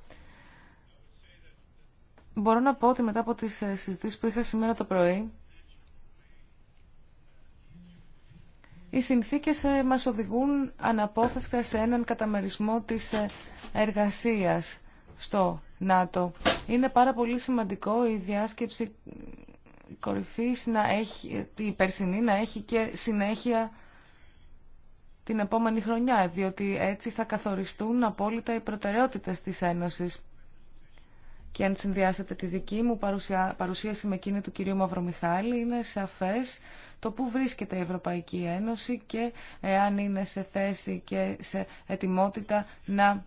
C: μπορώ να πω ότι μετά από τις ε, συζητήσεις που είχα σήμερα το πρωί, οι συνθήκες ε, μας οδηγούν αναπόφευκτα σε έναν καταμερισμό της εργασίας στο είναι πάρα πολύ σημαντικό η διάσκεψη κορυφής να έχει, η περσινή να έχει και συνέχεια την επόμενη χρονιά, διότι έτσι θα καθοριστούν απόλυτα οι προτεραιότητες της Ένωσης. Και αν συνδυάσετε τη δική μου παρουσίαση με εκείνη του κυρίου Μαυρομιχάλη, είναι σαφές το πού βρίσκεται η Ευρωπαϊκή Ένωση και εάν είναι σε θέση και σε ετοιμότητα να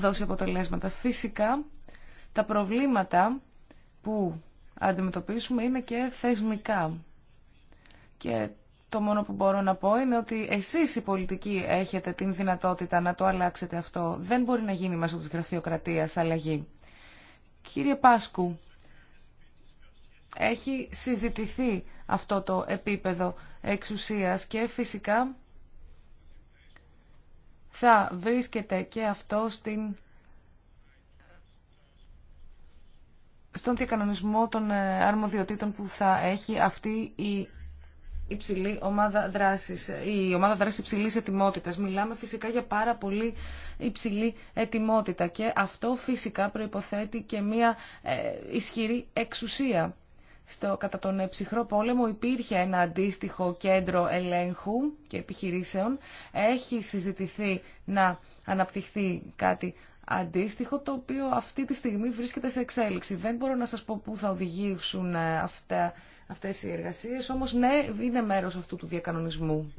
C: δώσει αποτελέσματα. Φυσικά, τα προβλήματα που αντιμετωπίσουμε είναι και θεσμικά. Και το μόνο που μπορώ να πω είναι ότι εσείς οι πολιτικοί έχετε την δυνατότητα να το αλλάξετε αυτό. Δεν μπορεί να γίνει μέσω της γραφειοκρατίας αλλαγή. Κύριε Πάσκου, έχει συζητηθεί αυτό το επίπεδο εξουσίας και φυσικά θα βρίσκεται και αυτό στον διακανονισμό των ε, αρμοδιοτήτων που θα έχει αυτή η υψηλή ομάδα δράσης, η ομάδα δράσης υψηλής ετοιμότητας. Μιλάμε φυσικά για πάρα πολύ υψηλή ετοιμότητα και αυτό φυσικά προϋποθέτει και μια ε, ισχυρή εξουσία στο, κατά τον ψυχρό πόλεμο υπήρχε ένα αντίστοιχο κέντρο ελέγχου και επιχειρήσεων. Έχει συζητηθεί να αναπτυχθεί κάτι αντίστοιχο, το οποίο αυτή τη στιγμή βρίσκεται σε εξέλιξη. Δεν μπορώ να σας πω πού θα οδηγήσουν ε, αυτά, αυτές οι εργασίες, όμως ναι, είναι μέρος αυτού του διακανονισμού.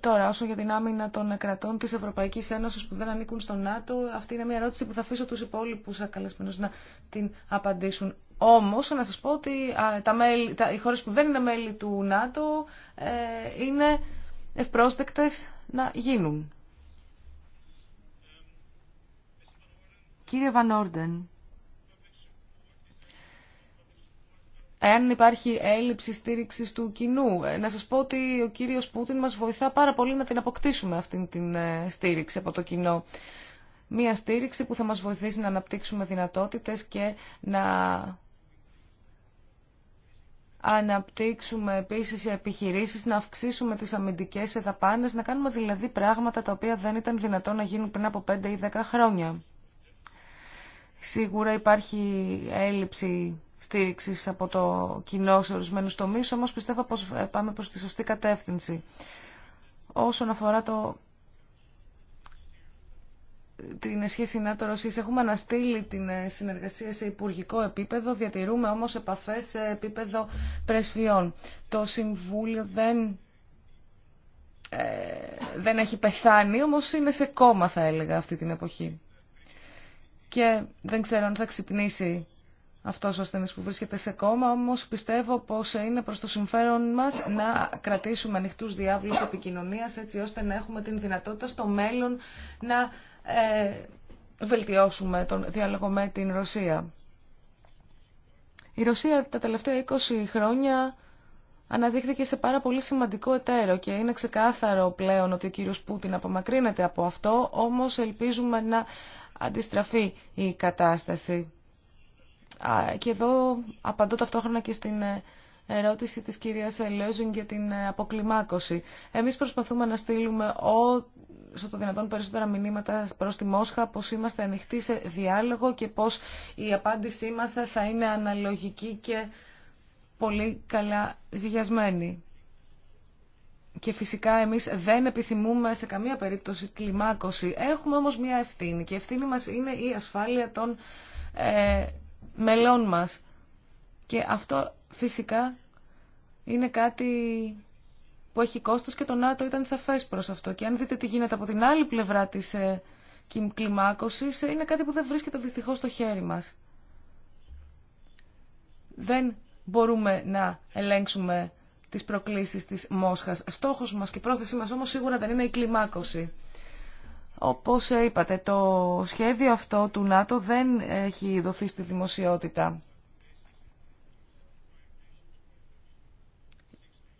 C: Τώρα, όσο για την άμυνα των κρατών τη Ευρωπαϊκή Ένωση που δεν ανήκουν στο ΝΑΤΟ, αυτή είναι μια ερώτηση που θα αφήσω τους υπόλοιπου καλεσμένου να την απαντήσουν. Όμως, να σας πω ότι τα τα, οι χώρε που δεν είναι μέλη του ΝΑΤΟ ε, είναι ευπρόσδεκτε να γίνουν. Κύριε Βανόρντεν. εάν υπάρχει έλλειψη στήριξη του κοινού. Ε, να σας πω ότι ο κύριος Πούτιν μας βοηθά πάρα πολύ να την αποκτήσουμε αυτή την ε, στήριξη από το κοινό. Μία στήριξη που θα μας βοηθήσει να αναπτύξουμε δυνατότητες και να αναπτύξουμε επίσης οι επιχειρήσεις, να αυξήσουμε τις αμυντικές εδαπάνες, να κάνουμε δηλαδή πράγματα τα οποία δεν ήταν δυνατόν να γίνουν πριν από 5 ή 10 χρόνια. Σίγουρα υπάρχει έλλειψη στήριξη από το κοινό σε ορισμένου τομεί, όμω πιστεύω πω ε, πάμε προ τη σωστή κατεύθυνση. Όσον αφορά το... την σχέση ΝΑΤΟ-Ρωσία, έχουμε αναστείλει την ε, συνεργασία σε υπουργικό επίπεδο, διατηρούμε όμω επαφέ σε επίπεδο πρεσβειών. Το Συμβούλιο δεν. Ε, δεν έχει πεθάνει, όμως είναι σε κόμμα θα έλεγα αυτή την εποχή. Και δεν ξέρω αν θα ξυπνήσει αυτό ο ασθενή που βρίσκεται σε κόμμα, όμω πιστεύω πω είναι προ το συμφέρον μα να κρατήσουμε ανοιχτού διάβλου επικοινωνία έτσι ώστε να έχουμε την δυνατότητα στο μέλλον να ε, βελτιώσουμε τον διάλογο με την Ρωσία. Η Ρωσία τα τελευταία 20 χρόνια αναδείχθηκε σε πάρα πολύ σημαντικό εταίρο και είναι ξεκάθαρο πλέον ότι ο κύριος Πούτιν απομακρύνεται από αυτό, όμως ελπίζουμε να αντιστραφεί η κατάσταση. Και εδώ απαντώ ταυτόχρονα και στην ε, ερώτηση της κυρίας Λέζιν για την ε, αποκλιμάκωση. Εμείς προσπαθούμε να στείλουμε όσο το δυνατόν περισσότερα μηνύματα προς τη Μόσχα, πως είμαστε ανοιχτοί σε διάλογο και πως η απάντησή μας θα είναι αναλογική και πολύ καλά ζυγιασμένη. Και φυσικά εμείς δεν επιθυμούμε σε καμία περίπτωση κλιμάκωση. Έχουμε όμως μία ευθύνη και η ευθύνη μας είναι η ασφάλεια των ε, μελών μας. Και αυτό φυσικά είναι κάτι που έχει κόστος και το ΝΑΤΟ ήταν σαφές προς αυτό. Και αν δείτε τι γίνεται από την άλλη πλευρά της ε, κλιμάκωσης, ε, είναι κάτι που δεν βρίσκεται δυστυχώς στο χέρι μας. Δεν μπορούμε να ελέγξουμε τις προκλήσεις της Μόσχας. Στόχος μας και πρόθεσή μας όμως σίγουρα δεν είναι η κλιμάκωση. Όπως είπατε, το σχέδιο αυτό του ΝΑΤΟ δεν έχει δοθεί στη δημοσιότητα.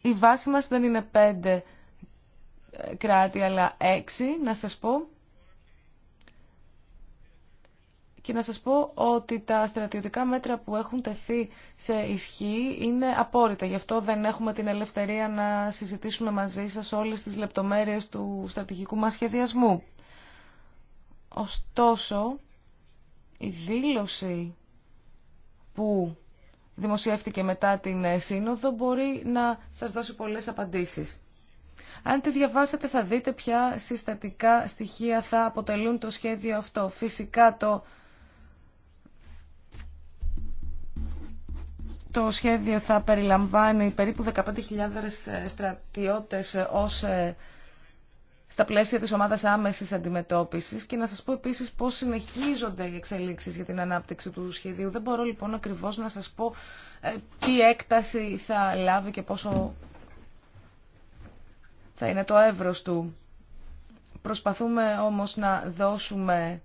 C: Η βάση μας δεν είναι πέντε κράτη, αλλά έξι, να σας πω. Και να σας πω ότι τα στρατιωτικά μέτρα που έχουν τεθεί σε ισχύ είναι απόρριτα. Γι' αυτό δεν έχουμε την ελευθερία να συζητήσουμε μαζί σας όλες τις λεπτομέρειες του στρατηγικού μας σχεδιασμού. Ωστόσο, η δήλωση που δημοσιεύτηκε μετά την ε, Σύνοδο μπορεί να σας δώσει πολλές απαντήσεις. Αν τη διαβάσετε θα δείτε ποια συστατικά στοιχεία θα αποτελούν το σχέδιο αυτό. Φυσικά το, το σχέδιο θα περιλαμβάνει περίπου 15.000 ε, στρατιώτες ως ε, στα πλαίσια της ομάδας άμεσης αντιμετώπισης και να σας πω επίσης πώς συνεχίζονται οι εξελίξεις για την ανάπτυξη του σχεδίου. Δεν μπορώ λοιπόν ακριβώς να σας πω ε, τι έκταση θα λάβει και πόσο θα είναι το εύρος του. Προσπαθούμε όμως να δώσουμε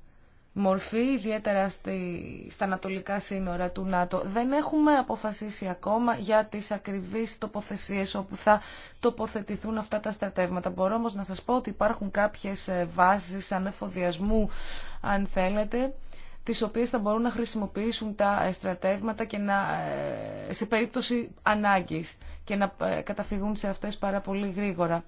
C: μορφή, ιδιαίτερα στη, στα ανατολικά σύνορα του ΝΑΤΟ. Δεν έχουμε αποφασίσει ακόμα για τις ακριβείς τοποθεσίες όπου θα τοποθετηθούν αυτά τα στρατεύματα. Μπορώ όμως να σας πω ότι υπάρχουν κάποιες ε, βάσεις ανεφοδιασμού, αν θέλετε, τις οποίες θα μπορούν να χρησιμοποιήσουν τα ε, στρατεύματα και να, ε, σε περίπτωση ανάγκης και να καταφυγούν σε αυτές πάρα πολύ γρήγορα.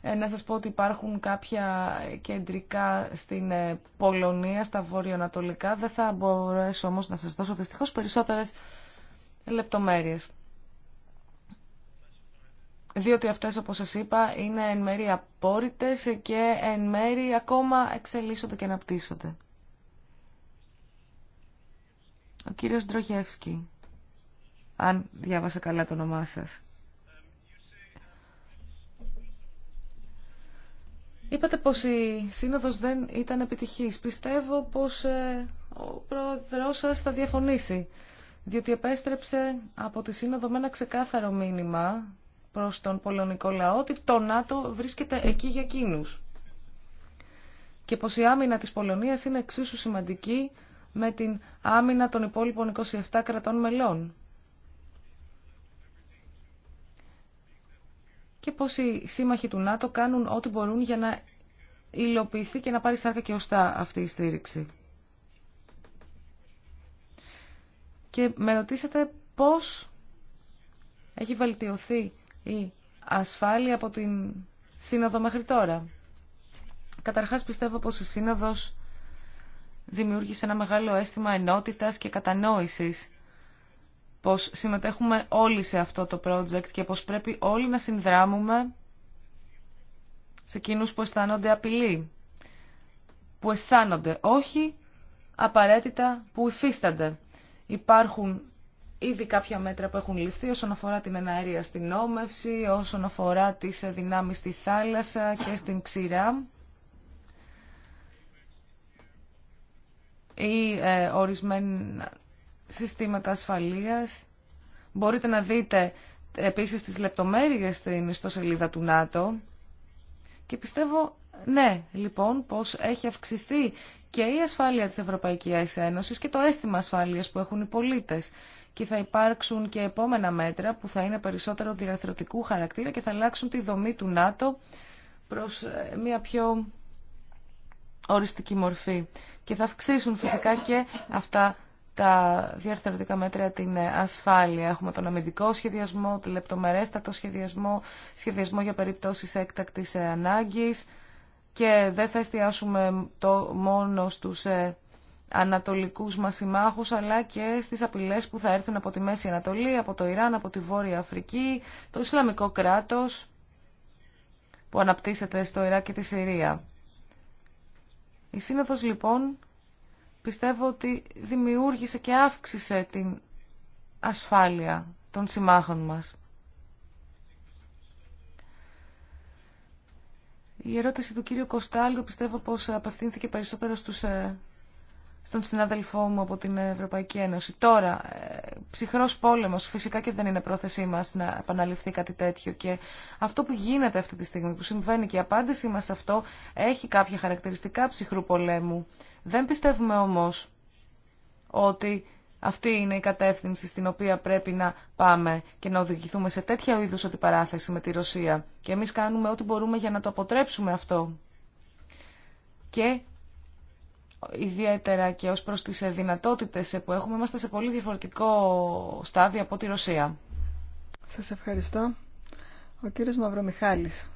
C: Ε, να σας πω ότι υπάρχουν κάποια κεντρικά στην ε, Πολωνία, στα βορειοανατολικά. Δεν θα μπορέσω όμως να σας δώσω δυστυχώς περισσότερες λεπτομέρειες. Διότι αυτές, όπως σας είπα, είναι εν μέρη απόρριτες και εν μέρη ακόμα εξελίσσονται και αναπτύσσονται. Ο κύριος Ντρογεύσκη, αν διάβασα καλά το όνομά σας. Είπατε πως η σύνοδος δεν ήταν επιτυχής. Πιστεύω πως ε, ο πρόεδρός σας θα διαφωνήσει, διότι επέστρεψε από τη σύνοδο με ένα ξεκάθαρο μήνυμα προς τον πολωνικό λαό ότι το ΝΑΤΟ βρίσκεται εκεί για εκείνους και πως η άμυνα της Πολωνίας είναι εξίσου σημαντική με την άμυνα των υπόλοιπων 27 κρατών μελών. και πως οι σύμμαχοι του ΝΑΤΟ κάνουν ό,τι μπορούν για να υλοποιηθεί και να πάρει σάρκα και οστά αυτή η στήριξη. Και με ρωτήσατε πώς έχει βελτιωθεί η ασφάλεια από την σύνοδο μέχρι τώρα. Καταρχάς πιστεύω πως η σύνοδος δημιούργησε ένα μεγάλο αίσθημα ενότητας και κατανόησης πως συμμετέχουμε όλοι σε αυτό το project και πως πρέπει όλοι να συνδράμουμε σε εκείνους που αισθάνονται απειλή, που αισθάνονται, όχι απαραίτητα που υφίστανται. Υπάρχουν ήδη κάποια μέτρα που έχουν ληφθεί όσον αφορά την εναερία στην όμευση, όσον αφορά τις δυνάμεις στη θάλασσα και στην ξηρά. Ή ε, ορισμένα συστήματα ασφαλείας. Μπορείτε να δείτε επίσης τις λεπτομέρειες στην ιστοσελίδα του ΝΑΤΟ. Και πιστεύω, ναι, λοιπόν, πως έχει αυξηθεί και η ασφάλεια της Ευρωπαϊκής Ένωσης και το αίσθημα ασφάλειας που έχουν οι πολίτες. Και θα υπάρξουν και επόμενα μέτρα που θα είναι περισσότερο διαρθρωτικού χαρακτήρα και θα αλλάξουν τη δομή του ΝΑΤΟ προς ε, μια πιο οριστική μορφή. Και θα αυξήσουν φυσικά και αυτά τα διαρθρωτικά μέτρα, την ασφάλεια. Έχουμε τον αμυντικό σχεδιασμό, τη λεπτομερέστατο σχεδιασμό, σχεδιασμό για περιπτώσεις έκτακτης ανάγκης και δεν θα εστιάσουμε το μόνο στους ε, ανατολικούς μας συμμάχους αλλά και στις απειλές που θα έρθουν από τη Μέση Ανατολή, από το Ιράν, από τη Βόρεια Αφρική, το Ισλαμικό κράτος που αναπτύσσεται στο Ιράκ και τη Συρία. Η Σύνοδος λοιπόν πιστεύω ότι δημιούργησε και αύξησε την ασφάλεια των συμμάχων μας. Η ερώτηση του κύριου Κοστάλλου πιστεύω πως απευθύνθηκε περισσότερο στους ε, στον συνάδελφό μου από την Ευρωπαϊκή Ένωση. Τώρα, ε, ψυχρός πόλεμος, φυσικά και δεν είναι πρόθεσή μας να επαναληφθεί κάτι τέτοιο και αυτό που γίνεται αυτή τη στιγμή, που συμβαίνει και η απάντησή μας σε αυτό, έχει κάποια χαρακτηριστικά ψυχρού πολέμου. Δεν πιστεύουμε όμως ότι αυτή είναι η κατεύθυνση στην οποία πρέπει να πάμε και να οδηγηθούμε σε τέτοια είδους αντιπαράθεση παράθεση με τη Ρωσία. Και εμείς κάνουμε ό,τι μπορούμε για να το αποτρέψουμε αυτό. Και ιδιαίτερα και ως προς τις δυνατότητες που έχουμε, είμαστε σε πολύ διαφορετικό στάδιο από τη Ρωσία.
A: Σας ευχαριστώ. Ο κύριος Μαυρομιχάλης.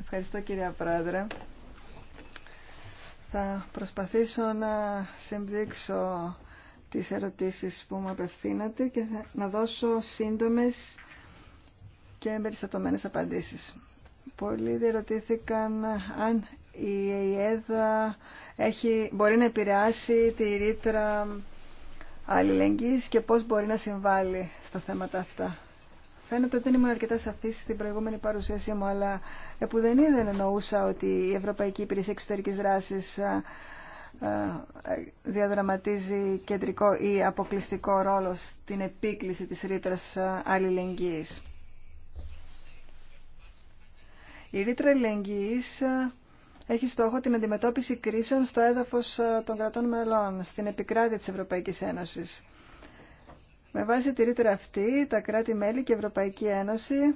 A: Ευχαριστώ κυρία Πρόεδρε. Θα προσπαθήσω να συμπτύξω τις ερωτήσεις που μου απευθύνατε και να δώσω σύντομες και περιστατωμένες απαντήσεις. Πολλοί ρωτήθηκαν αν η ΕΕΔΑ έχει, μπορεί να επηρεάσει τη ρήτρα αλληλεγγύης και πώς μπορεί να συμβάλλει στα θέματα αυτά. Φαίνεται ότι δεν ήμουν αρκετά σαφή στην προηγούμενη παρουσίασή μου, αλλά που δεν εννοούσα ότι η Ευρωπαϊκή Υπηρεσία Εξωτερική Δράση διαδραματίζει κεντρικό ή αποκλειστικό ρόλο στην επίκληση της ρήτρας αλληλεγγύης. Η ρήτρα ελεγγύης ε, έχει στόχο την αντιμετώπιση κρίσεων στο έδαφος ε, των κρατών μελών, στην επικράτεια της Ευρωπαϊκής Ένωσης. Με βάση τη ρήτρα αυτή, τα κράτη-μέλη και η Ευρωπαϊκή Ένωση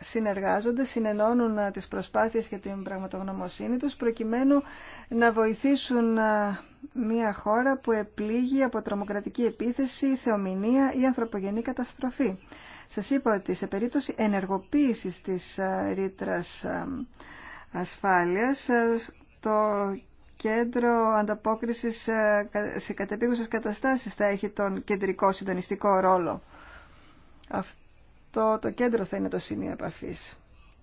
A: συνεργάζονται, συνενώνουν ε, τις προσπάθειες και την πραγματογνωμοσύνη τους προκειμένου να βοηθήσουν μια χώρα που επλήγει από τρομοκρατική επίθεση, θεομηνία ή ανθρωπογενή καταστροφή. Σας είπα ότι σε περίπτωση ενεργοποίησης της ε, ρήτρα ε, ασφάλειας, ε, το κέντρο ανταπόκρισης σε κατεπίγουσες καταστάσεις θα έχει τον κεντρικό συντονιστικό ρόλο. Αυτό το κέντρο θα είναι το σημείο επαφής.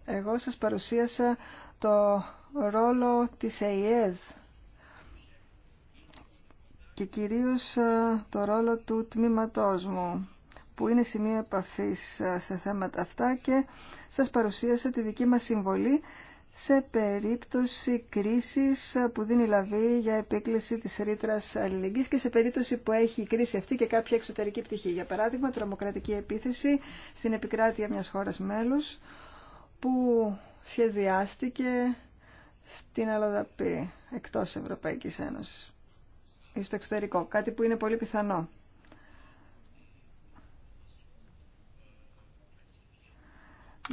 A: Εγώ σας παρουσίασα το ρόλο της ΕΙΕΔ και κυρίως ε, το ρόλο του τμήματός μου που είναι σημείο επαφής ε, σε θέματα αυτά και σας παρουσίασα τη δική μας συμβολή σε περίπτωση κρίσης ε, που δίνει λαβή για επίκληση της ρήτρα αλληλεγγύης και σε περίπτωση που έχει η κρίση αυτή και κάποια εξωτερική πτυχή. Για παράδειγμα, τρομοκρατική επίθεση στην επικράτεια μιας χώρας μέλους που σχεδιάστηκε στην αλλοδαπή εκτός Ευρωπαϊκής Ένωσης ή στο εξωτερικό, κάτι που είναι πολύ πιθανό.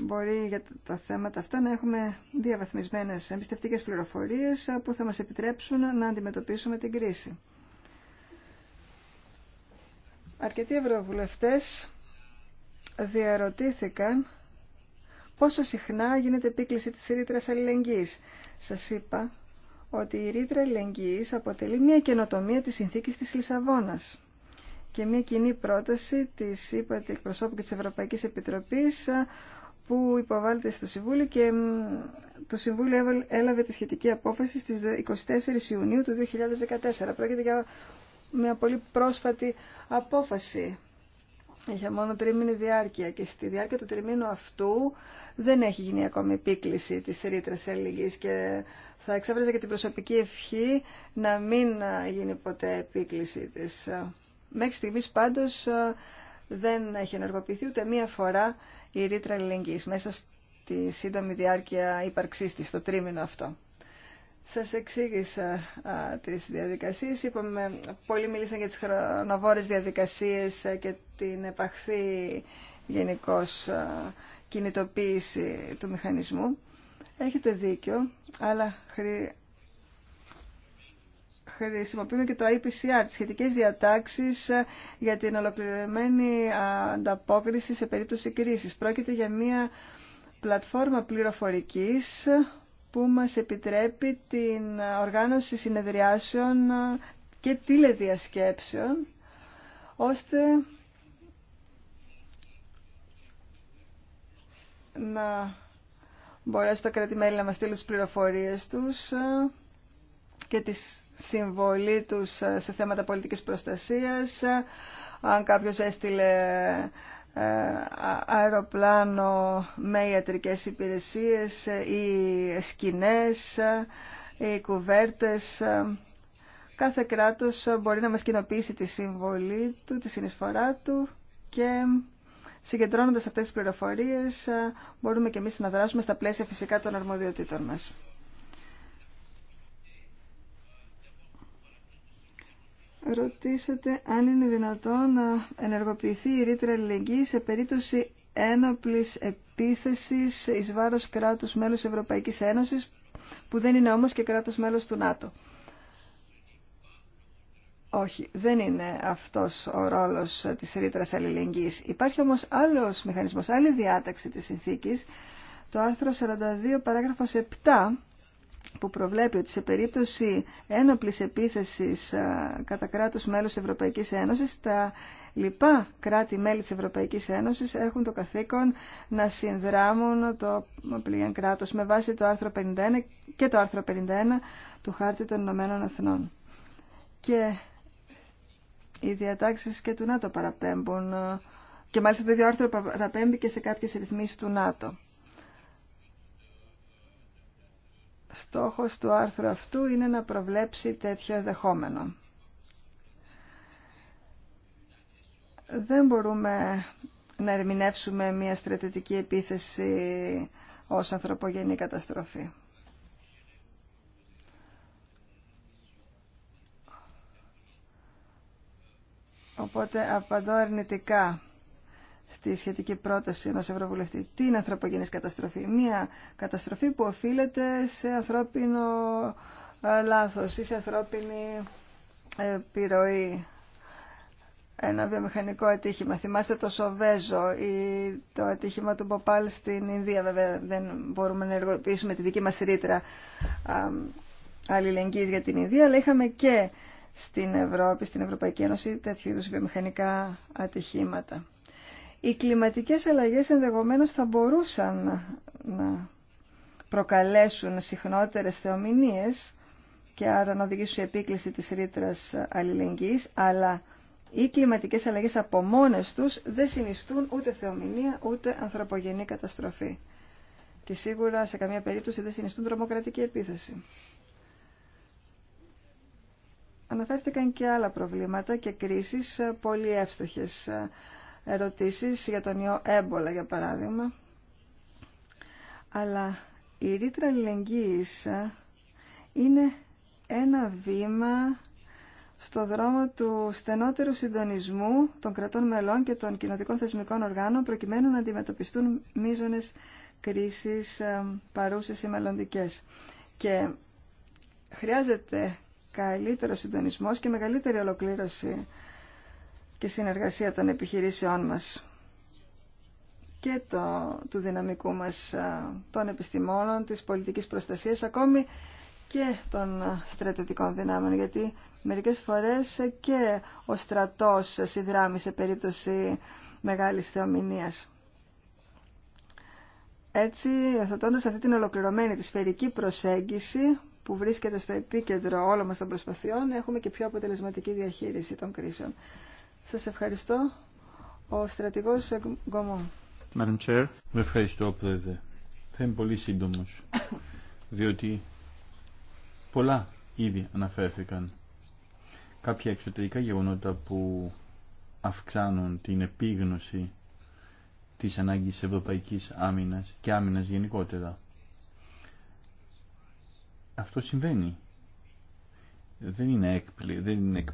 A: Μπορεί για τα θέματα αυτά να έχουμε διαβαθμισμένες εμπιστευτικές πληροφορίες που θα μας επιτρέψουν να αντιμετωπίσουμε την κρίση. Αρκετοί ευρωβουλευτές διαρωτήθηκαν πόσο συχνά γίνεται επίκληση της ρήτρας αλληλεγγύης. Σας είπα ότι η ρήτρα ελεγγύης αποτελεί μια καινοτομία της συνθήκης της Λισαβόνας και μια κοινή πρόταση της ΥΠΑΤΗ εκπροσώπου και της Ευρωπαϊκής Επιτροπής που υποβάλλεται στο Συμβούλιο και το Συμβούλιο έλαβε τη σχετική απόφαση στις 24 Ιουνίου του 2014. Πρόκειται για μια πολύ πρόσφατη απόφαση. Είχε μόνο τρίμηνη διάρκεια και στη διάρκεια του τριμήνου αυτού δεν έχει γίνει ακόμη επίκληση της ρήτρας ελληνικής και θα εξέφραζε και την προσωπική ευχή να μην γίνει ποτέ επίκληση της. Μέχρι στιγμής πάντως δεν έχει ενεργοποιηθεί ούτε μία φορά η ρήτρα ελληνικής μέσα στη σύντομη διάρκεια ύπαρξής της, το τρίμηνο αυτό. Σας εξήγησα α, τις διαδικασίες. Είπαμε, πολλοί μίλησαν για τις χρονοβόρες διαδικασίες και την επαχθή γενικώ κινητοποίηση του μηχανισμού. Έχετε δίκιο, αλλά χρησιμοποιούμε και το IPCR, τις σχετικές διατάξεις ε, για την ολοκληρωμένη ανταπόκριση σε περίπτωση κρίσης. Πρόκειται για μια πλατφόρμα πληροφορικής ε, που μας επιτρέπει την ε, οργάνωση συνεδριάσεων και τηλεδιασκέψεων, ώστε να μπορέσουν τα κρατημέλη να μας στείλουν τις πληροφορίες τους ε, και τη συμβολή τους ε, σε θέματα πολιτικής προστασίας. Ε, αν κάποιος έστειλε αεροπλάνο με ιατρικές υπηρεσίες ή σκηνές ή κουβέρτες. Κάθε κράτος μπορεί να μας κοινοποιήσει τη συμβολή του, τη συνεισφορά του και Συγκεντρώνοντας αυτές τις πληροφορίες ε, μπορούμε και εμείς να δράσουμε στα πλαίσια φυσικά των αρμοδιοτήτων μας. Ρωτήσατε αν είναι δυνατόν να ενεργοποιηθεί η ρήτρα αλληλεγγύη σε περίπτωση ένοπλης επίθεσης εις βάρος κράτους μέλους Ευρωπαϊκής Ένωσης που δεν είναι όμως και κράτος μέλος του ΝΑΤΟ. Όχι, δεν είναι αυτός ο ρόλος της ρήτρας αλληλεγγύης. Υπάρχει όμως άλλος μηχανισμός, άλλη διάταξη της συνθήκης, το άρθρο 42 παράγραφος 7, που προβλέπει ότι σε περίπτωση ένοπλης επίθεσης ε, κατά κράτους μέλους Ευρωπαϊκής Ένωσης, τα λοιπά κράτη-μέλη της Ευρωπαϊκής Ένωσης έχουν το καθήκον να συνδράμουν το πλήγαν κράτος με βάση το άρθρο 51 και το άρθρο 51 του Χάρτη των Ηνωμένων Εθνών. Και οι διατάξεις και του ΝΑΤΟ παραπέμπουν ε, και μάλιστα το ίδιο άρθρο παραπέμπει και σε κάποιες ρυθμίσεις του ΝΑΤΟ. Στόχος του άρθρου αυτού είναι να προβλέψει τέτοιο δεχόμενο. Δεν μπορούμε να ερμηνεύσουμε μια στρατιωτική επίθεση ως ανθρωπογενή καταστροφή. Οπότε απαντώ αρνητικά στη σχετική πρόταση ενό Ευρωβουλευτή. Τι είναι ανθρωπογενής καταστροφή. Μία καταστροφή που οφείλεται σε ανθρώπινο ε, λάθο ή σε ανθρώπινη ε, επιρροή. Ένα βιομηχανικό ατύχημα. Θυμάστε το Σοβέζο ή το ατύχημα του Μποπάλ στην Ινδία. Βέβαια δεν μπορούμε να εργοποιήσουμε τη δική μας ρήτρα αλληλεγγύης για την Ινδία, αλλά είχαμε και στην Ευρώπη, στην Ευρωπαϊκή Ένωση, τέτοιου είδους βιομηχανικά ατυχήματα. Οι κλιματικές αλλαγές ενδεχομένως θα μπορούσαν να προκαλέσουν συχνότερες θεομηνίες και άρα να οδηγήσουν σε επίκληση της ρήτρα αλληλεγγύης, αλλά οι κλιματικές αλλαγές από μόνες τους δεν συνιστούν ούτε θεομηνία ούτε ανθρωπογενή καταστροφή. Και σίγουρα σε καμία περίπτωση δεν συνιστούν τρομοκρατική επίθεση αναφέρθηκαν και άλλα προβλήματα και κρίσεις ε, πολύ εύστοχες ε, ερωτήσεις για τον ιό έμπολα για παράδειγμα. Αλλά η ρήτρα αλληλεγγύης ε, είναι ένα βήμα στο δρόμο του στενότερου συντονισμού των κρατών μελών και των κοινοτικών θεσμικών οργάνων προκειμένου να αντιμετωπιστούν μείζονες κρίσεις παρούσες ή μελλοντικές. Και χρειάζεται καλύτερο συντονισμό και μεγαλύτερη ολοκλήρωση και συνεργασία των επιχειρήσεών μας και το, του δυναμικού μας των επιστημόνων, της πολιτικής προστασίας, ακόμη και των στρατιωτικών δυνάμεων, γιατί μερικές φορές και ο στρατός συνδράμει σε περίπτωση μεγάλης θεομηνίας. Έτσι, θετώντας αυτή την ολοκληρωμένη τη σφαιρική προσέγγιση, που βρίσκεται στο επίκεντρο όλων μας των προσπαθειών, έχουμε και πιο αποτελεσματική διαχείριση των κρίσεων. Σας ευχαριστώ. Ο στρατηγός Γκομό.
B: Με ευχαριστώ, Πρόεδρε. Θα είμαι πολύ σύντομο, διότι πολλά ήδη αναφέρθηκαν. Κάποια εξωτερικά γεγονότα που αυξάνουν την επίγνωση της ανάγκης ευρωπαϊκής άμυνας και άμυνας γενικότερα. Αυτό συμβαίνει. Δεν είναι, εκπλή, δεν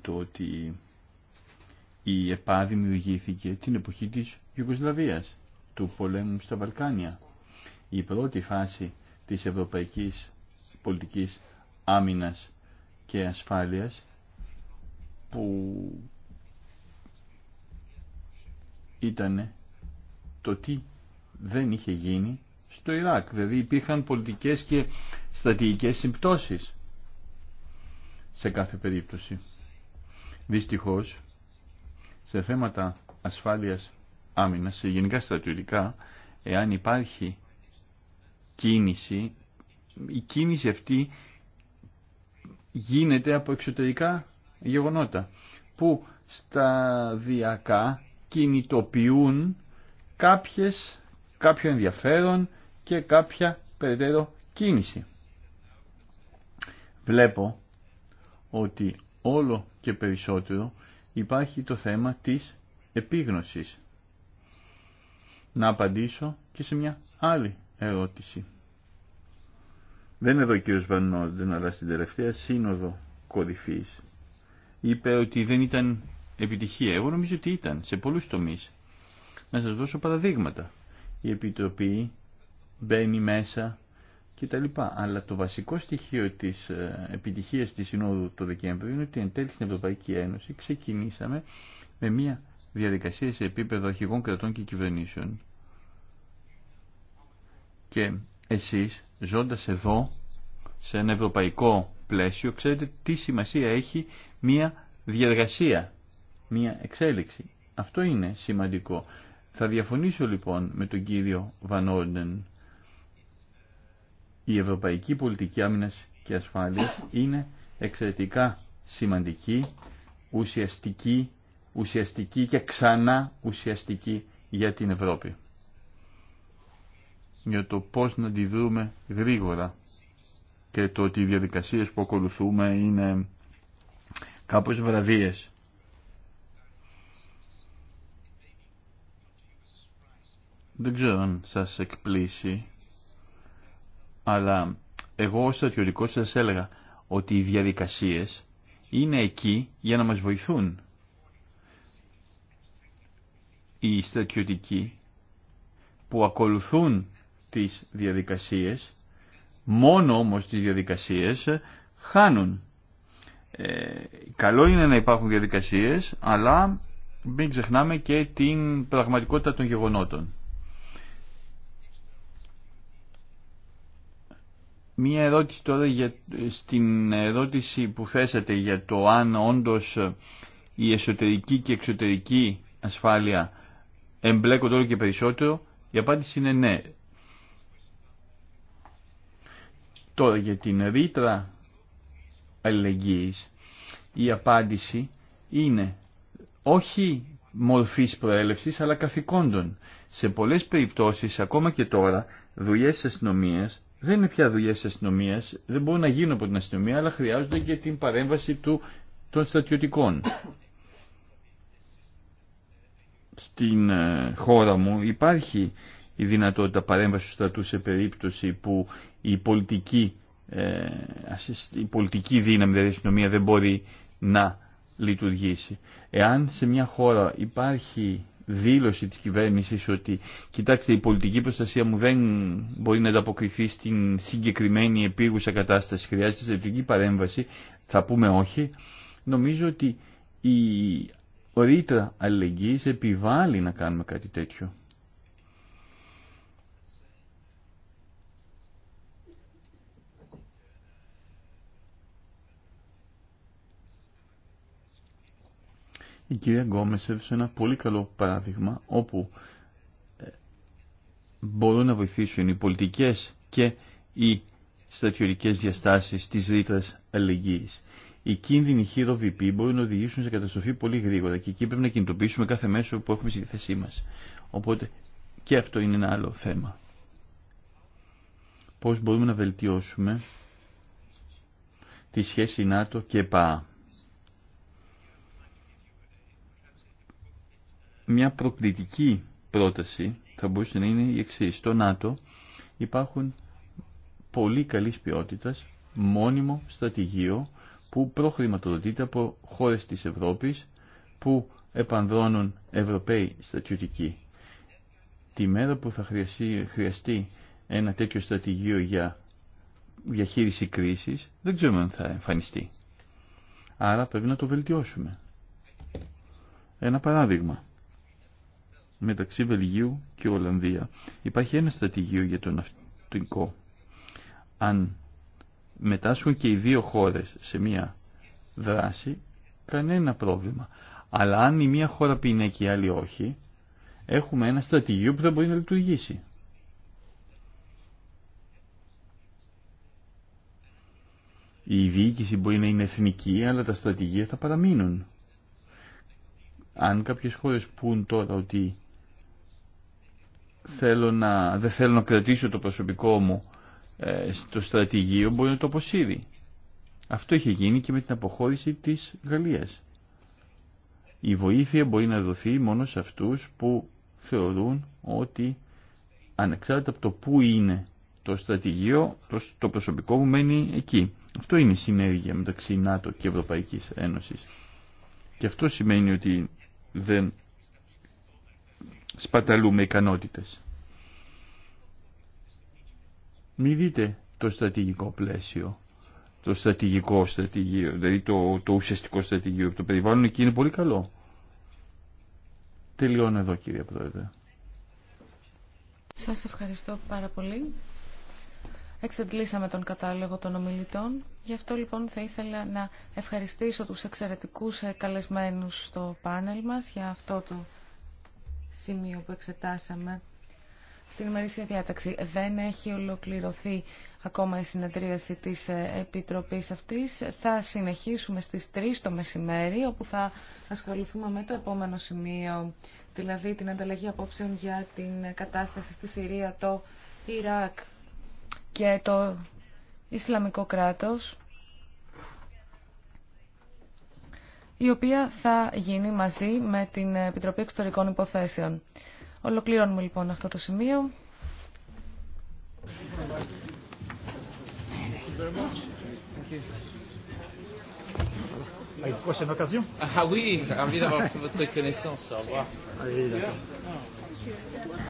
B: το ότι η ΕΠΑ δημιουργήθηκε την εποχή της Ιουγκοσλαβίας, του πολέμου στα Βαλκάνια. Η πρώτη φάση της ευρωπαϊκής πολιτικής άμυνας και ασφάλειας που ήταν το τι δεν είχε γίνει στο Ιράκ. Δηλαδή υπήρχαν πολιτικές και στατικές συμπτώσεις σε κάθε περίπτωση. Δυστυχώς, σε θέματα ασφάλειας άμυνας, σε γενικά στρατιωτικά, εάν υπάρχει κίνηση, η κίνηση αυτή γίνεται από εξωτερικά γεγονότα που σταδιακά κινητοποιούν κάποιες, κάποιο ενδιαφέρον και κάποια περαιτέρω κίνηση βλέπω ότι όλο και περισσότερο υπάρχει το θέμα της επίγνωσης. Να απαντήσω και σε μια άλλη ερώτηση. Δεν εδώ ο κύριος Βαρνόντεν, αλλά στην τελευταία σύνοδο κορυφής είπε ότι δεν ήταν επιτυχία. Εγώ νομίζω ότι ήταν, σε πολλούς τομείς. Να σας δώσω παραδείγματα. Η Επιτροπή μπαίνει μέσα κτλ. Αλλά το βασικό στοιχείο της ε, επιτυχίας της Συνόδου το Δεκέμβριο είναι ότι εν τέλει στην Ευρωπαϊκή Ένωση ξεκινήσαμε με μια διαδικασία σε επίπεδο αρχηγών κρατών και κυβερνήσεων. Και εσείς ζώντας εδώ σε ένα ευρωπαϊκό πλαίσιο ξέρετε τι σημασία έχει μια διαδικασία, μια εξέλιξη. Αυτό είναι σημαντικό. Θα διαφωνήσω λοιπόν με τον κύριο Βαν η ευρωπαϊκή πολιτική άμυνας και ασφάλειας είναι εξαιρετικά σημαντική, ουσιαστική, ουσιαστική και ξανά ουσιαστική για την Ευρώπη. Για το πώς να αντιδρούμε γρήγορα και το ότι οι διαδικασίες που ακολουθούμε είναι κάπως βραβείες. Δεν ξέρω αν σας εκπλήσει αλλά εγώ ως στρατιωτικός σας έλεγα ότι οι διαδικασίες είναι εκεί για να μας βοηθούν. Οι στρατιωτικοί που ακολουθούν τις διαδικασίες, μόνο όμως τις διαδικασίες, χάνουν. Ε, καλό είναι να υπάρχουν διαδικασίες, αλλά μην ξεχνάμε και την πραγματικότητα των γεγονότων. Μία ερώτηση τώρα για, στην ερώτηση που θέσατε για το αν όντως η εσωτερική και εξωτερική ασφάλεια εμπλέκονται όλο και περισσότερο, η απάντηση είναι ναι. Τώρα για την ρήτρα αλληλεγγύης η απάντηση είναι όχι μορφής προέλευσης αλλά καθηκόντων. Σε πολλές περιπτώσεις ακόμα και τώρα δουλειές αστυνομίας δεν είναι πια δουλειά τη αστυνομία, δεν μπορούν να γίνουν από την αστυνομία, αλλά χρειάζονται και την παρέμβαση του, των στρατιωτικών. Στην ε, χώρα μου υπάρχει η δυνατότητα παρέμβαση του στρατού σε περίπτωση που η πολιτική, ε, η πολιτική δύναμη, δηλαδή η αστυνομία, δεν μπορεί να λειτουργήσει. Εάν σε μια χώρα υπάρχει δήλωση της κυβέρνησης ότι κοιτάξτε η πολιτική προστασία μου δεν μπορεί να ανταποκριθεί στην συγκεκριμένη επίγουσα κατάσταση, χρειάζεται στρατιωτική παρέμβαση, θα πούμε όχι, νομίζω ότι η ρήτρα αλληλεγγύης επιβάλλει να κάνουμε κάτι τέτοιο. η κυρία Γκόμες έδωσε ένα πολύ καλό παράδειγμα όπου ε, μπορούν να βοηθήσουν οι πολιτικές και οι στρατιωτικές διαστάσεις της ρήτρας αλληλεγγύης. Οι κίνδυνοι χείρο VP μπορούν να οδηγήσουν σε καταστροφή πολύ γρήγορα και εκεί πρέπει να κινητοποιήσουμε κάθε μέσο που έχουμε στη θέσή μας. Οπότε και αυτό είναι ένα άλλο θέμα. Πώς μπορούμε να βελτιώσουμε τη σχέση ΝΑΤΟ και ΕΠΑ. Μια προκλητική πρόταση θα μπορούσε να είναι η εξή. Στο ΝΑΤΟ υπάρχουν πολύ καλής ποιότητας μόνιμο στρατηγείο που προχρηματοδοτείται από χώρες της Ευρώπης που επανδρώνουν Ευρωπαίοι στρατιωτικοί. Τη μέρα που θα χρειαστεί, χρειαστεί ένα τέτοιο στρατηγείο για διαχείριση κρίσης, δεν ξέρουμε αν θα εμφανιστεί. Άρα πρέπει να το βελτιώσουμε. Ένα παράδειγμα μεταξύ Βελγίου και Ολλανδία. Υπάρχει ένα στρατηγείο για το ναυτικό. Αν μετάσχουν και οι δύο χώρες σε μία δράση, κανένα πρόβλημα. Αλλά αν η μία χώρα πει ναι και η άλλη όχι, έχουμε ένα στρατηγείο που δεν μπορεί να λειτουργήσει. Η διοίκηση μπορεί να είναι εθνική, αλλά τα στρατηγεία θα παραμείνουν. Αν κάποιες χώρες πούν τώρα ότι θέλω να, δεν θέλω να κρατήσω το προσωπικό μου ε, στο στρατηγείο μπορεί να το αποσύρει. Αυτό είχε γίνει και με την αποχώρηση της Γαλλίας. Η βοήθεια μπορεί να δοθεί μόνο σε αυτούς που θεωρούν ότι ανεξάρτητα από το που είναι το στρατηγείο, το, προσωπικό μου μένει εκεί. Αυτό είναι η συνέργεια μεταξύ ΝΑΤΟ και Ευρωπαϊκής Ένωσης. Και αυτό σημαίνει ότι δεν σπαταλούμε ικανότητες. Μη δείτε το στρατηγικό πλαίσιο, το στρατηγικό στρατηγείο, δηλαδή το, το ουσιαστικό στρατηγείο, το περιβάλλον εκεί είναι πολύ καλό. Τελειώνω εδώ κύριε Πρόεδρε.
C: Σας ευχαριστώ πάρα πολύ. Εξαντλήσαμε τον κατάλογο των ομιλητών. Γι' αυτό λοιπόν θα ήθελα να ευχαριστήσω τους εξαιρετικούς ε, καλεσμένους στο πάνελ μας για αυτό το σημείο που εξετάσαμε στην ημερήσια διάταξη. Δεν έχει ολοκληρωθεί ακόμα η συνεδρίαση της ε, Επιτροπής αυτής. Θα συνεχίσουμε στις 3 το μεσημέρι, όπου θα ασχοληθούμε με το επόμενο σημείο, δηλαδή την ανταλλαγή απόψεων για την κατάσταση στη Συρία, το Ιράκ και το Ισλαμικό κράτος. η οποία θα γίνει μαζί με την Επιτροπή Εξωτερικών Υποθέσεων. Ολοκληρώνουμε λοιπόν αυτό το σημείο.
B: Ah au revoir.